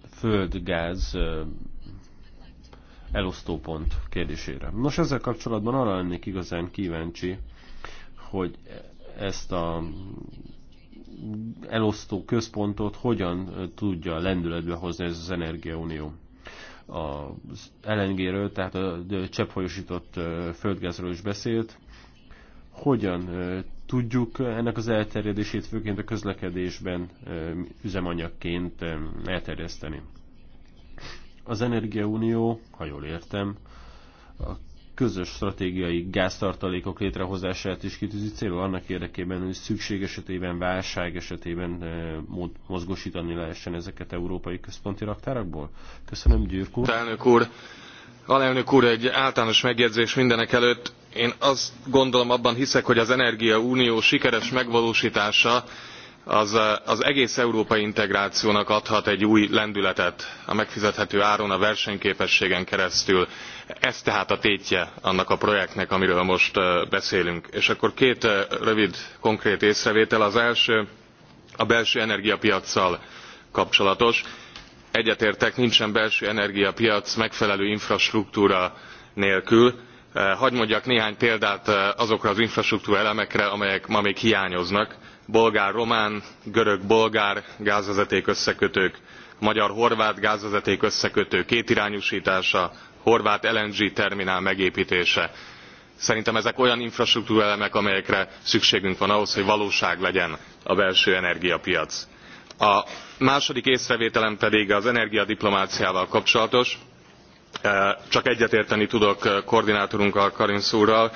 földgáz elosztópont kérdésére. Nos, ezzel kapcsolatban arra lennék igazán kíváncsi, hogy ezt a elosztó központot hogyan tudja lendületbe hozni ez az energiaunió. Az LNG-ről, tehát a cseppfolyósított földgázról is beszélt, hogyan tudjuk ennek az elterjedését főként a közlekedésben üzemanyagként elterjeszteni. Az Energiaunió, ha jól értem, a közös stratégiai gáztartalékok létrehozását is kitűzi célul annak érdekében, hogy szükség esetében, válság esetében eh, mozgosítani lehessen ezeket európai központi raktárakból? Köszönöm, Gyürk úr. Elnök úr, alelnök úr, egy általános megjegyzés mindenek előtt. Én azt gondolom, abban hiszek, hogy az Energia Unió sikeres megvalósítása az, eh, az egész európai integrációnak adhat egy új lendületet a megfizethető áron, a versenyképességen keresztül ez tehát a tétje annak a projektnek amiről most beszélünk. és akkor két rövid konkrét észrevétel az első a belső energiapiaccal kapcsolatos. egyetértek nincsen belső energiapiac megfelelő infrastruktúra nélkül. hadd mondjak néhány példát azokra az infrastruktúra elemekre amelyek ma még hiányoznak bolgár román görög bolgár gázvezeték összekötők magyar horvát gázvezeték összekötő kétirányústása horvát LNG terminál megépítése. Szerintem ezek olyan infrastruktúraelemek, amelyekre szükségünk van ahhoz, hogy valóság legyen a belső energiapiac. A második észrevételem pedig az energiadiplomáciával kapcsolatos. E, csak egyetérteni tudok e, koordinátorunkkal, kari úrral.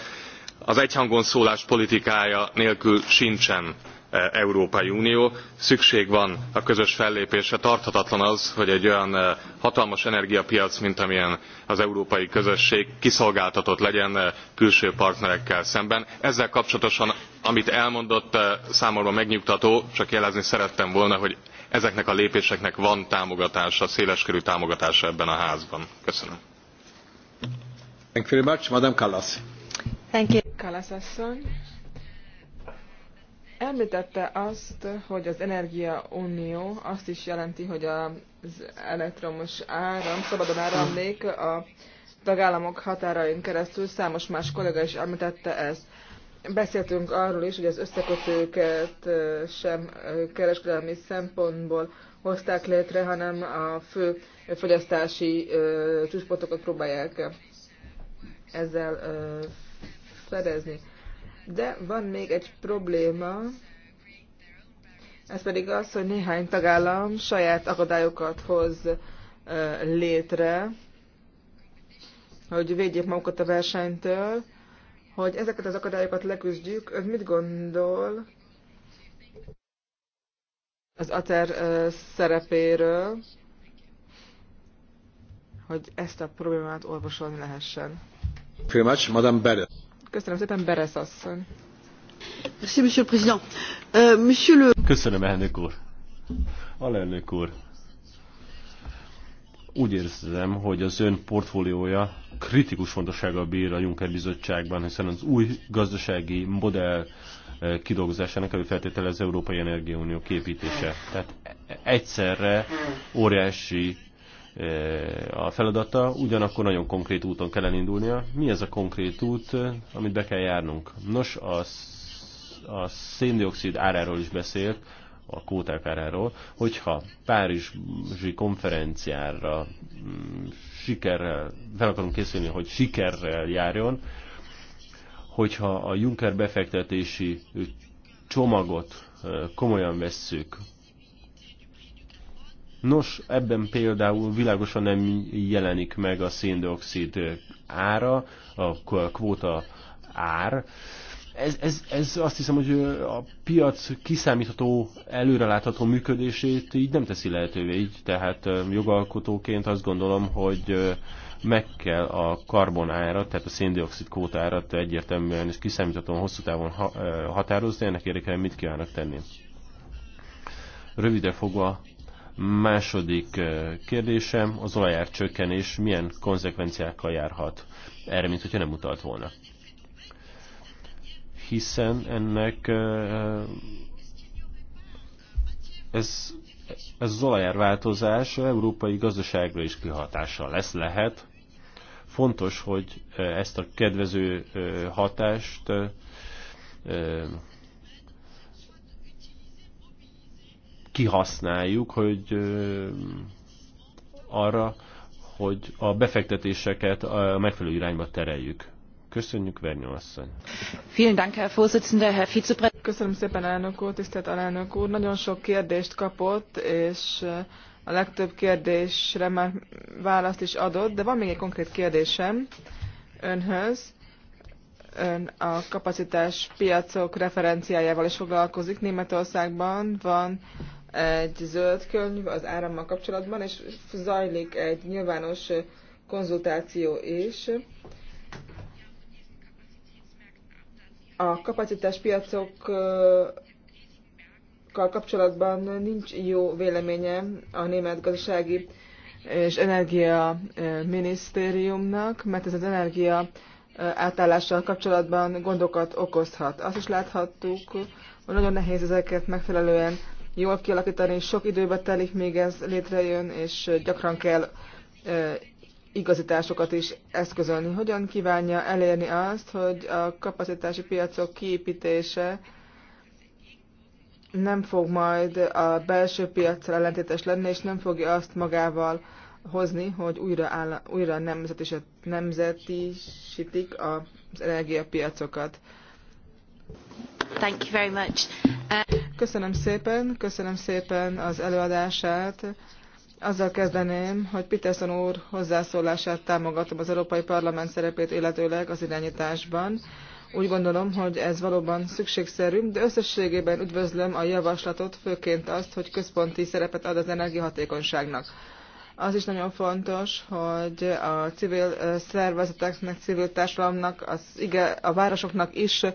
Az egyhangon szólás politikája nélkül sincsen Eh, európai unió szükség van a közös fellépésre tarthatatlan az hogy egy olyan eh, hatalmas energiapiac mint amilyen az európai közösség kiszolgáltatott legyen eh, külső partnerekkel szemben. ezzel kapcsolatosan amit elmondott számomra megnyugtató csak jelezni szerettem volna hogy ezeknek a lépéseknek van támogatása széleskörű támogatása ebben a házban. köszönöm. Thank you very much, Madame Kallas. Thank you. Kallas asszony. Említette azt, hogy az Energia Unió azt is jelenti, hogy az elektromos áram, szabadon áramlék a tagállamok határain keresztül, számos más kollega is említette ezt. Beszéltünk arról is, hogy az összekötőket sem kereskedelmi szempontból hozták létre, hanem a fő fogyasztási csúspontokat próbálják ezzel fedezni. De van még egy probléma, ez pedig az, hogy néhány tagállam saját akadályokat hoz létre, hogy védjék magukat a versenytől, hogy ezeket az akadályokat leküzdjük. Ön mit gondol az ATER szerepéről, hogy ezt a problémát orvosolni lehessen? Very much, Madame Beres. Köszönöm szépen, Beres asszony. Euh, Köszönöm, elnök úr. Alelnök úr. Úgy érzem, hogy az ön portfóliója kritikus fontossággal bír a Juncker bizottságban, hiszen az új gazdasági modell eh, kidolgozásának előfeltétele az Európai Energiaunió képítése. Tehát e-, egyszerre óriási a feladata, ugyanakkor nagyon konkrét úton kell elindulnia. Mi ez a konkrét út, amit be kell járnunk? Nos, a, a széndiokszid áráról is beszélt, a kóták áráról, hogyha Párizsi konferenciára mm, sikerrel, fel akarunk készülni, hogy sikerrel járjon, hogyha a Juncker befektetési csomagot komolyan vesszük, Nos, ebben például világosan nem jelenik meg a széndiokszid ára, a kvóta ár. Ez, ez, ez azt hiszem, hogy a piac kiszámítható, előrelátható működését így nem teszi lehetővé, így tehát jogalkotóként azt gondolom, hogy meg kell a karbonárat, tehát a széndiokszid kvótárat egyértelműen és kiszámíthatóan hosszú távon határozni, ennek érdekében mit kívánok tenni. Rövidre fogva Második eh, kérdésem, az olajár csökkenés milyen konzekvenciákkal járhat? Erre, mint hogyha nem utalt volna. Hiszen ennek eh, ez, ez az olajár az európai gazdaságra is kihatással lesz, lehet. Fontos, hogy eh, ezt a kedvező hatást kihasználjuk, hogy arra, hogy a befektetéseket a megfelelő irányba tereljük. Köszönjük, Vernyó asszony. Köszönöm szépen, elnök úr, tisztelt alelnök úr. Nagyon sok kérdést kapott, és a legtöbb kérdésre már választ is adott, de van még egy konkrét kérdésem önhöz. Ön a kapacitás piacok referenciájával is foglalkozik. Németországban van egy zöld könyv az árammal kapcsolatban, és zajlik egy nyilvános konzultáció is. A kapacitáspiacokkal kapcsolatban nincs jó véleményem a német gazdasági és energia eh, minisztériumnak, mert ez az energia eh, átállással kapcsolatban gondokat okozhat. Azt is láthattuk, hogy nagyon nehéz ezeket megfelelően jól kialakítani, sok időbe telik, még ez létrejön, és gyakran kell igazításokat is eszközölni. Hogyan kívánja elérni azt, hogy a kapacitási piacok kiépítése nem fog majd a belső piacra ellentétes lenni, és nem fogja azt magával hozni, hogy újra, áll, újra nemzetisítik az energiapiacokat. Köszönöm szépen, köszönöm szépen az előadását. Azzal kezdeném, hogy Peterson úr hozzászólását támogatom az Európai Parlament szerepét illetőleg az irányításban. Úgy gondolom, hogy ez valóban szükségszerű, de összességében üdvözlöm a javaslatot, főként azt, hogy központi szerepet ad az energiahatékonyságnak. Az is nagyon fontos, hogy a civil szervezeteknek, civil társadalomnak, az, igen, a városoknak is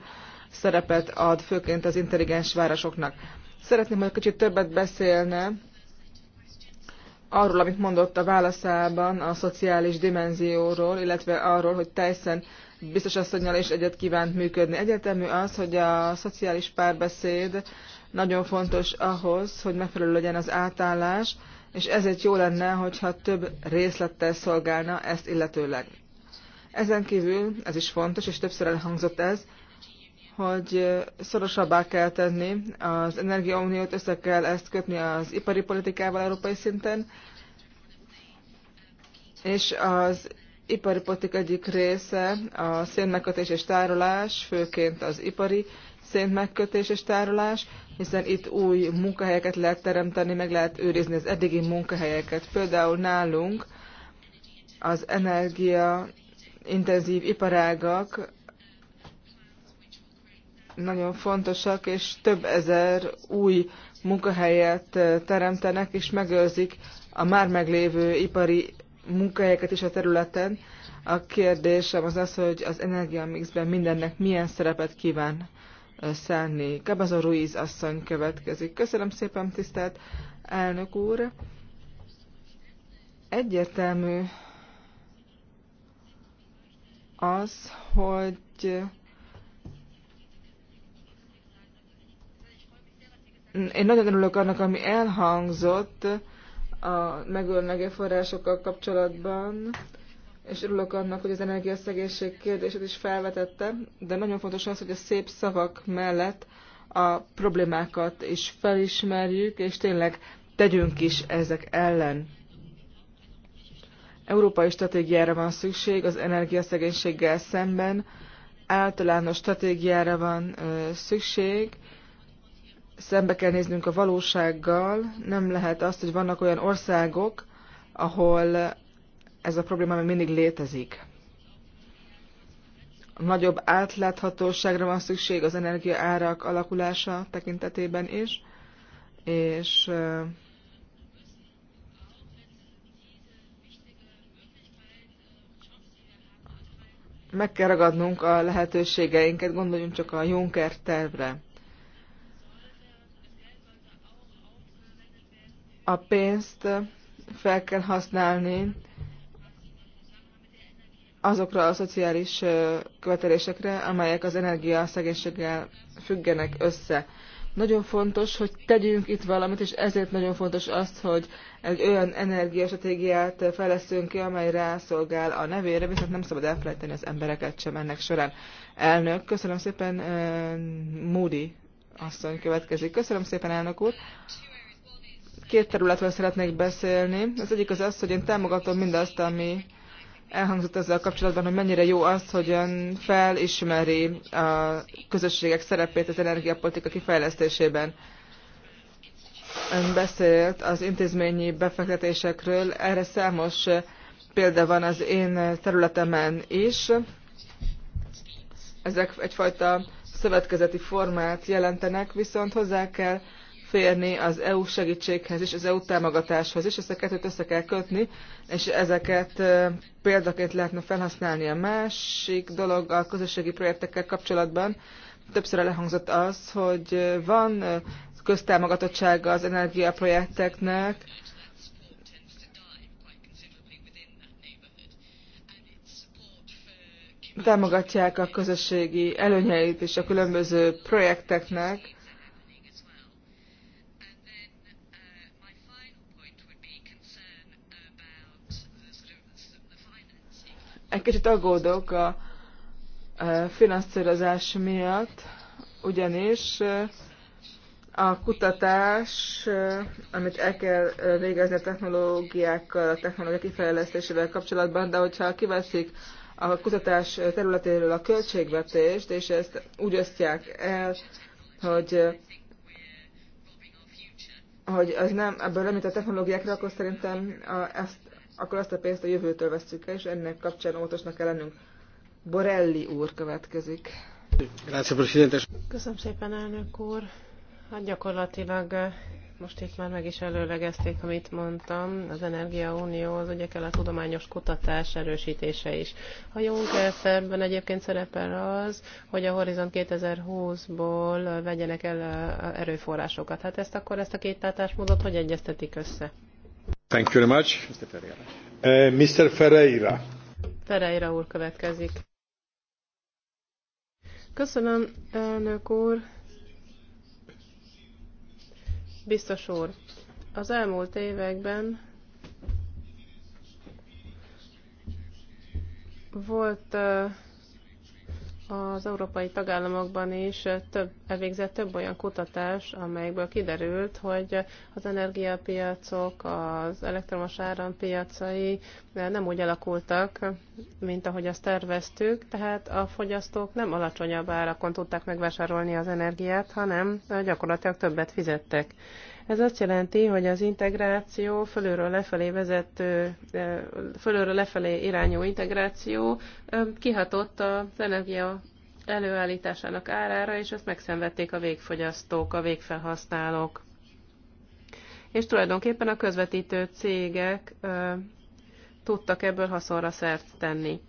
szerepet ad, főként az intelligens városoknak. Szeretném, hogy kicsit többet beszélne arról, amit mondott a válaszában a szociális dimenzióról, illetve arról, hogy Tyson biztos asszonynal is egyet kívánt működni. Egyetemű az, hogy a szociális párbeszéd nagyon fontos ahhoz, hogy megfelelő legyen az átállás, és ezért jó lenne, hogyha több részlettel szolgálna ezt illetőleg. Ezen kívül, ez is fontos, és többször elhangzott ez, hogy szorosabbá kell tenni az energiauniót, össze kell ezt kötni az ipari politikával európai szinten, és az ipari politika egyik része a szénmegkötés és tárolás, főként az ipari szénmegkötés és tárolás, hiszen itt új munkahelyeket lehet teremteni, meg lehet őrizni az eddigi munkahelyeket. Például nálunk az energia intenzív iparágak nagyon fontosak, és több ezer új munkahelyet teremtenek, és megőrzik a már meglévő ipari munkahelyeket is a területen. A kérdésem az az, hogy az energiamixben mindennek milyen szerepet kíván szánni. Kabazo Ruiz asszony következik. Köszönöm szépen, tisztelt elnök úr. Egyértelmű az, hogy Én nagyon örülök annak, ami elhangzott a megölnege forrásokkal kapcsolatban, és örülök annak, hogy az energiaszegészség kérdését is felvetette, de nagyon fontos az, hogy a szép szavak mellett a problémákat is felismerjük, és tényleg tegyünk is ezek ellen. Európai stratégiára van szükség az energiaszegénységgel szemben, általános stratégiára van szükség, szembe kell néznünk a valósággal. Nem lehet azt, hogy vannak olyan országok, ahol ez a probléma még mindig létezik. Nagyobb átláthatóságra van szükség az energiaárak alakulása tekintetében is, és meg kell ragadnunk a lehetőségeinket, gondoljunk csak a Juncker tervre. a pénzt fel kell használni azokra a szociális követelésekre, amelyek az energiaszegénységgel függenek össze. Nagyon fontos, hogy tegyünk itt valamit, és ezért nagyon fontos azt, hogy egy olyan energiastratégiát fejlesztünk ki, amely rászolgál a nevére, viszont nem szabad elfelejteni az embereket sem ennek során. Elnök, köszönöm szépen, Moody asszony következik. Köszönöm szépen, elnök úr két területről szeretnék beszélni. Az egyik az az, hogy én támogatom mindazt, ami elhangzott ezzel kapcsolatban, hogy mennyire jó az, hogy felismeri a közösségek szerepét az energiapolitika kifejlesztésében. Ön beszélt az intézményi befektetésekről, erre számos példa van az én területemen is. Ezek egyfajta szövetkezeti formát jelentenek, viszont hozzá kell férni az EU segítséghez is, az EU támogatáshoz is, ezt a kettőt össze kell kötni, és ezeket példaként lehetne felhasználni. A másik dolog a közösségi projektekkel kapcsolatban többször elhangzott az, hogy van köztámogatottsága az energiaprojekteknek, támogatják a közösségi előnyeit és a különböző projekteknek, Egy kicsit aggódok a finanszírozás miatt, ugyanis a kutatás, amit el kell végezni a technológiákkal, a technológia kifejlesztésével kapcsolatban, de hogyha kiveszik a kutatás területéről a költségvetést, és ezt úgy osztják el, hogy hogy az nem, ebből nem a technológiákra, akkor szerintem a, ezt akkor azt a pénzt a jövőtől veszük el, és ennek kapcsán óvatosnak kell lennünk. Borelli úr következik. Köszönöm szépen, elnök úr. Hát gyakorlatilag eh, most itt már meg is előlegezték, amit mondtam, az Energiaunió az ugye kell a tudományos kutatás erősítése is. A Juncker szerben egyébként szerepel az, hogy a Horizont 2020-ból eh, vegyenek el eh, erőforrásokat. Hát ezt akkor ezt a két látásmódot hogy egyeztetik össze? Thank you very much. Mr. Ferreira. Uh, Ferreira. Ferreira úr következik. Köszönöm, elnök úr. Biztos úr, az elmúlt években volt uh, az európai tagállamokban is több, elvégzett több olyan kutatás, amelyekből kiderült, hogy az energiapiacok, az elektromos árampiacai nem úgy alakultak, mint ahogy azt terveztük, tehát a fogyasztók nem alacsonyabb árakon tudták megvásárolni az energiát, hanem gyakorlatilag többet fizettek. Ez azt jelenti, hogy az integráció fölülről lefelé vezető, fölülről lefelé irányú integráció kihatott az energia előállításának árára, és ezt megszenvedték a végfogyasztók, a végfelhasználók. És tulajdonképpen a közvetítő cégek tudtak ebből haszonra szert tenni.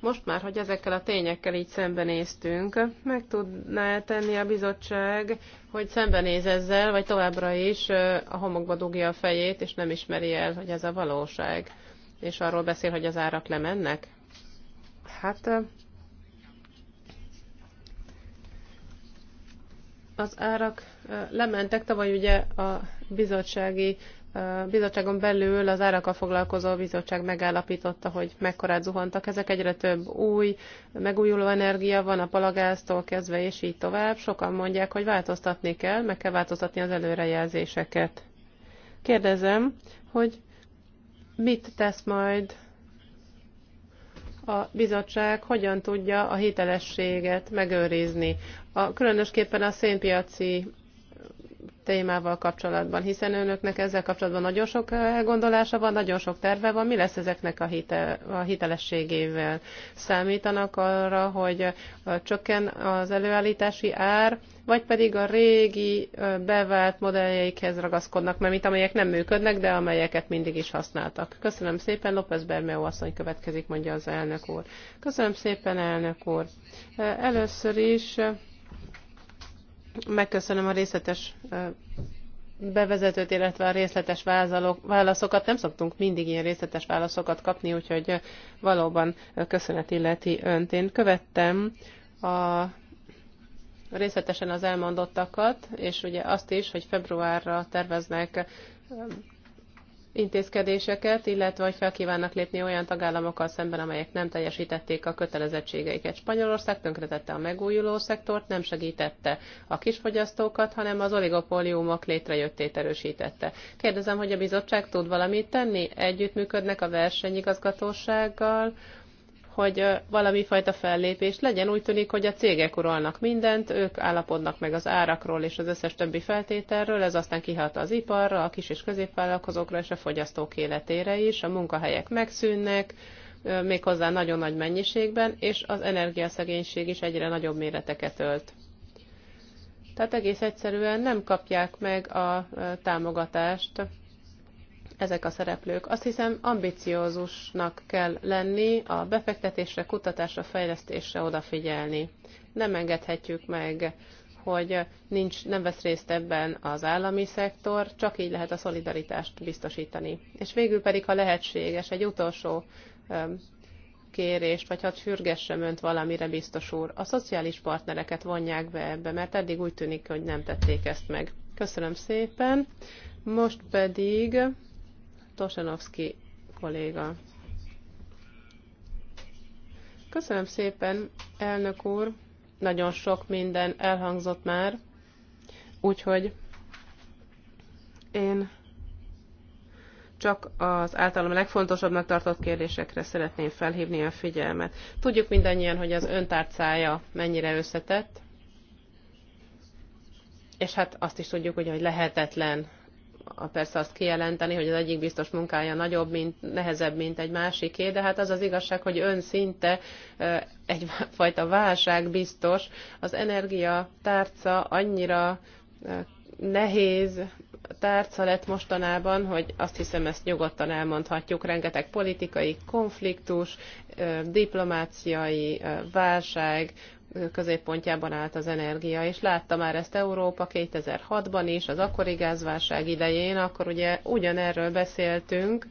Most már, hogy ezekkel a tényekkel így szembenéztünk, meg tudná tenni a bizottság, hogy szembenéz ezzel, vagy továbbra is a homokba dugja a fejét, és nem ismeri el, hogy ez a valóság, és arról beszél, hogy az árak lemennek? Hát az árak lementek, tavaly ugye a bizottsági bizottságon belül az árakkal foglalkozó bizottság megállapította, hogy mekkorát zuhantak. Ezek egyre több új, megújuló energia van a palagáztól kezdve, és így tovább. Sokan mondják, hogy változtatni kell, meg kell változtatni az előrejelzéseket. Kérdezem, hogy mit tesz majd a bizottság, hogyan tudja a hitelességet megőrizni. A, különösképpen a szénpiaci témával kapcsolatban, hiszen önöknek ezzel kapcsolatban nagyon sok elgondolása van, nagyon sok terve van. Mi lesz ezeknek a, hite, a hitelességével? Számítanak arra, hogy csökken az előállítási ár, vagy pedig a régi bevált modelljeikhez ragaszkodnak, mert mint amelyek nem működnek, de amelyeket mindig is használtak. Köszönöm szépen, López Bermeó asszony következik, mondja az elnök úr. Köszönöm szépen, elnök úr. Először is Megköszönöm a részletes bevezetőt, illetve a részletes válaszokat. Nem szoktunk mindig ilyen részletes válaszokat kapni, úgyhogy valóban köszönet illeti önt. Én követtem a részletesen az elmondottakat, és ugye azt is, hogy februárra terveznek intézkedéseket, illetve hogy fel kívánnak lépni olyan tagállamokkal szemben, amelyek nem teljesítették a kötelezettségeiket. Spanyolország tönkretette a megújuló szektort, nem segítette a kisfogyasztókat, hanem az oligopóliumok létrejöttét erősítette. Kérdezem, hogy a bizottság tud valamit tenni? Együttműködnek a versenyigazgatósággal, hogy valami fajta fellépés legyen. Úgy tűnik, hogy a cégek uralnak mindent, ők állapodnak meg az árakról és az összes többi feltételről, ez aztán kihat az iparra, a kis és középvállalkozókra és a fogyasztók életére is, a munkahelyek megszűnnek, méghozzá nagyon nagy mennyiségben, és az energiaszegénység is egyre nagyobb méreteket ölt. Tehát egész egyszerűen nem kapják meg a támogatást ezek a szereplők. Azt hiszem, ambiciózusnak kell lenni, a befektetésre, kutatásra, fejlesztésre odafigyelni. Nem engedhetjük meg, hogy nincs, nem vesz részt ebben az állami szektor, csak így lehet a szolidaritást biztosítani. És végül pedig, ha lehetséges, egy utolsó kérést, vagy ha sürgessem önt valamire, biztos úr. A szociális partnereket vonják be ebbe, mert eddig úgy tűnik, hogy nem tették ezt meg. Köszönöm szépen. Most pedig Tosanovski kolléga. Köszönöm szépen, elnök úr. Nagyon sok minden elhangzott már, úgyhogy én csak az általam legfontosabbnak tartott kérdésekre szeretném felhívni a figyelmet. Tudjuk mindannyian, hogy az öntárcája mennyire összetett, és hát azt is tudjuk, hogy, hogy lehetetlen persze azt kijelenteni, hogy az egyik biztos munkája nagyobb, mint, nehezebb, mint egy másiké, de hát az az igazság, hogy ön szinte egyfajta válság biztos. Az energia tárca annyira nehéz tárca lett mostanában, hogy azt hiszem ezt nyugodtan elmondhatjuk, rengeteg politikai konfliktus, diplomáciai válság, középpontjában állt az energia, és látta már ezt Európa 2006-ban is, az akkori gázválság idején, akkor ugye ugyanerről beszéltünk,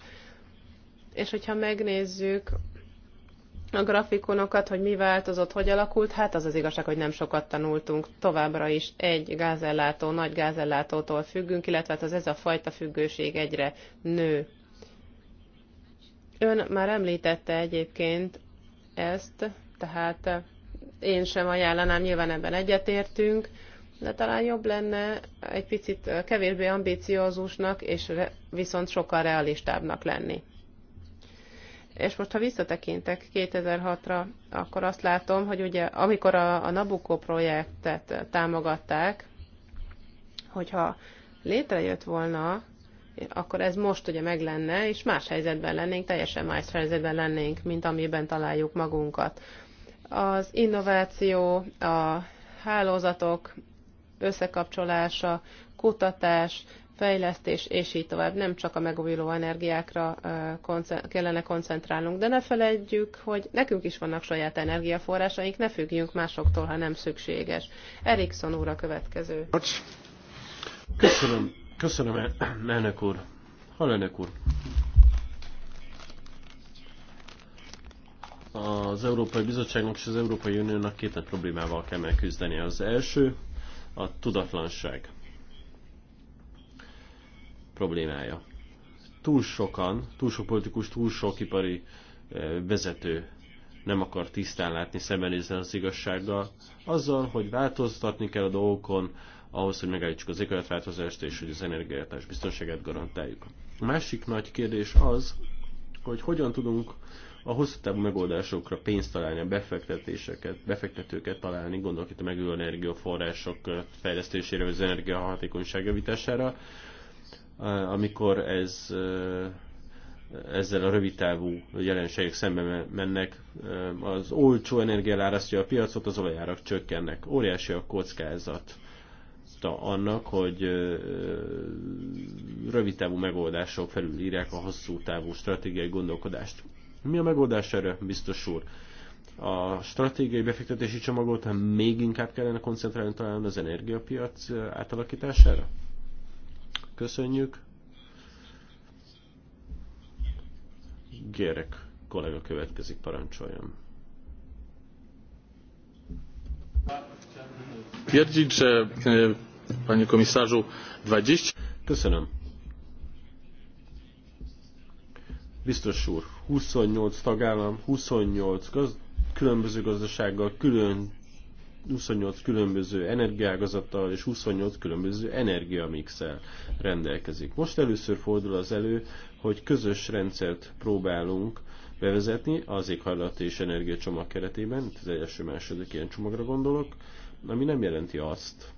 és hogyha megnézzük a grafikonokat, hogy mi változott, hogy alakult, hát az az igazság, hogy nem sokat tanultunk. Továbbra is egy gázellátó, nagy gázellátótól függünk, illetve hát az ez a fajta függőség egyre nő. Ön már említette egyébként ezt, tehát én sem ajánlanám, nyilván ebben egyetértünk, de talán jobb lenne egy picit kevésbé ambíciózusnak, és viszont sokkal realistábbnak lenni. És most, ha visszatekintek 2006-ra, akkor azt látom, hogy ugye amikor a, a Nabucco projektet támogatták, hogyha létrejött volna, akkor ez most ugye meg lenne, és más helyzetben lennénk, teljesen más helyzetben lennénk, mint amiben találjuk magunkat. Az innováció, a hálózatok összekapcsolása, kutatás, fejlesztés, és így tovább. Nem csak a megújuló energiákra kellene koncentrálnunk, de ne felejtjük, hogy nekünk is vannak saját energiaforrásaink, ne függjünk másoktól, ha nem szükséges. Erikson úr a következő. Köszönöm, köszönöm elnök úr. elnök úr, az Európai Bizottságnak és az Európai Uniónak két nagy problémával kell megküzdeni. Az első a tudatlanság problémája. Túl sokan, túl sok politikus, túl sok ipari eh, vezető nem akar tisztán látni, szembenézni az igazsággal, azzal, hogy változtatni kell a dolgokon, ahhoz, hogy megállítsuk az éghajlatváltozást és hogy az energiátás biztonságát garantáljuk. A másik nagy kérdés az, hogy hogyan tudunk a hosszú távú megoldásokra pénzt találni, a befektetéseket, befektetőket találni, gondolok itt a megújuló energiaforrások fejlesztésére, az energiahatékonyság javítására, amikor ez ezzel a rövidtávú jelenségek szembe mennek. Az olcsó energia elárasztja a piacot, az olajárak csökkennek. Óriási a kockázat annak, hogy rövidtávú megoldások felülírják a hosszú távú stratégiai gondolkodást. Mi a megoldás erre, biztos úr? A stratégiai befektetési csomagot még inkább kellene koncentrálni talán az energiapiac átalakítására? Köszönjük. Gérek kollega következik, parancsoljon. E, panie komisarzu 20... Köszönöm. Biztos úr, 28 tagállam, 28 gaz, különböző gazdasággal, külön 28 különböző energiágazattal és 28 különböző energiamixel rendelkezik. Most először fordul az elő, hogy közös rendszert próbálunk bevezetni az éghajlat és energiacsomag keretében, itt az első második ilyen csomagra gondolok, ami nem jelenti azt,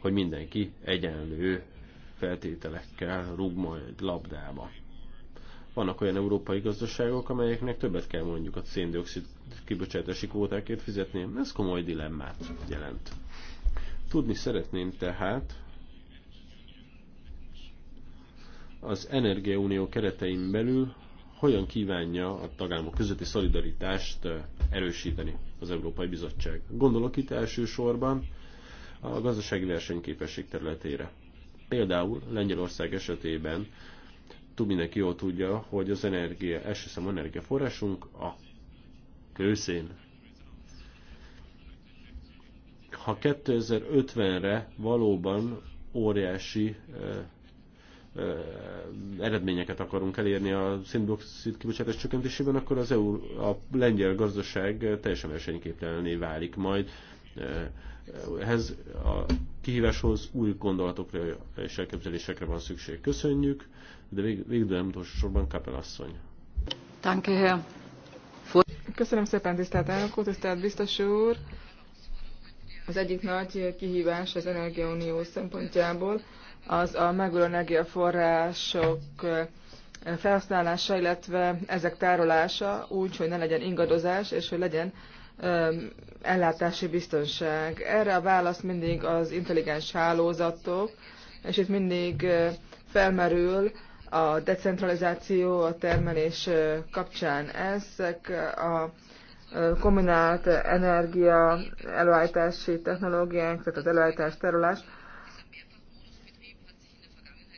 hogy mindenki egyenlő feltételekkel rúg majd labdába. Vannak olyan európai gazdaságok, amelyeknek többet kell mondjuk a széndiokszid kibocsátási kvótákért fizetni. Ez komoly dilemmát jelent. Tudni szeretném tehát az Energiaunió keretein belül hogyan kívánja a tagállamok közötti szolidaritást eh, erősíteni az Európai Bizottság. Gondolok itt elsősorban a gazdasági versenyképesség területére. Például Lengyelország esetében mindenki jól tudja, hogy az energia, elsőszem energiaforrásunk a kőszén. Ha 2050-re valóban óriási eredményeket akarunk elérni a széndiokszid kibocsátás csökkentésében, akkor az EU, a lengyel gazdaság teljesen versenyképtelené válik majd. Ehhez a kihíváshoz új gondolatokra és elképzelésekre van szükség. Köszönjük, de végül nem utolsó sorban Kapel asszony. Köszönöm szépen, tisztelt elnök úr, tisztelt biztos úr. Az egyik nagy kihívás az Energiaunió szempontjából az a megújuló energiaforrások eh, felhasználása, illetve ezek tárolása úgy, hogy ne legyen ingadozás, és hogy legyen ellátási biztonság. Erre a válasz mindig az intelligens hálózatok, és itt mindig felmerül a decentralizáció a termelés kapcsán. Ezek a kombinált energia előállítási technológiánk, tehát az előállítás, terülás,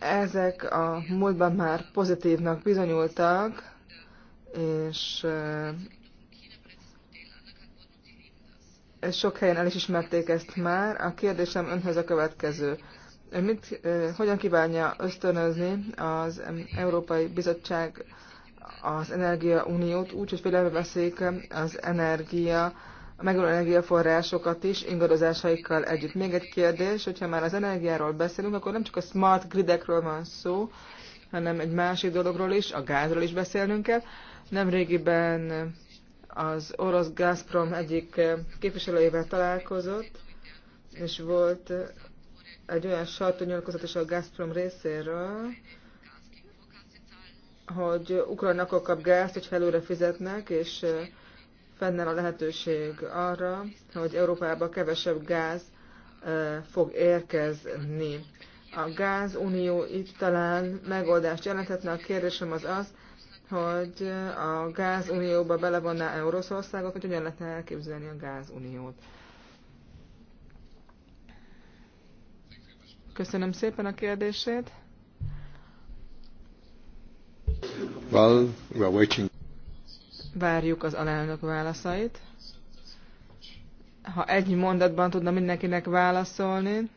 ezek a múltban már pozitívnak bizonyultak, és sok helyen el is ismerték ezt már. A kérdésem önhöz a következő. Ön mit, hogyan kívánja ösztönözni az Európai Bizottság az Energia Uniót úgy, hogy figyelembe veszik az energia, a megújuló energiaforrásokat is ingadozásaikkal együtt. Még egy kérdés, hogyha már az energiáról beszélünk, akkor nem csak a smart gridekről van szó, hanem egy másik dologról is, a gázról is beszélnünk kell. Nemrégiben az orosz Gazprom egyik eh, képviselőjével találkozott, és volt eh, egy olyan sajtónyilatkozat is a Gazprom részéről, hogy Ukrajna akkor kap gázt, hogyha előre fizetnek, és eh, fennáll a lehetőség arra, hogy Európába kevesebb gáz fog érkezni. A gázunió itt talán megoldást jelenthetne. A kérdésem az az, hogy a gázunióba belevonná Oroszországot, hogy hogyan lehetne elképzelni a gázuniót. Köszönöm szépen a kérdését. Well, we are waiting. Várjuk az alelnök válaszait. Ha egy mondatban tudna mindenkinek válaszolni,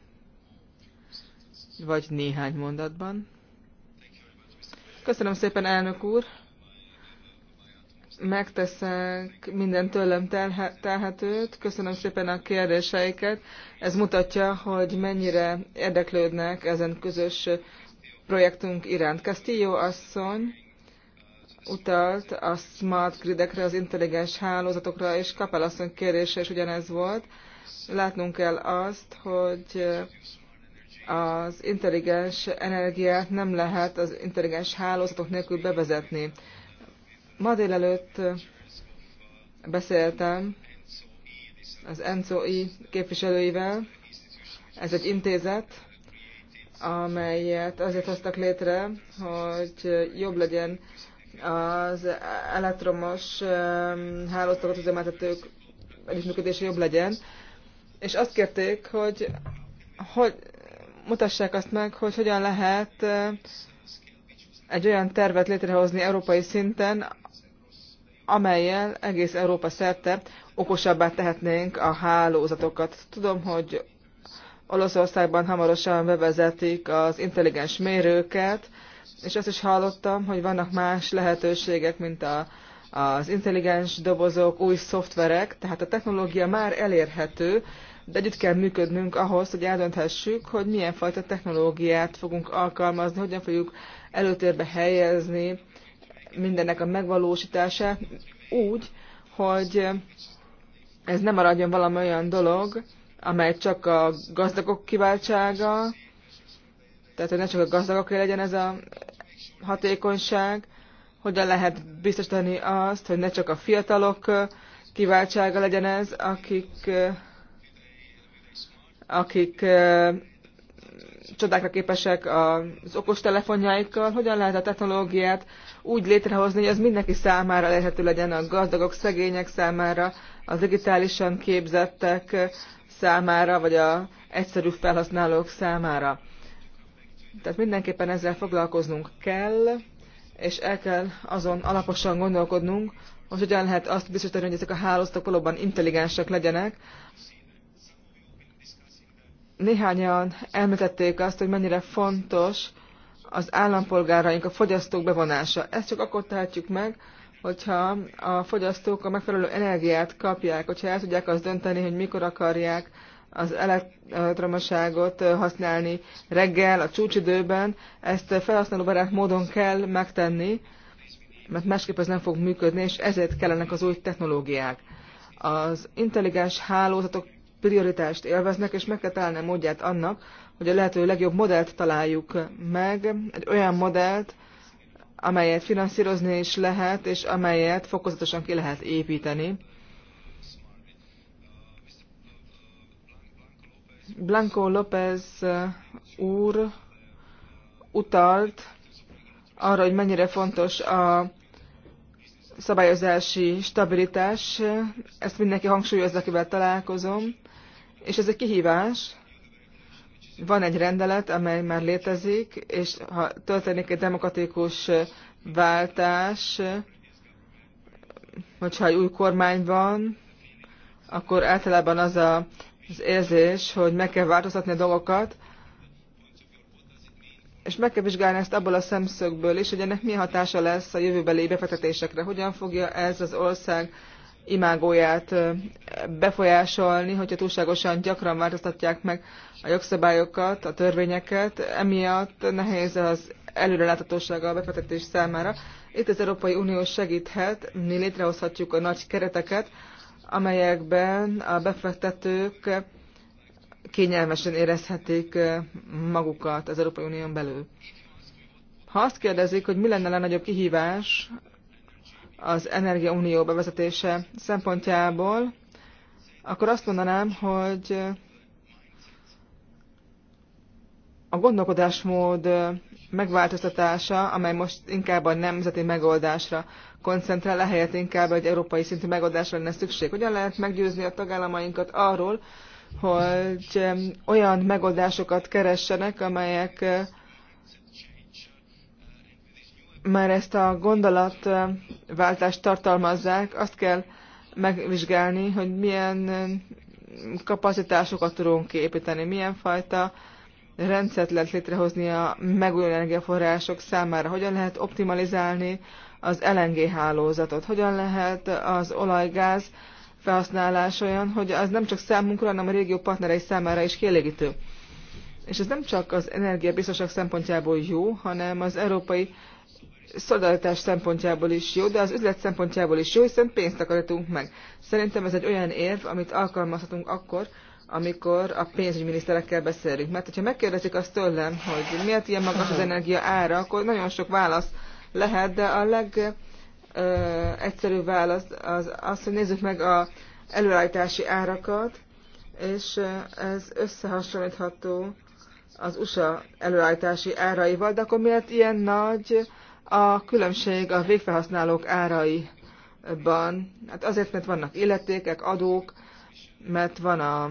vagy néhány mondatban. Köszönöm szépen, elnök úr! megteszek minden tőlem telhetőt. Köszönöm szépen a kérdéseiket. Ez mutatja, hogy mennyire érdeklődnek ezen közös projektünk iránt. Castillo asszony utalt a smart gridekre, az intelligens hálózatokra, és Kapel asszony kérdése is ugyanez volt. Látnunk kell azt, hogy az intelligens energiát nem lehet az intelligens hálózatok nélkül bevezetni. Ma délelőtt beszéltem az NCOI képviselőivel. Ez egy intézet, amelyet azért hoztak létre, hogy jobb legyen az elektromos hálózatot üzemeltetők együttműködése jobb legyen. És azt kérték, hogy, hogy mutassák azt meg, hogy hogyan lehet egy olyan tervet létrehozni európai szinten, amelyel egész Európa szerte okosabbá tehetnénk a hálózatokat. Tudom, hogy Olaszországban hamarosan bevezetik az intelligens mérőket, és azt is hallottam, hogy vannak más lehetőségek, mint a, az intelligens dobozok, új szoftverek, tehát a technológia már elérhető, de együtt kell működnünk ahhoz, hogy eldönthessük, hogy milyen fajta technológiát fogunk alkalmazni, hogyan fogjuk előtérbe helyezni mindennek a megvalósítása úgy, hogy ez nem maradjon valami olyan dolog, amely csak a gazdagok kiváltsága, tehát hogy ne csak a gazdagoké legyen ez a hatékonyság, hogyan lehet biztosítani azt, hogy ne csak a fiatalok kiváltsága legyen ez, akik, akik eh, csodákra képesek az okostelefonjaikkal, hogyan lehet a technológiát úgy létrehozni, hogy az mindenki számára lehető legyen, a gazdagok, szegények számára, az digitálisan képzettek számára, vagy a egyszerű felhasználók számára. Tehát mindenképpen ezzel foglalkoznunk kell, és el kell azon alaposan gondolkodnunk, hogy hogyan lehet azt biztosítani, hogy ezek a hálózatok valóban intelligensek legyenek. Néhányan említették azt, hogy mennyire fontos az állampolgáraink, a fogyasztók bevonása. Ezt csak akkor tehetjük meg, hogyha a fogyasztók a megfelelő energiát kapják, hogyha el tudják azt dönteni, hogy mikor akarják az elektromosságot használni reggel, a csúcsidőben, ezt felhasználóbarát módon kell megtenni, mert másképp ez nem fog működni, és ezért kellenek az új technológiák. Az intelligens hálózatok prioritást élveznek, és meg kell találni a módját annak, hogy a lehető legjobb modellt találjuk meg, egy olyan modellt, amelyet finanszírozni is lehet, és amelyet fokozatosan ki lehet építeni. Blanco López uh, úr utalt arra, hogy mennyire fontos a szabályozási stabilitás. Ezt mindenki hangsúlyozza, akivel találkozom. És ez egy kihívás, van egy rendelet, amely már létezik, és ha történik egy demokratikus váltás, hogyha egy új kormány van, akkor általában az a, az érzés, hogy meg kell változtatni a dolgokat, és meg kell vizsgálni ezt abból a szemszögből is, hogy ennek mi hatása lesz a jövőbeli befektetésekre. Hogyan fogja ez az ország imágóját befolyásolni, hogyha túlságosan gyakran változtatják meg a jogszabályokat, a törvényeket, emiatt nehéz az előreláthatósága a befektetés számára. Itt az Európai Unió segíthet, mi létrehozhatjuk a nagy kereteket, amelyekben a befektetők kényelmesen érezhetik magukat az Európai Unión belül. Ha azt kérdezik, hogy mi lenne a legnagyobb kihívás az energiaunió bevezetése szempontjából, akkor azt mondanám, hogy a gondolkodásmód megváltoztatása, amely most inkább a nemzeti megoldásra koncentrál, ehelyett inkább egy európai szintű megoldásra lenne szükség. Hogyan lehet meggyőzni a tagállamainkat arról, hogy olyan megoldásokat keressenek, amelyek már ezt a gondolatváltást tartalmazzák, azt kell megvizsgálni, hogy milyen um, kapacitásokat tudunk kiépíteni, milyen fajta rendszert lehet létrehozni a megújuló energiaforrások számára, hogyan lehet optimalizálni az LNG hálózatot, hogyan lehet az olajgáz felhasználás olyan, hogy az nem csak számunkra, hanem a régió partnerei számára is kielégítő. És ez nem csak az energiabiztonság szempontjából jó, hanem az európai szolidaritás szempontjából is jó, de az üzlet szempontjából is jó, hiszen pénzt akarítunk meg. Szerintem ez egy olyan érv, amit alkalmazhatunk akkor, amikor a pénzügyminiszterekkel beszélünk. Mert hogyha megkérdezik azt tőlem, hogy miért ilyen magas az energia ára, akkor nagyon sok válasz lehet, de a legegyszerűbb válasz az az, hogy nézzük meg a előállítási árakat, és ez összehasonlítható az USA előállítási áraival, de akkor miért ilyen nagy a különbség a végfelhasználók áraiban. Hát azért, mert vannak illetékek, adók, mert van a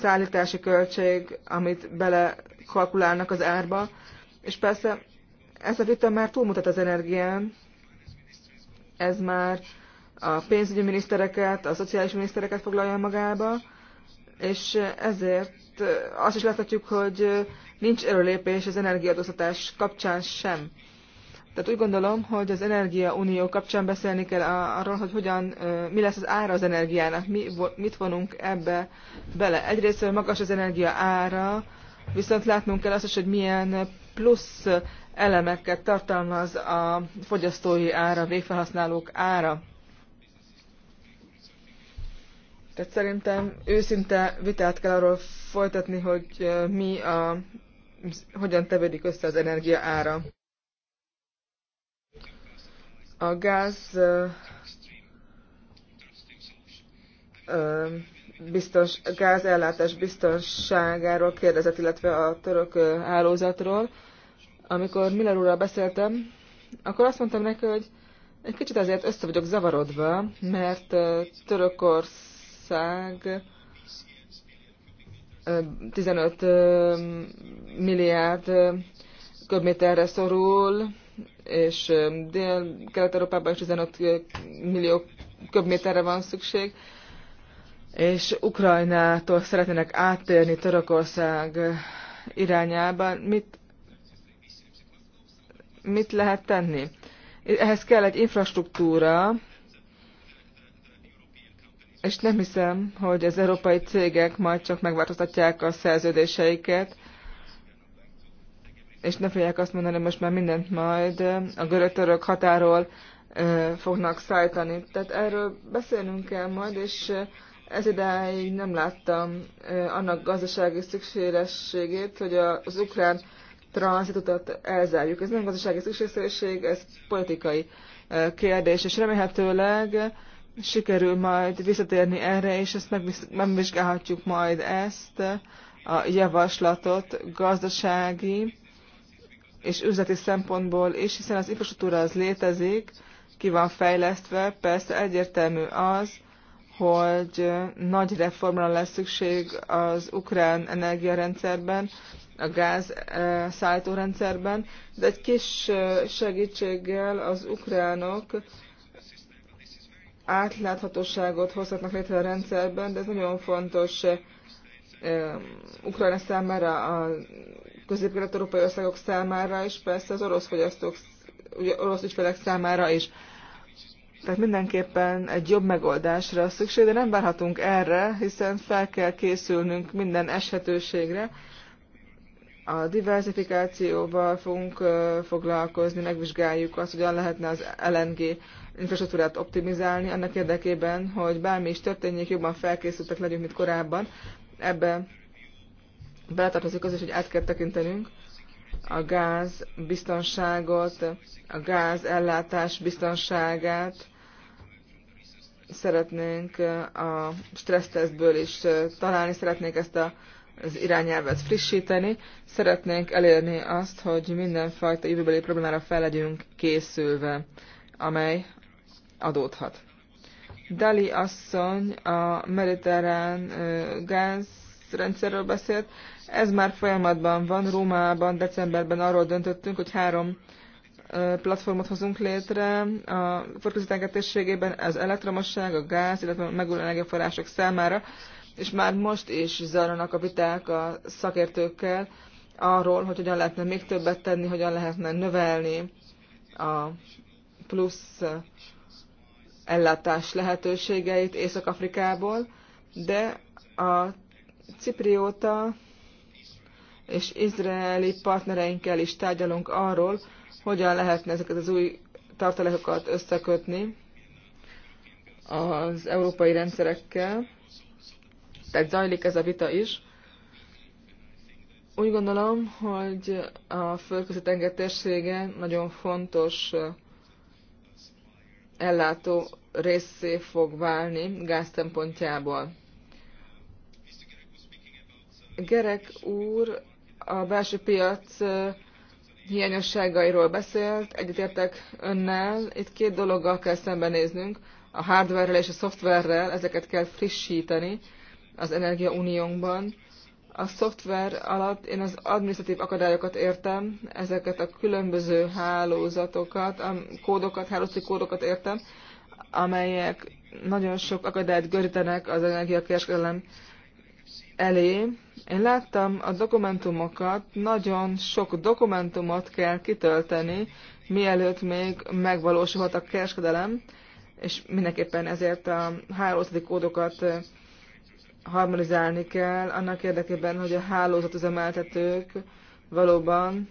szállítási költség, amit bele kalkulálnak az árba, és persze ez a vita már túlmutat az energián, ez már a pénzügyi minisztereket, a szociális minisztereket foglalja magába, és ezért azt is láthatjuk, hogy nincs erőlépés az energiadóztatás kapcsán sem. Tehát úgy gondolom, hogy az Energia Unió kapcsán beszélni kell arról, hogy hogyan, mi lesz az ára az energiának, mi, mit vonunk ebbe bele. Egyrészt, hogy magas az energia ára, viszont látnunk kell azt is, hogy milyen plusz elemeket tartalmaz a fogyasztói ára, végfelhasználók ára. Tehát szerintem őszinte vitát kell arról folytatni, hogy mi a, hogyan tevedik össze az energia ára a gáz biztons, gázellátás biztonságáról kérdezett, illetve a török hálózatról. Amikor Miller úrral beszéltem, akkor azt mondtam neki, hogy egy kicsit azért össze vagyok zavarodva, mert Törökország 15 milliárd köbméterre szorul, és Dél-Kelet-Európában is 15 millió köbméterre van szükség, és Ukrajnától szeretnének áttérni Törökország irányában. Mit, mit lehet tenni? Ehhez kell egy infrastruktúra, és nem hiszem, hogy az európai cégek majd csak megváltoztatják a szerződéseiket, és ne fogják azt mondani, hogy most már mindent majd a görög-török határól fognak szállítani. Tehát erről beszélnünk kell majd, és ez idáig nem láttam annak gazdasági szükségességét, hogy az ukrán tranzitutat elzárjuk. Ez nem gazdasági szükségség, ez politikai kérdés, és remélhetőleg sikerül majd visszatérni erre, és ezt megvizsgálhatjuk majd ezt a javaslatot gazdasági és üzleti szempontból is, hiszen az infrastruktúra az létezik, ki van fejlesztve, persze egyértelmű az, hogy nagy reformra lesz szükség az ukrán energiarendszerben, a gáz eh, szállítórendszerben, de egy kis eh, segítséggel az ukránok átláthatóságot hozhatnak létre a rendszerben, de ez nagyon fontos eh, Ukrajna számára a közép európai országok számára, és persze az orosz fogyasztók, ugye, orosz ügyfelek számára is. Tehát mindenképpen egy jobb megoldásra szükség, de nem várhatunk erre, hiszen fel kell készülnünk minden eshetőségre. A diversifikációval fogunk foglalkozni, megvizsgáljuk azt, hogyan lehetne az LNG infrastruktúrát optimizálni, annak érdekében, hogy bármi is történjék, jobban felkészültek legyünk, mint korábban. Ebbe beletartozik az is, hogy át kell tekintenünk a gáz biztonságot, a gáz ellátás biztonságát. Szeretnénk a stressztesztből is találni, szeretnénk ezt a, az irányelvet frissíteni. Szeretnénk elérni azt, hogy mindenfajta jövőbeli problémára fel legyünk készülve, amely adódhat. Dali asszony a mediterrán gázrendszerről beszélt. Ez már folyamatban van. Rómában decemberben arról döntöttünk, hogy három platformot hozunk létre. A földközi az elektromosság, a gáz, illetve a megújuló energiaforrások számára, és már most is zajlanak a viták a szakértőkkel arról, hogy hogyan lehetne még többet tenni, hogyan lehetne növelni a plusz ellátás lehetőségeit Észak-Afrikából, de a Ciprióta és izraeli partnereinkkel is tárgyalunk arról, hogyan lehetne ezeket az új tartalékokat összekötni az európai rendszerekkel. Tehát zajlik ez a vita is. Úgy gondolom, hogy a földközi tenger térsége nagyon fontos eh, ellátó részé fog válni gáz szempontjából. Gerek úr a belső piac hiányosságairól beszélt, egyetértek önnel. Itt két dologgal kell szembenéznünk, a hardware és a szoftverrel, ezeket kell frissíteni az Energia Uniónkban. A szoftver alatt én az administratív akadályokat értem, ezeket a különböző hálózatokat, a kódokat, hálózati kódokat értem, amelyek nagyon sok akadályt görítenek az energiakereskedelem elé. Én láttam a dokumentumokat, nagyon sok dokumentumot kell kitölteni, mielőtt még megvalósulhat a kereskedelem, és mindenképpen ezért a hálózati kódokat harmonizálni kell, annak érdekében, hogy a hálózatüzemeltetők valóban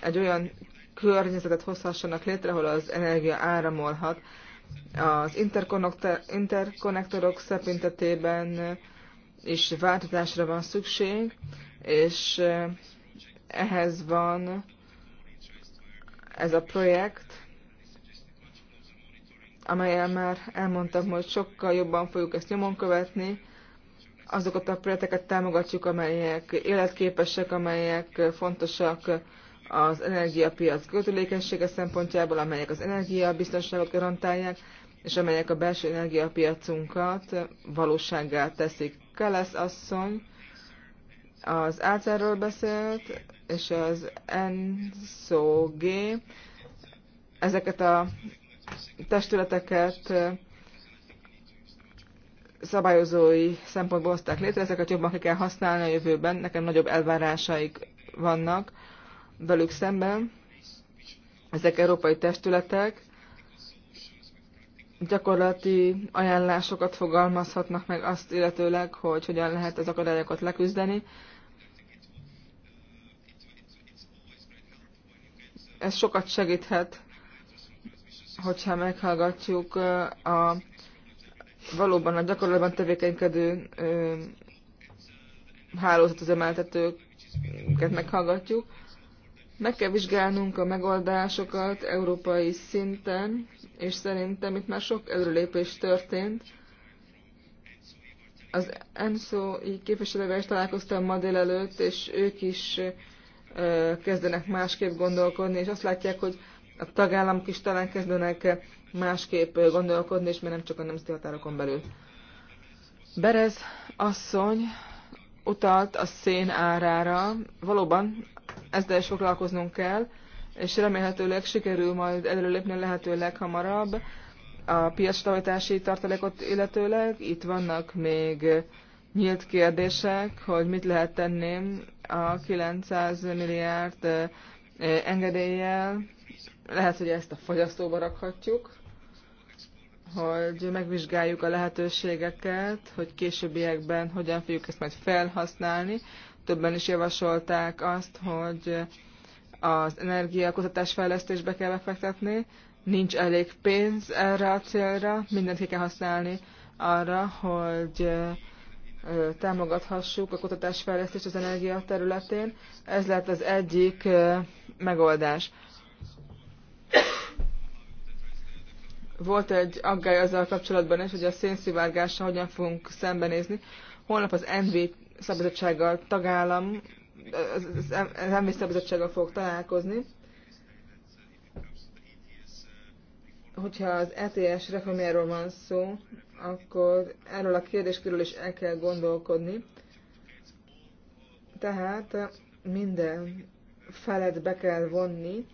egy olyan környezetet hozhassanak létre, ahol az energia áramolhat. Az interkonnektorok szepintetében és változásra van szükség, és ehhez van ez a projekt, amelyel már elmondtam, hogy sokkal jobban fogjuk ezt nyomon követni, azokat a projekteket támogatjuk, amelyek életképesek, amelyek fontosak az energiapiac kötülékenysége szempontjából, amelyek az energiabiztonságot garantálják, és amelyek a belső energiapiacunkat valósággá teszik. Kelesz asszony az acer beszélt, és az NSOG, ezeket a testületeket szabályozói szempontból hozták létre, ezeket jobban ki kell használni a jövőben, nekem nagyobb elvárásaik vannak velük szemben. Ezek európai testületek, gyakorlati ajánlásokat fogalmazhatnak meg azt illetőleg, hogy hogyan lehet az akadályokat leküzdeni. Ez sokat segíthet, hogyha meghallgatjuk a valóban a gyakorlatban tevékenykedő az emeltetőket meghallgatjuk. Meg kell vizsgálnunk a megoldásokat európai szinten, és szerintem itt már sok előlépés történt. Az ENSZO képviselővel is találkoztam ma délelőtt, és ők is kezdenek másképp gondolkodni, és azt látják, hogy a tagállamok is talán kezdenek másképp gondolkodni, és mert nem csak a nemzeti határokon belül. Berez asszony utalt a szén árára. Valóban ezzel is foglalkoznunk kell, és remélhetőleg sikerül majd előlépni lehető leghamarabb a piacstabilitási tartalékot illetőleg. Itt vannak még nyílt kérdések, hogy mit lehet tenni a 900 milliárd eh, engedéllyel. Lehet, hogy ezt a fogyasztóba rakhatjuk, hogy megvizsgáljuk a lehetőségeket, hogy későbbiekben hogyan fogjuk ezt majd felhasználni, többen is javasolták azt, hogy az energiakutatás fejlesztésbe kell befektetni, nincs elég pénz erre a célra, mindent ki kell használni arra, hogy támogathassuk a kutatásfejlesztést az energia területén. Ez lehet az egyik megoldás. Volt egy aggály azzal kapcsolatban is, hogy a szénszivárgással hogyan fogunk szembenézni. Holnap az NV szabadsággal tagállam, az emberi szabadsággal fog találkozni. Hogyha az ETS reformjáról van szó, akkor erről a kérdéskörül is el kell gondolkodni. Tehát minden felet be kell vonni,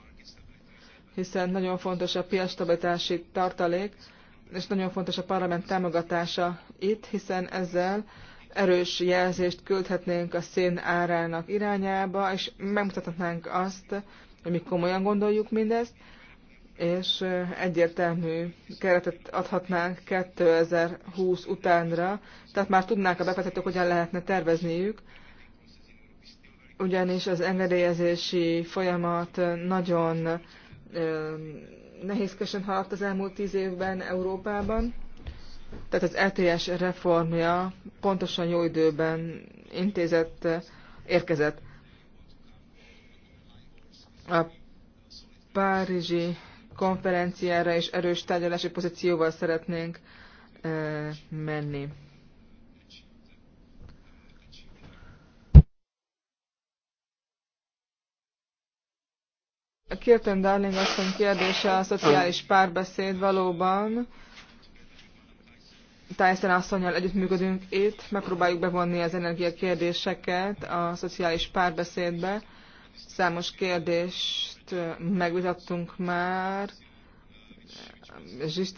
hiszen nagyon fontos a piastabilitási tartalék, és nagyon fontos a parlament támogatása itt, hiszen ezzel erős jelzést küldhetnénk a szén árának irányába, és megmutathatnánk azt, hogy mi komolyan gondoljuk mindezt, és egyértelmű keretet adhatnánk 2020 utánra, tehát már tudnák a befektetők, hogyan lehetne tervezniük, ugyanis az engedélyezési folyamat nagyon nehézkesen haladt az elmúlt tíz évben Európában, tehát az ETS reformja pontosan jó időben intézett, érkezett. A Párizsi konferenciára és erős tárgyalási pozícióval szeretnénk e, menni. Kirten Darling asszony kérdése a szociális párbeszéd valóban Tyson asszonyjal együttműködünk itt, megpróbáljuk bevonni az energiakérdéseket a szociális párbeszédbe. Számos kérdést megvitattunk már, Zsis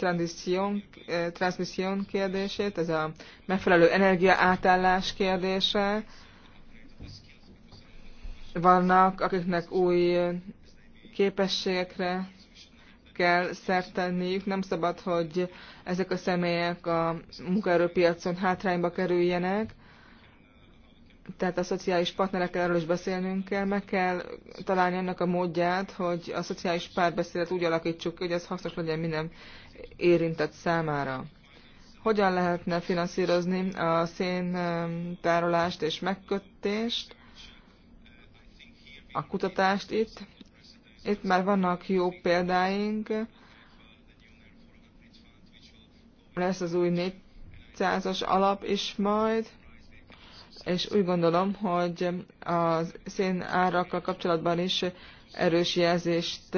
transmission kérdését, ez a megfelelő energia átállás kérdése. Vannak, akiknek új képességekre kell szert tenniük, nem szabad, hogy ezek a személyek a munkaerőpiacon hátrányba kerüljenek, tehát a szociális partnerekkel erről is beszélnünk kell, meg kell találni annak a módját, hogy a szociális párbeszédet úgy alakítsuk hogy ez hasznos legyen minden érintett számára. Hogyan lehetne finanszírozni a széntárolást és megkötést, a kutatást itt? Itt már vannak jó példáink. Lesz az új 400-as alap is majd, és úgy gondolom, hogy a szén árakkal kapcsolatban is erős jelzést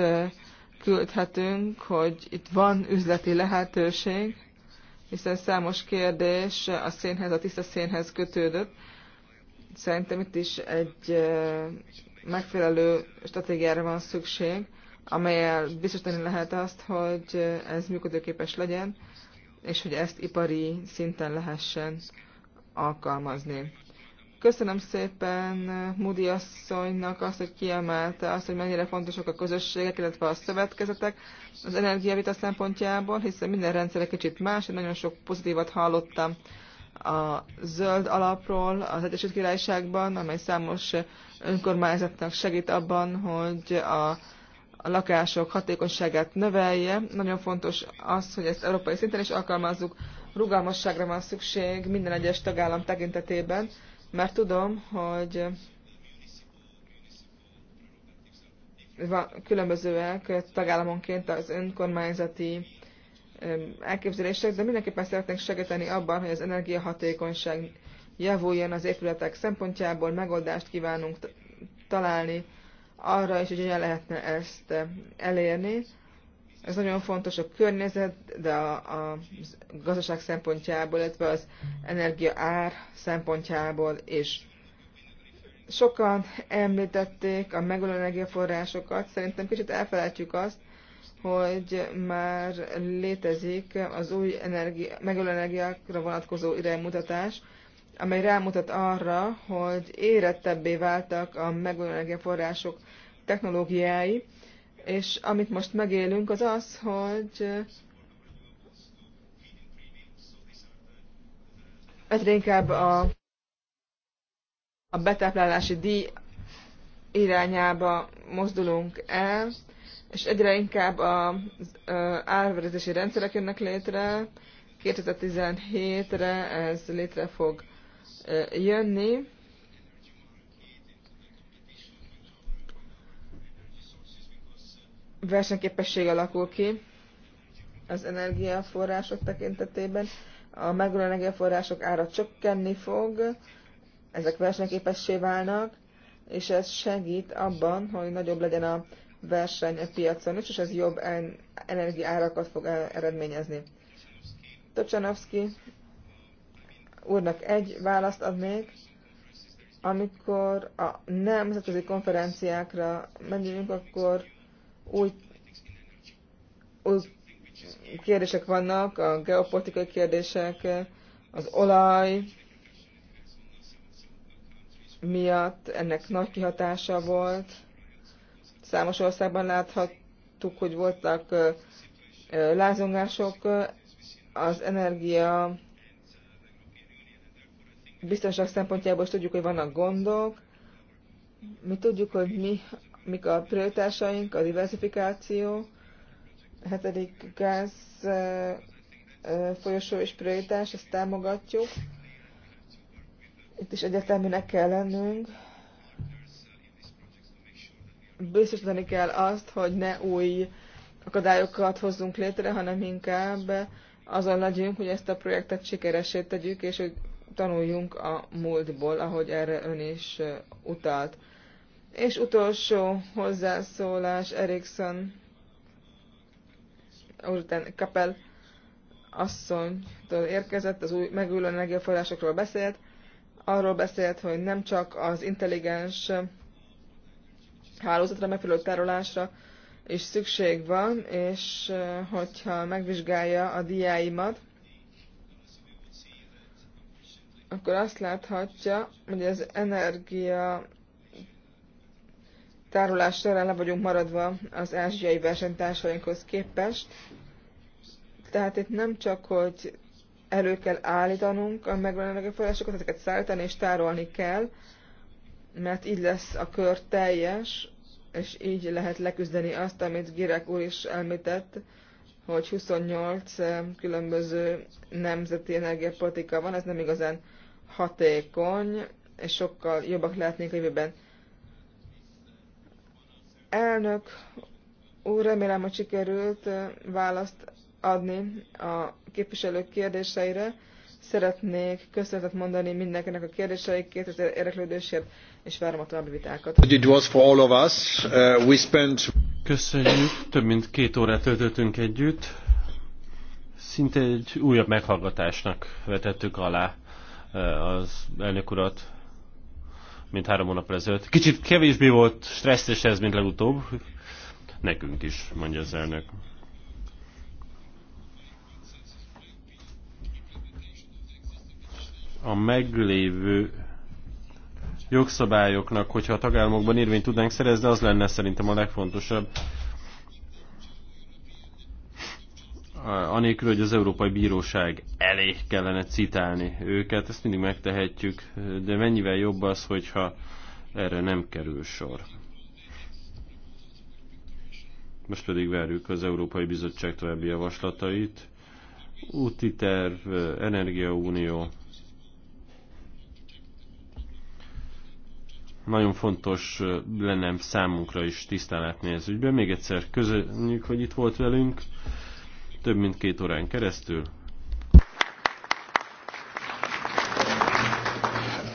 küldhetünk, hogy itt van üzleti lehetőség, hiszen számos kérdés a szénhez, a tiszta szénhez kötődött. Szerintem itt is egy megfelelő stratégiára van szükség, amelyel biztosítani lehet azt, hogy ez működőképes legyen, és hogy ezt ipari szinten lehessen alkalmazni. Köszönöm szépen Mudi asszonynak azt, hogy kiemelte azt, hogy mennyire fontosak a közösségek, illetve a szövetkezetek az energiavita szempontjából, hiszen minden rendszer egy kicsit más, és nagyon sok pozitívat hallottam a zöld alapról az Egyesült Királyságban, amely számos önkormányzatnak segít abban, hogy a, a lakások hatékonyságát növelje. Nagyon fontos az, hogy ezt európai szinten is alkalmazzuk. Rugalmasságra van szükség minden egyes tagállam tekintetében, mert tudom, hogy különbözőek tagállamonként az önkormányzati elképzelések, de mindenképpen szeretnénk segíteni abban, hogy az energiahatékonyság javuljon az épületek szempontjából, megoldást kívánunk találni arra is, hogy hogyan lehetne ezt elérni. Ez nagyon fontos a környezet, de a, a gazdaság szempontjából, illetve az energia ár szempontjából is. Sokan említették a megújuló energiaforrásokat, szerintem kicsit elfelejtjük azt, hogy már létezik az új energi- megölő energiákra vonatkozó iránymutatás, amely rámutat arra, hogy érettebbé váltak a megújuló energiaforrások technológiái, és amit most megélünk, az az, hogy egyre inkább a, a betáplálási díj irányába mozdulunk el, és egyre inkább az árverezési rendszerek jönnek létre. 2017-re ez létre fog jönni. Versenyképesség alakul ki az energiaforrások tekintetében. A megújuló energiaforrások ára csökkenni fog, ezek versenyképessé válnak, és ez segít abban, hogy nagyobb legyen a verseny a e piacon is, és ez jobb energiárakat fog eredményezni. Tocsanovszki úrnak egy választ adnék, amikor a nemzetközi konferenciákra megyünk, akkor új, úgy kérdések vannak, a geopolitikai kérdések, az olaj miatt ennek nagy kihatása volt, Számos országban láthattuk, hogy voltak lázongások az energia biztonság szempontjából is tudjuk, hogy vannak gondok. Mi tudjuk, hogy mi, mik a prioritásaink, a diversifikáció, a hetedik gáz folyosó és prioritás, ezt támogatjuk. Itt is egyetemének kell lennünk, biztosítani kell azt, hogy ne új akadályokat hozzunk létre, hanem inkább azon legyünk, hogy ezt a projektet sikeresé tegyük, és hogy tanuljunk a múltból, ahogy erre ön is utalt. És utolsó hozzászólás Erikson, után Kapel asszonytól érkezett, az új megújuló energiaforrásokról beszélt, arról beszélt, hogy nem csak az intelligens hálózatra, megfelelő tárolásra is szükség van, és hogyha megvizsgálja a diáimat, akkor azt láthatja, hogy az energia tárolás során le vagyunk maradva az ázsiai versenytársainkhoz képest. Tehát itt nem csak, hogy elő kell állítanunk a megjelenő forrásokat, ezeket szállítani és tárolni kell, mert így lesz a kör teljes, és így lehet leküzdeni azt, amit Girek úr is említett, hogy 28 eh, különböző nemzeti energiapolitika van, ez nem igazán hatékony, és sokkal jobbak lehetnénk a jövőben. Elnök úr, remélem, hogy sikerült eh, választ adni a képviselők kérdéseire. Szeretnék köszönetet mondani mindenkinek a kérdéseikért, az érdeklődésért, és várom a további vitákat. Uh, Köszönjük, több mint két órát töltöttünk együtt. Szinte egy újabb meghallgatásnak vetettük alá uh, az elnök urat, mint három hónap ezelőtt. Kicsit kevésbé volt stresszes ez, mint legutóbb. Nekünk is, mondja az elnök. a meglévő jogszabályoknak, hogyha a tagállamokban érvényt tudnánk szerezni, az lenne szerintem a legfontosabb. Anélkül, hogy az Európai Bíróság elé kellene citálni őket, ezt mindig megtehetjük, de mennyivel jobb az, hogyha erre nem kerül sor. Most pedig várjuk az Európai Bizottság további javaslatait. Úti terv, Energiaunió, Nagyon fontos lenne számunkra is tisztán látni ez ügyben. Még egyszer köszönjük, hogy itt volt velünk több mint két órán keresztül.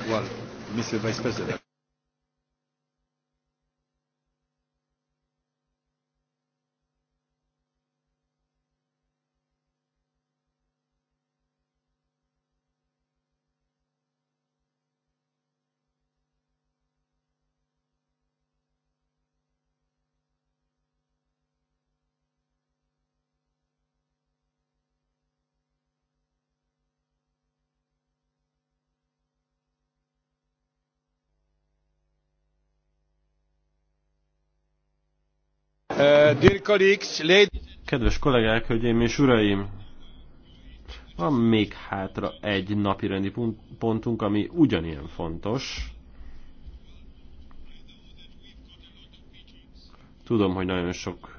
Well, Mr. Vice President. Kedves kollégák, hölgyeim és uraim! Van még hátra egy napi rendi pontunk, ami ugyanilyen fontos. Tudom, hogy nagyon sok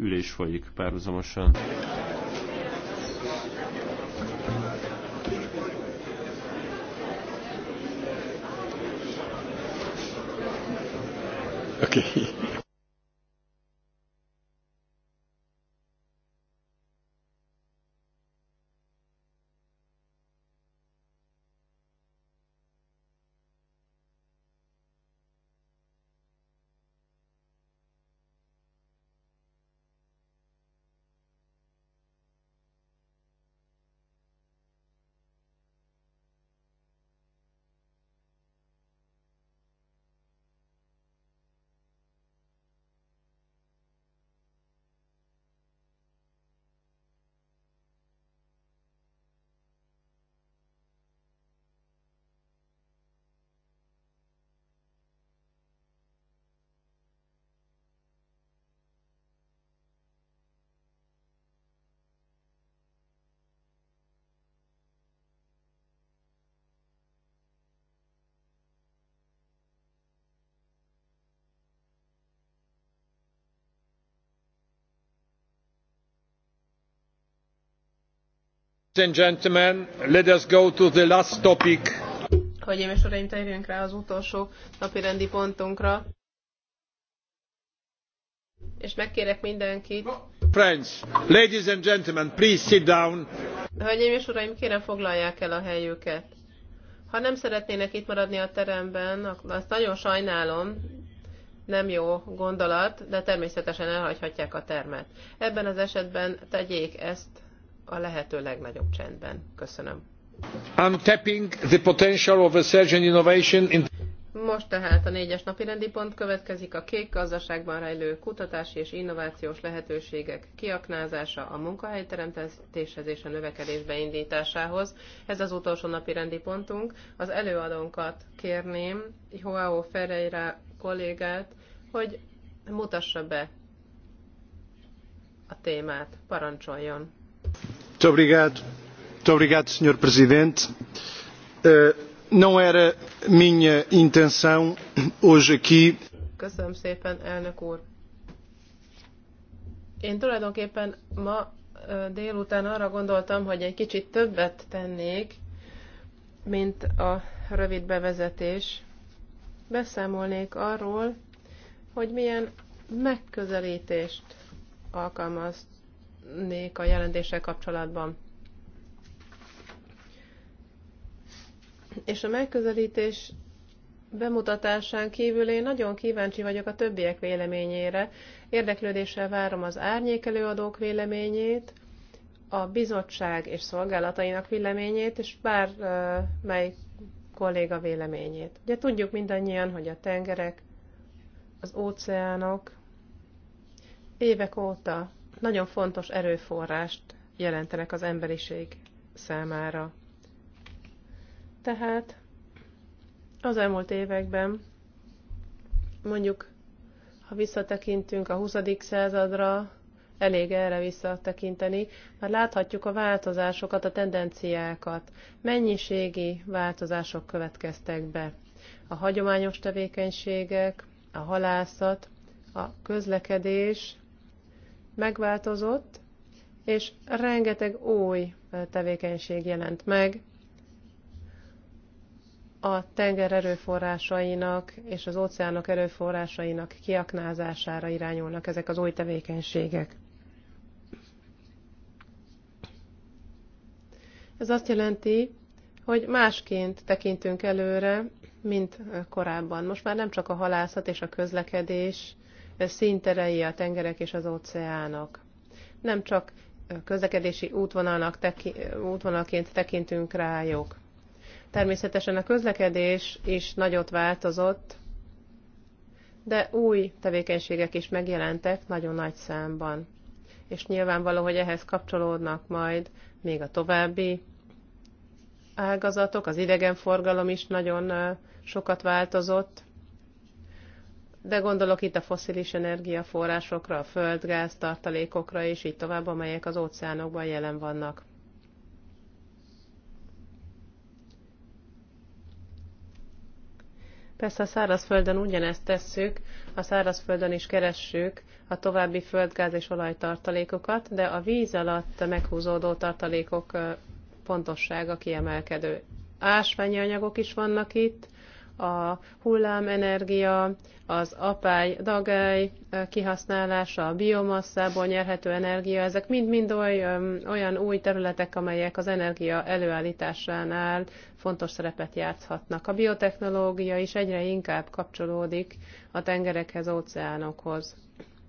ülés folyik párhuzamosan. Hölgyeim és uraim, térjünk rá az utolsó napirendi pontunkra. És megkérek mindenkit. Friends, ladies and gentlemen, please sit down. Hölgyeim és uraim, kérem foglalják el a helyüket. Ha nem szeretnének itt maradni a teremben, azt nagyon sajnálom, nem jó gondolat, de természetesen elhagyhatják a termet. Ebben az esetben tegyék ezt a lehető legnagyobb csendben. Köszönöm. tapping the potential of research and innovation in... Most tehát a négyes napi rendi pont következik a kék gazdaságban rejlő kutatási és innovációs lehetőségek kiaknázása a munkahelyteremtéshez és a növekedés beindításához. Ez az utolsó napi rendi pontunk. Az előadónkat kérném, Joao Ferreira kollégát, hogy mutassa be a témát, parancsoljon. Sr. Presidente. Eh, não era minha intenção hoje aqui. Köszönöm szépen, elnök úr. Én tulajdonképpen ma délután arra gondoltam, hogy egy kicsit többet tennék, mint a rövid bevezetés. Beszámolnék arról, hogy milyen megközelítést alkalmazt a jelentéssel kapcsolatban. És a megközelítés bemutatásán kívül én nagyon kíváncsi vagyok a többiek véleményére. Érdeklődéssel várom az árnyékelőadók véleményét, a bizottság és szolgálatainak véleményét, és bár mely kolléga véleményét. Ugye tudjuk mindannyian, hogy a tengerek, az óceánok évek óta nagyon fontos erőforrást jelentenek az emberiség számára. Tehát az elmúlt években, mondjuk, ha visszatekintünk a 20. századra, elég erre visszatekinteni, mert láthatjuk a változásokat, a tendenciákat. Mennyiségi változások következtek be. A hagyományos tevékenységek, a halászat, a közlekedés, megváltozott, és rengeteg új tevékenység jelent meg a tenger erőforrásainak és az óceánok erőforrásainak kiaknázására irányulnak ezek az új tevékenységek. Ez azt jelenti, hogy másként tekintünk előre, mint korábban. Most már nem csak a halászat és a közlekedés színterei a tengerek és az óceánok. Nem csak közlekedési útvonalnak teki, útvonalként tekintünk rájuk. Természetesen a közlekedés is nagyot változott, de új tevékenységek is megjelentek nagyon nagy számban. És nyilvánvaló, hogy ehhez kapcsolódnak majd még a további ágazatok, az idegenforgalom is nagyon sokat változott, de gondolok itt a foszilis energiaforrásokra, a földgáz tartalékokra és így tovább, amelyek az óceánokban jelen vannak. Persze a szárazföldön ugyanezt tesszük, a szárazföldön is keressük a további földgáz és olajtartalékokat, de a víz alatt meghúzódó tartalékok pontossága kiemelkedő. Ásványi anyagok is vannak itt, a hullámenergia, az apály, dagály kihasználása, a biomasszából nyerhető energia, ezek mind-mind olyan új területek, amelyek az energia előállításánál fontos szerepet játszhatnak. A biotechnológia is egyre inkább kapcsolódik a tengerekhez, óceánokhoz.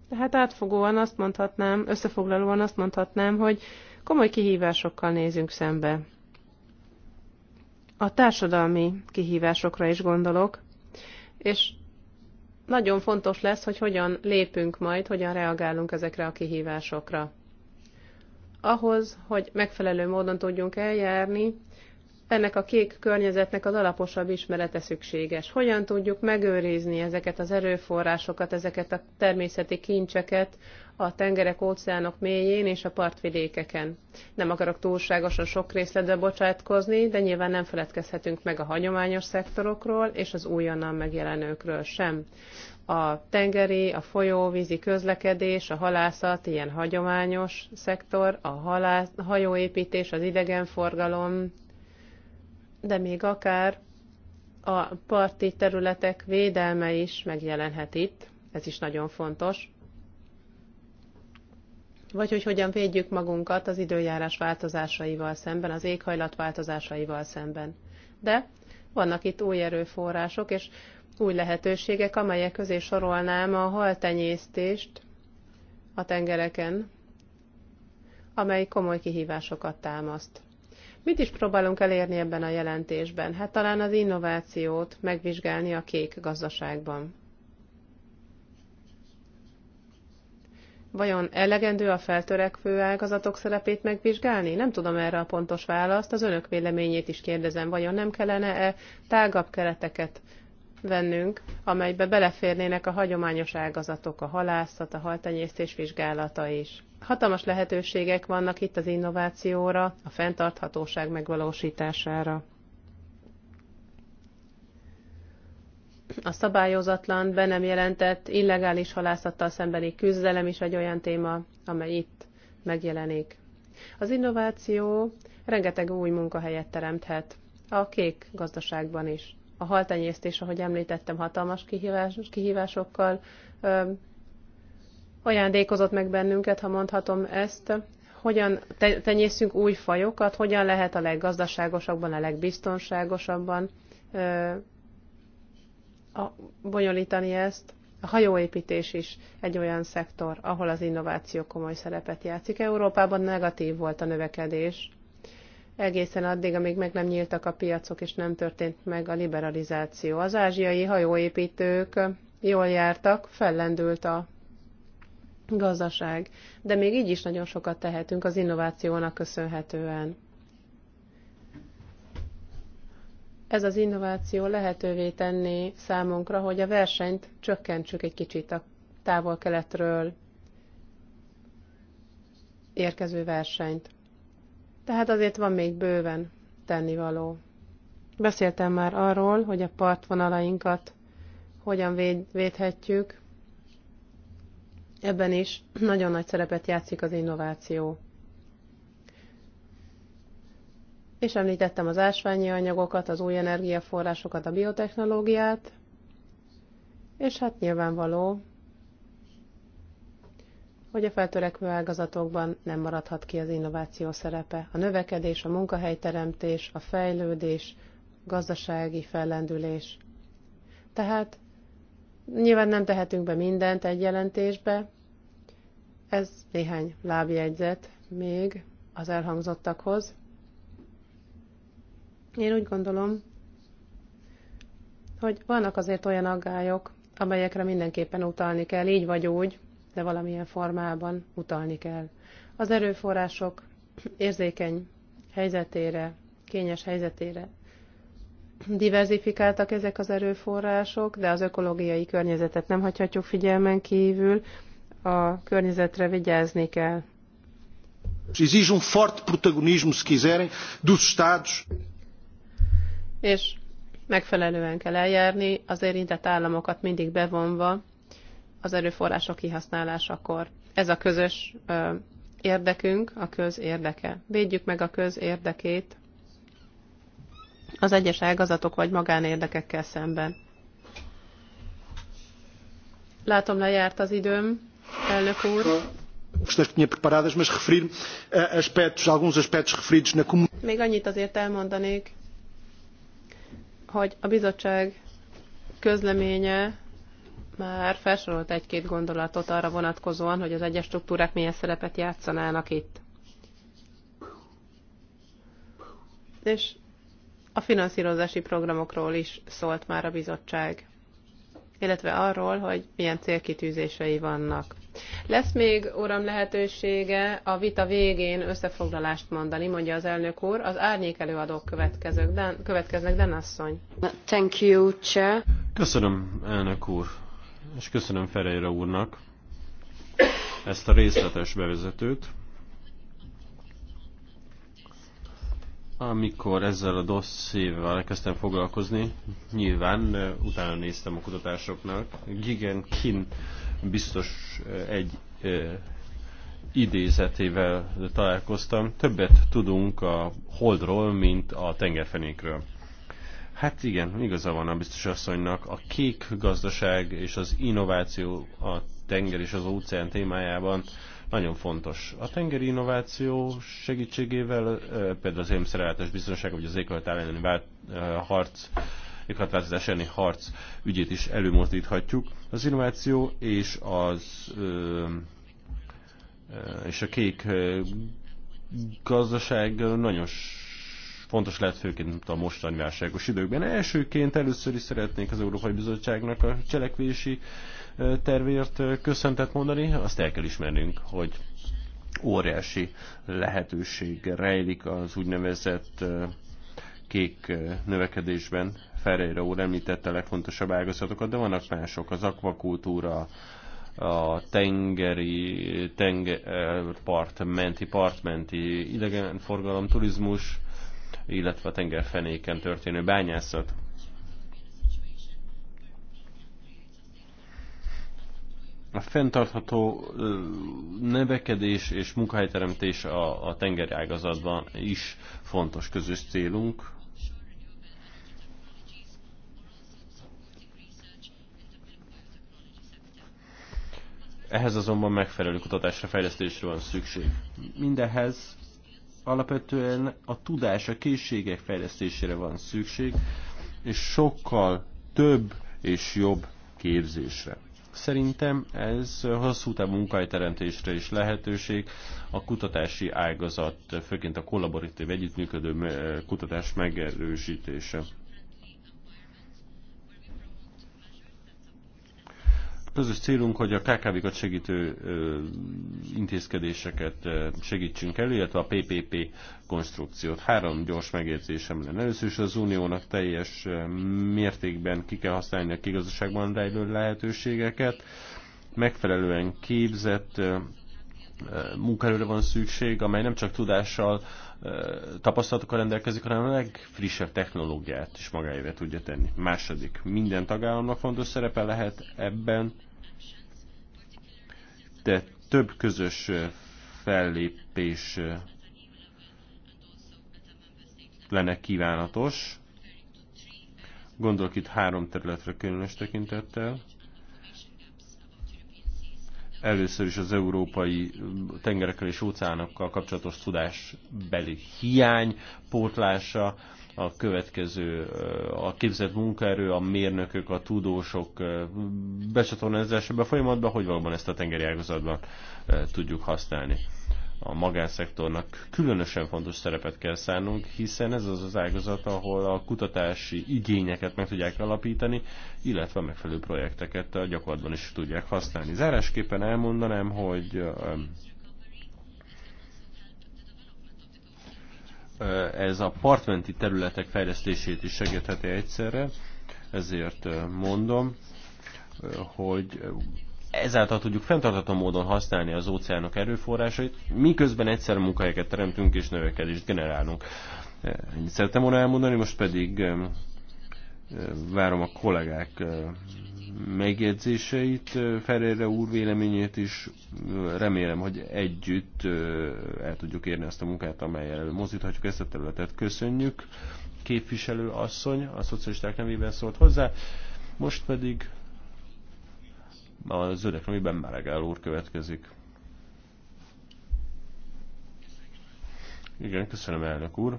Tehát átfogóan azt mondhatnám, összefoglalóan azt mondhatnám, hogy komoly kihívásokkal nézünk szembe a társadalmi kihívásokra is gondolok, és nagyon fontos lesz, hogy hogyan lépünk majd, hogyan reagálunk ezekre a kihívásokra. Ahhoz, hogy megfelelő módon tudjunk eljárni, ennek a kék környezetnek az alaposabb ismerete szükséges. Hogyan tudjuk megőrizni ezeket az erőforrásokat, ezeket a természeti kincseket a tengerek, óceánok mélyén és a partvidékeken. Nem akarok túlságosan sok részletbe bocsátkozni, de nyilván nem feledkezhetünk meg a hagyományos szektorokról és az újonnan megjelenőkről sem. A tengeri, a folyóvízi közlekedés, a halászat, ilyen hagyományos szektor, a halász, hajóépítés, az idegenforgalom, de még akár a parti területek védelme is megjelenhet itt, ez is nagyon fontos. Vagy hogy hogyan védjük magunkat az időjárás változásaival szemben, az éghajlat változásaival szemben. De vannak itt új erőforrások és új lehetőségek, amelyek közé sorolnám a haltenyésztést a tengereken, amely komoly kihívásokat támaszt. Mit is próbálunk elérni ebben a jelentésben? Hát talán az innovációt megvizsgálni a kék gazdaságban. Vajon elegendő a feltörekvő ágazatok szerepét megvizsgálni? Nem tudom erre a pontos választ, az önök véleményét is kérdezem. Vajon nem kellene-e tágabb kereteket vennünk, amelybe beleférnének a hagyományos ágazatok, a halászat, a haltenyésztés vizsgálata is? Hatalmas lehetőségek vannak itt az innovációra, a fenntarthatóság megvalósítására. A szabályozatlan, be nem jelentett, illegális halászattal szembeni küzdelem is egy olyan téma, amely itt megjelenik. Az innováció rengeteg új munkahelyet teremthet, a kék gazdaságban is. A haltenyésztés, ahogy említettem, hatalmas kihívás, kihívásokkal ajándékozott meg bennünket, ha mondhatom ezt, hogyan tenyészünk új fajokat, hogyan lehet a leggazdaságosabban, a legbiztonságosabban ö, a, bonyolítani ezt. A hajóépítés is egy olyan szektor, ahol az innováció komoly szerepet játszik. Európában negatív volt a növekedés, egészen addig, amíg meg nem nyíltak a piacok, és nem történt meg a liberalizáció. Az ázsiai hajóépítők jól jártak, fellendült a gazdaság. De még így is nagyon sokat tehetünk az innovációnak köszönhetően. Ez az innováció lehetővé tenni számunkra, hogy a versenyt csökkentsük egy kicsit a távol-keletről érkező versenyt. Tehát azért van még bőven tennivaló. Beszéltem már arról, hogy a partvonalainkat hogyan véd, védhetjük, Ebben is nagyon nagy szerepet játszik az innováció. És említettem az ásványi anyagokat, az új energiaforrásokat, a biotechnológiát, és hát nyilvánvaló, hogy a feltörekvő ágazatokban nem maradhat ki az innováció szerepe. A növekedés, a munkahelyteremtés, a fejlődés, gazdasági fellendülés. Tehát Nyilván nem tehetünk be mindent egy jelentésbe. Ez néhány lábjegyzet még az elhangzottakhoz. Én úgy gondolom, hogy vannak azért olyan aggályok, amelyekre mindenképpen utalni kell, így vagy úgy, de valamilyen formában utalni kell. Az erőforrások érzékeny helyzetére, kényes helyzetére diverzifikáltak ezek az erőforrások, de az ökológiai környezetet nem hagyhatjuk figyelmen kívül, a környezetre vigyázni kell. Exige um forte protagonismo, se quiserem, dos Estados. És megfelelően kell eljárni, az érintett államokat mindig bevonva az erőforrások kihasználásakor. Ez a közös érdekünk, a köz érdeke. Védjük meg a köz érdekét az egyes ágazatok vagy magánérdekekkel szemben. Látom, lejárt az időm, elnök úr. Eh, Még annyit azért elmondanék, hogy a bizottság közleménye már felsorolt egy-két gondolatot arra vonatkozóan, hogy az egyes struktúrák milyen szerepet játszanának itt. És a finanszírozási programokról is szólt már a bizottság, illetve arról, hogy milyen célkitűzései vannak. Lesz még, uram, lehetősége a vita végén összefoglalást mondani, mondja az elnök úr. Az árnyék előadók következők, Dan, következnek, Dan asszony. Thank you, chair. Köszönöm, elnök úr, és köszönöm Ferreira úrnak ezt a részletes bevezetőt. Amikor ezzel a dosszéval elkezdtem foglalkozni, nyilván utána néztem a kutatásoknak. Gigen Kin biztos egy idézetével találkoztam. Többet tudunk a holdról, mint a tengerfenékről. Hát igen, igaza van a biztos asszonynak. A kék gazdaság és az innováció a tenger és az óceán témájában nagyon fontos. A tengeri innováció segítségével, például az émszerelátás biztonság, vagy az éghajlat elleni harc, éghajlatváltozás elleni harc ügyét is előmozdíthatjuk. Az innováció és az és a kék gazdaság nagyon fontos lehet főként a mostani válságos időkben. Elsőként először is szeretnék az Európai Bizottságnak a cselekvési tervért köszöntet mondani, azt el kell ismernünk, hogy óriási lehetőség rejlik az úgynevezett kék növekedésben. Ferreira úr említette a legfontosabb ágazatokat, de vannak mások, az akvakultúra, a tengeri, tengerpart menti, partmenti idegenforgalom, turizmus, illetve a tengerfenéken történő bányászat. A fenntartható növekedés és munkahelyteremtés a, a tengeri ágazatban is fontos közös célunk. Ehhez azonban megfelelő kutatásra, fejlesztésre van szükség. Mindehhez alapvetően a tudás, a készségek fejlesztésére van szükség, és sokkal több és jobb képzésre. Szerintem ez hosszú távú munkahelyteremtésre is lehetőség. A kutatási ágazat, főként a kollaboratív együttműködő kutatás megerősítése. közös célunk, hogy a KKV-kat segítő intézkedéseket segítsünk elő, illetve a PPP konstrukciót. Három gyors megjegyzésem lenne. Először is az uniónak teljes mértékben ki kell használni a kigazdaságban rejlő lehetőségeket, megfelelően képzett munkaerőre van szükség, amely nem csak tudással, tapasztalatokkal rendelkezik, hanem a legfrissebb technológiát is magáévé tudja tenni. Második, minden tagállamnak fontos szerepe lehet ebben, de több közös fellépés lenne kívánatos. Gondolok itt három területre különös tekintettel. Először is az európai mm, tengerekkel és óceánokkal kapcsolatos tudásbeli hiány pótlása, a következő a képzett munkaerő, a mérnökök, a tudósok becsatornázása be folyamatban, hogy valóban ezt a tengeri ágazatban tudjuk használni a magánszektornak különösen fontos szerepet kell szánnunk, hiszen ez az az ágazat, ahol a kutatási igényeket meg tudják alapítani, illetve a megfelelő projekteket a gyakorlatban is tudják használni. Zárásképpen elmondanám, hogy ez a partmenti területek fejlesztését is segítheti egyszerre, ezért mondom, hogy ezáltal tudjuk fenntartható módon használni az óceánok erőforrásait, miközben egyszer munkahelyeket teremtünk és növekedést generálunk. E, ennyit szerettem volna elmondani, most pedig e, e, várom a kollégák megjegyzéseit, Ferére úr véleményét is. Remélem, hogy együtt el tudjuk érni azt a munkát, amelyel mozdíthatjuk ezt a területet. Köszönjük. Képviselő asszony a szocialisták nevében szólt hozzá. Most pedig az öreg, amiben Melegál úr következik. Igen, köszönöm elnök úr.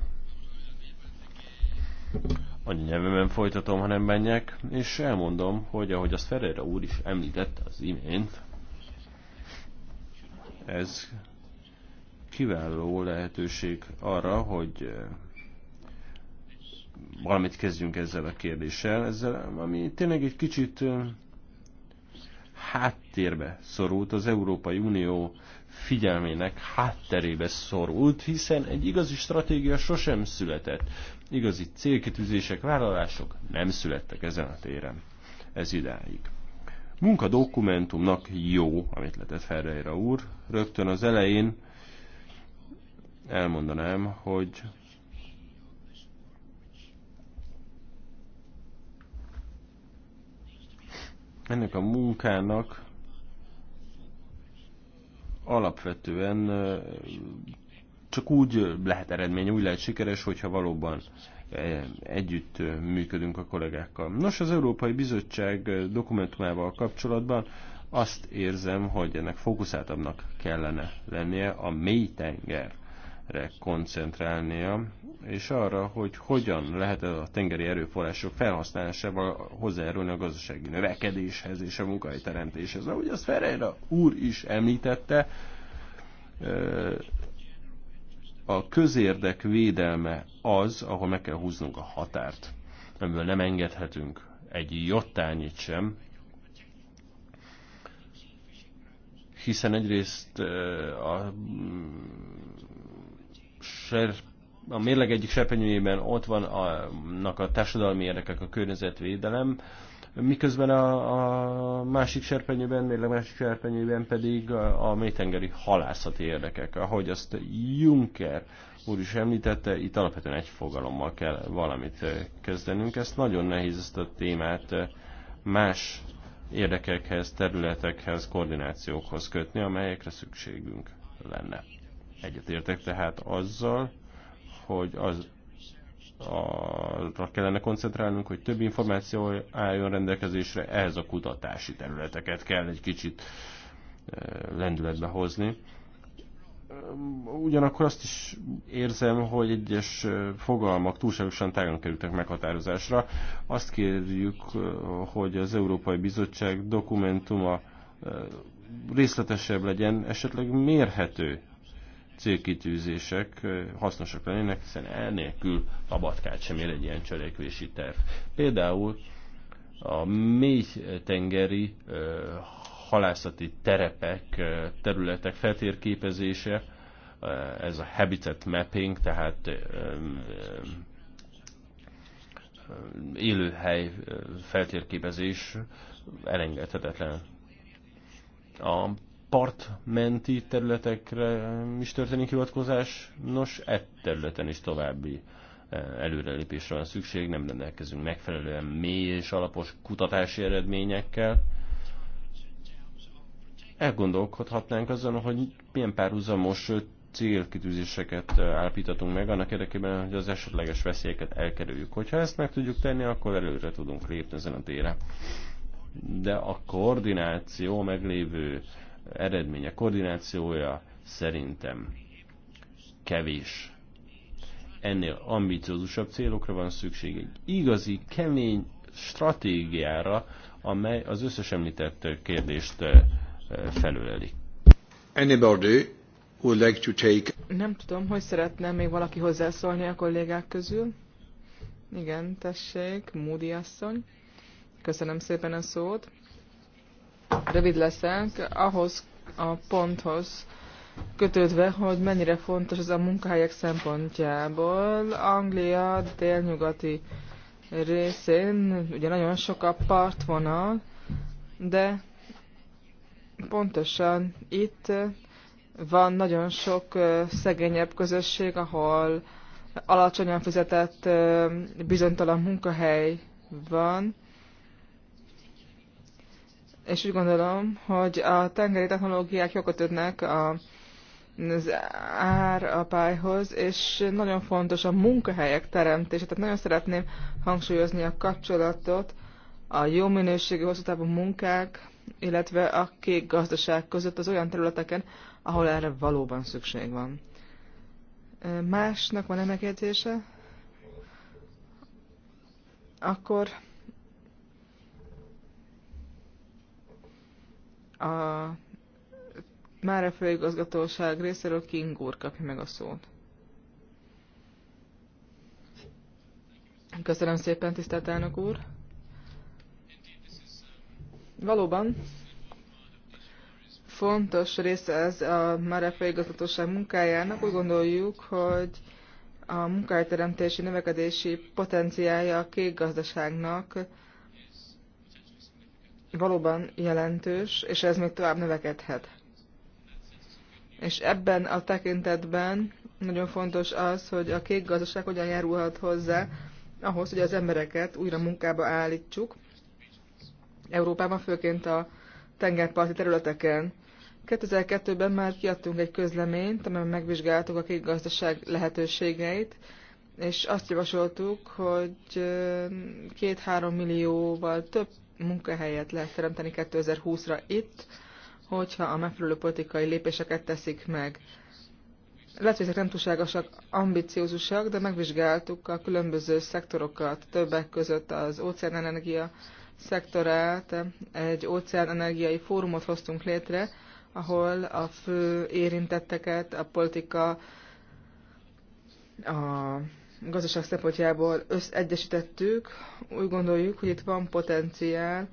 Anyanyelvemen folytatom, ha nem menjek, és elmondom, hogy ahogy azt Ferreira úr is említette az imént, ez kiváló lehetőség arra, hogy eh, valamit kezdjünk ezzel a kérdéssel, ezzel, ami tényleg egy kicsit eh, háttérbe szorult, az Európai Unió figyelmének hátterébe szorult, hiszen egy igazi stratégia sosem született. Igazi célkitűzések, vállalások nem születtek ezen a téren. Ez idáig. Munkadokumentumnak jó, amit letett Ferreira úr. Rögtön az elején elmondanám, hogy ennek a munkának alapvetően csak úgy lehet eredmény, úgy lehet sikeres, hogyha valóban együtt működünk a kollégákkal. Nos, az Európai Bizottság dokumentumával kapcsolatban azt érzem, hogy ennek fókuszáltabbnak kellene lennie, a mély tengerre koncentrálnia, és arra, hogy hogyan lehet a tengeri erőforrások felhasználásával hozzájárulni a gazdasági növekedéshez és a teremtéshez. Ahogy azt Ferreira úr is említette, a közérdek védelme az, ahol meg kell húznunk a határt. Ebből nem engedhetünk egy jottányit sem, hiszen egyrészt a mm, a mérleg egyik serpenyőjében ott vannak a, a társadalmi érdekek, a környezetvédelem, miközben a, a másik serpenyőben, mérleg másik serpenyőben pedig a, a mélytengeri halászati érdekek. Ahogy azt Juncker úr is említette, itt alapvetően egy fogalommal kell valamit eh, kezdenünk. Ezt nagyon nehéz ezt a témát eh, más érdekekhez, területekhez, koordinációkhoz kötni, amelyekre szükségünk lenne. Egyetértek tehát azzal, hogy az arra kellene koncentrálnunk, hogy több információ álljon rendelkezésre, ehhez a kutatási területeket kell egy kicsit eh, lendületbe hozni. Ugyanakkor azt is érzem, hogy egyes eh, fogalmak túlságosan tágan kerültek meghatározásra. Azt kérjük, eh, hogy az Európai Bizottság dokumentuma részletesebb legyen, esetleg mérhető célkitűzések hasznosak lennének, hiszen elnélkül labatkát sem ér egy ilyen cselekvési terv. Például a mély tengeri halászati terepek, területek feltérképezése, ez a habitat mapping, tehát élőhely feltérképezés elengedhetetlen. A partmenti területekre is történik hivatkozás, nos, e területen is további e, előrelépésre van szükség, nem rendelkezünk megfelelően mély és alapos kutatási eredményekkel. Elgondolkodhatnánk azon, hogy milyen párhuzamos célkitűzéseket e, állapítatunk meg annak érdekében, hogy az esetleges veszélyeket elkerüljük. Hogyha ezt meg tudjuk tenni, akkor előre tudunk lépni ezen a téren. De a koordináció meglévő eredménye, koordinációja szerintem kevés. Ennél ambiciózusabb célokra van szükség, egy igazi, kemény stratégiára, amely az összes említett kérdést eh, felöleli. Anybody would like to take... Nem tudom, hogy szeretne még valaki hozzászólni a kollégák közül. Igen, tessék, Moody asszony. Köszönöm szépen a szót. Rövid leszek. Ahhoz a ponthoz kötődve, hogy mennyire fontos ez a munkahelyek szempontjából. Anglia délnyugati részén ugye nagyon sok a partvonal, de pontosan itt van nagyon sok szegényebb közösség, ahol alacsonyan fizetett bizonytalan munkahely van, és úgy gondolom, hogy a tengeri technológiák jogotödnek a, az ár a pályhoz, és nagyon fontos a munkahelyek teremtése. Tehát nagyon szeretném hangsúlyozni a kapcsolatot a jó minőségű hosszú távú munkák, illetve a kék gazdaság között az olyan területeken, ahol erre valóban szükség van. Másnak van-e megjegyzése? Akkor a a főigazgatóság részéről King úr kapja meg a szót. Köszönöm szépen, tisztelt elnök úr! Valóban fontos része ez a már főigazgatóság munkájának. Úgy gondoljuk, hogy a munkahelyteremtési növekedési potenciálja a kék gazdaságnak valóban jelentős, és ez még tovább növekedhet. És ebben a tekintetben nagyon fontos az, hogy a kék gazdaság hogyan járulhat hozzá ahhoz, hogy az embereket újra munkába állítsuk. Európában, főként a tengerparti területeken. 2002-ben már kiadtunk egy közleményt, amelyben megvizsgáltuk a kék gazdaság lehetőségeit, és azt javasoltuk, hogy 2-3 millióval több munkahelyet lehet teremteni 2020-ra itt, hogyha a megfelelő politikai lépéseket teszik meg. Lehet, hogy ezek nem túlságosak, ambiciózusak, de megvizsgáltuk a különböző szektorokat, többek között az óceánenergia szektorát, egy óceánenergiai fórumot hoztunk létre, ahol a fő érintetteket, a politika, a gazdaság szempontjából összegyesítettük, úgy gondoljuk, hogy itt van potenciál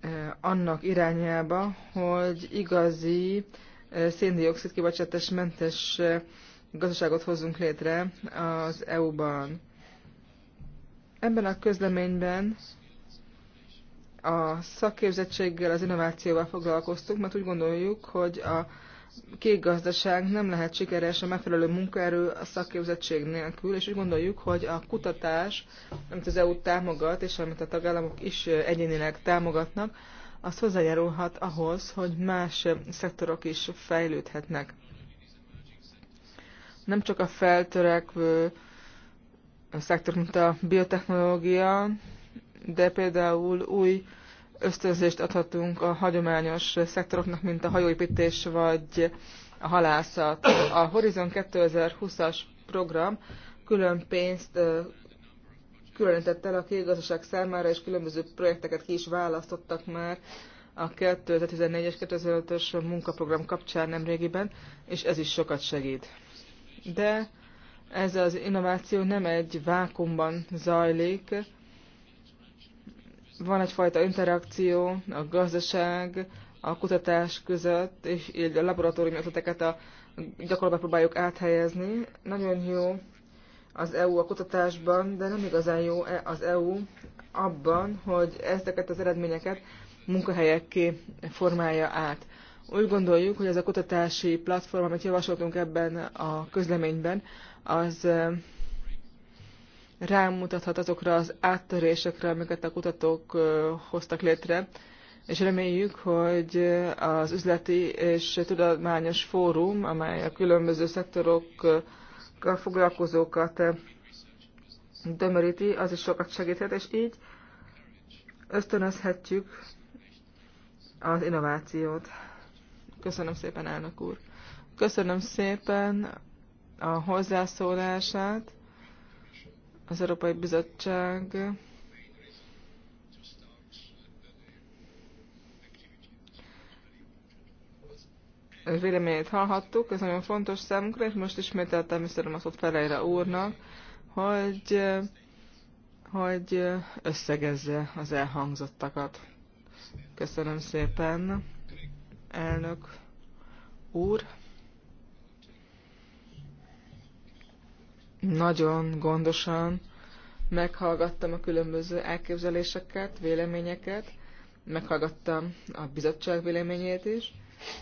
eh, annak irányába, hogy igazi eh, széndiokszid kibocsátás mentes eh, gazdaságot hozzunk létre az EU-ban. Ebben a közleményben a szakképzettséggel, az innovációval foglalkoztunk, mert úgy gondoljuk, hogy a kék gazdaság nem lehet sikeres a megfelelő munkaerő a szakképzettség nélkül, és úgy gondoljuk, hogy a kutatás, amit az EU támogat, és amit a tagállamok is egyénileg támogatnak, az hozzájárulhat ahhoz, hogy más szektorok is fejlődhetnek. Nem csak a feltörekvő szektor, mint a biotechnológia, de például új ösztönzést adhatunk a hagyományos szektoroknak, mint a hajóépítés vagy a halászat. A Horizon 2020-as program külön pénzt különített el a kégazdaság számára, és különböző projekteket ki is választottak már a 2014-es, 2005-ös munkaprogram kapcsán nemrégiben, és ez is sokat segít. De ez az innováció nem egy vákumban zajlik, van egyfajta interakció a gazdaság, a kutatás között, és így a laboratóriumi ötleteket a gyakorlatban próbáljuk áthelyezni. Nagyon jó az EU a kutatásban, de nem igazán jó e az EU abban, hogy ezeket az eredményeket munkahelyekké formálja át. Úgy gondoljuk, hogy ez a kutatási platform, amit javasoltunk ebben a közleményben, az rámutathat azokra az áttörésekre, amiket a kutatók hoztak létre, és reméljük, hogy az üzleti és tudományos fórum, amely a különböző szektorokkal foglalkozókat dömöríti, az is sokat segíthet, és így ösztönözhetjük az innovációt. Köszönöm szépen, elnök úr. Köszönöm szépen a hozzászólását. Az Európai Bizottság véleményét hallhattuk, ez nagyon fontos számunkra, és most ismételtem visszadom a szót Ferreira úrnak, hogy, hogy összegezze az elhangzottakat. Köszönöm szépen, elnök úr. nagyon gondosan meghallgattam a különböző elképzeléseket, véleményeket, meghallgattam a bizottság véleményét is,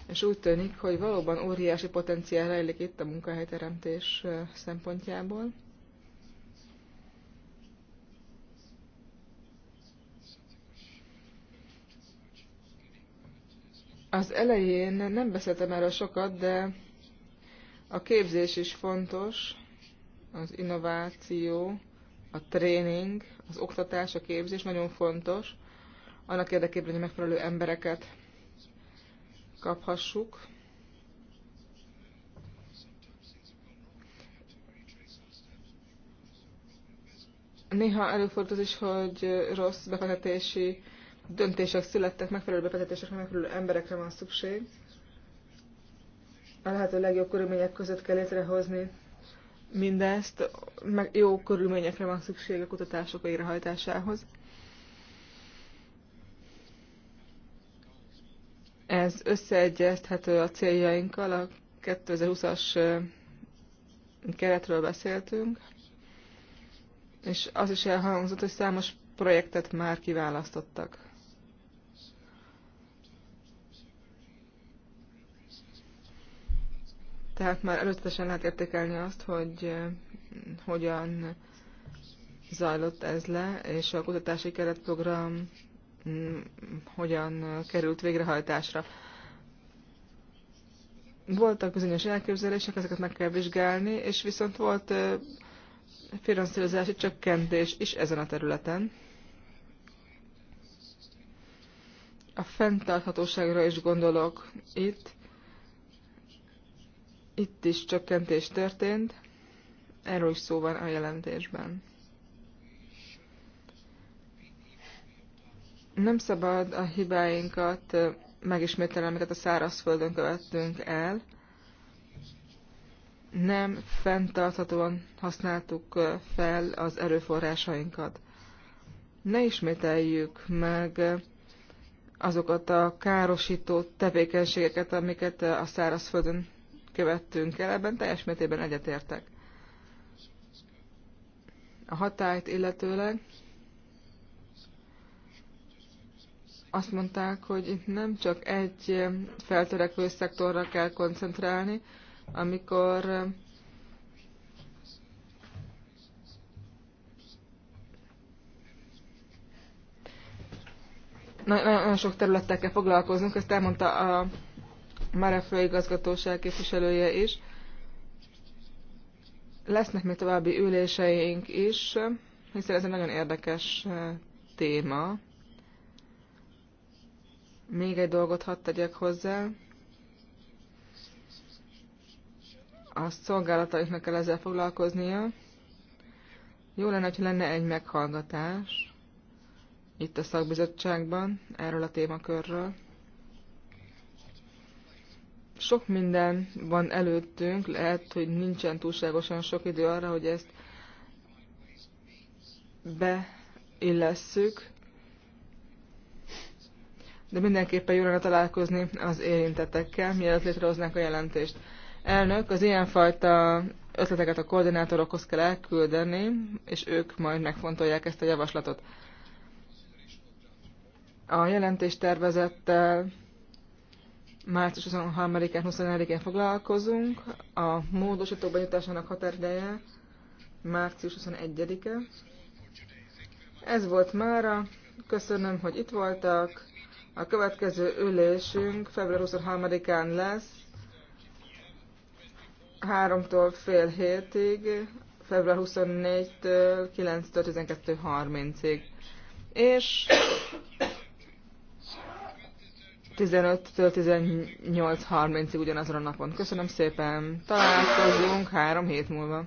és úgy tűnik, hogy valóban óriási potenciál rejlik itt a munkahelyteremtés szempontjából. Az elején nem beszéltem erről sokat, de a képzés is fontos, az innováció, a tréning, az oktatás, a képzés nagyon fontos, annak érdekében, hogy megfelelő embereket kaphassuk. Néha előfordul az is, hogy rossz befektetési döntések születtek, megfelelő befektetésekre, megfelelő emberekre van szükség. A lehető legjobb körülmények között kell létrehozni mindezt, meg jó körülményekre van szükség a kutatások végrehajtásához. Ez összeegyezthető a céljainkkal, a 2020-as keretről beszéltünk, és az is elhangzott, hogy számos projektet már kiválasztottak. tehát már előzetesen lehet értékelni azt, hogy eh, hogyan zajlott ez le, és a kutatási keretprogram mm, hogyan eh, került végrehajtásra. Voltak bizonyos elképzelések, ezeket meg kell vizsgálni, és viszont volt eh, finanszírozási csökkentés is ezen a területen. A fenntarthatóságra is gondolok itt, itt is csökkentés történt, erről is szó van a jelentésben. Nem szabad a hibáinkat megismételni, amiket a szárazföldön követtünk el. Nem fenntarthatóan használtuk fel az erőforrásainkat. Ne ismételjük meg azokat a károsító tevékenységeket, amiket a szárazföldön követtünk el, ebben teljes mértékben egyetértek. A hatályt illetőleg azt mondták, hogy itt nem csak egy feltörekvő szektorra kell koncentrálni, amikor nagyon sok területtel kell foglalkoznunk, ezt elmondta a Mare főigazgatóság képviselője is. Lesznek még további üléseink is, hiszen ez egy nagyon érdekes eh, téma. Még egy dolgot hadd tegyek hozzá. A szolgálataiknak kell ezzel foglalkoznia. Jó lenne, hogy lenne egy meghallgatás itt a szakbizottságban erről a témakörről. Sok minden van előttünk, lehet, hogy nincsen túlságosan sok idő arra, hogy ezt beillesszük, de mindenképpen jól lenne találkozni az érintettekkel, mielőtt létrehoznánk a jelentést. Elnök, az ilyenfajta ötleteket a koordinátorokhoz kell elküldeni, és ők majd megfontolják ezt a javaslatot. A jelentéstervezettel tervezettel március 23-án, 24-én foglalkozunk. A módosító benyújtásának határideje március 21-e. Ez volt mára. Köszönöm, hogy itt voltak. A következő ülésünk február 23-án lesz, 3-tól fél hétig, február 24-től 9-től 12 30 ig És 15-től 18.30-ig ugyanazon a napon. Köszönöm szépen, találkozunk három hét múlva.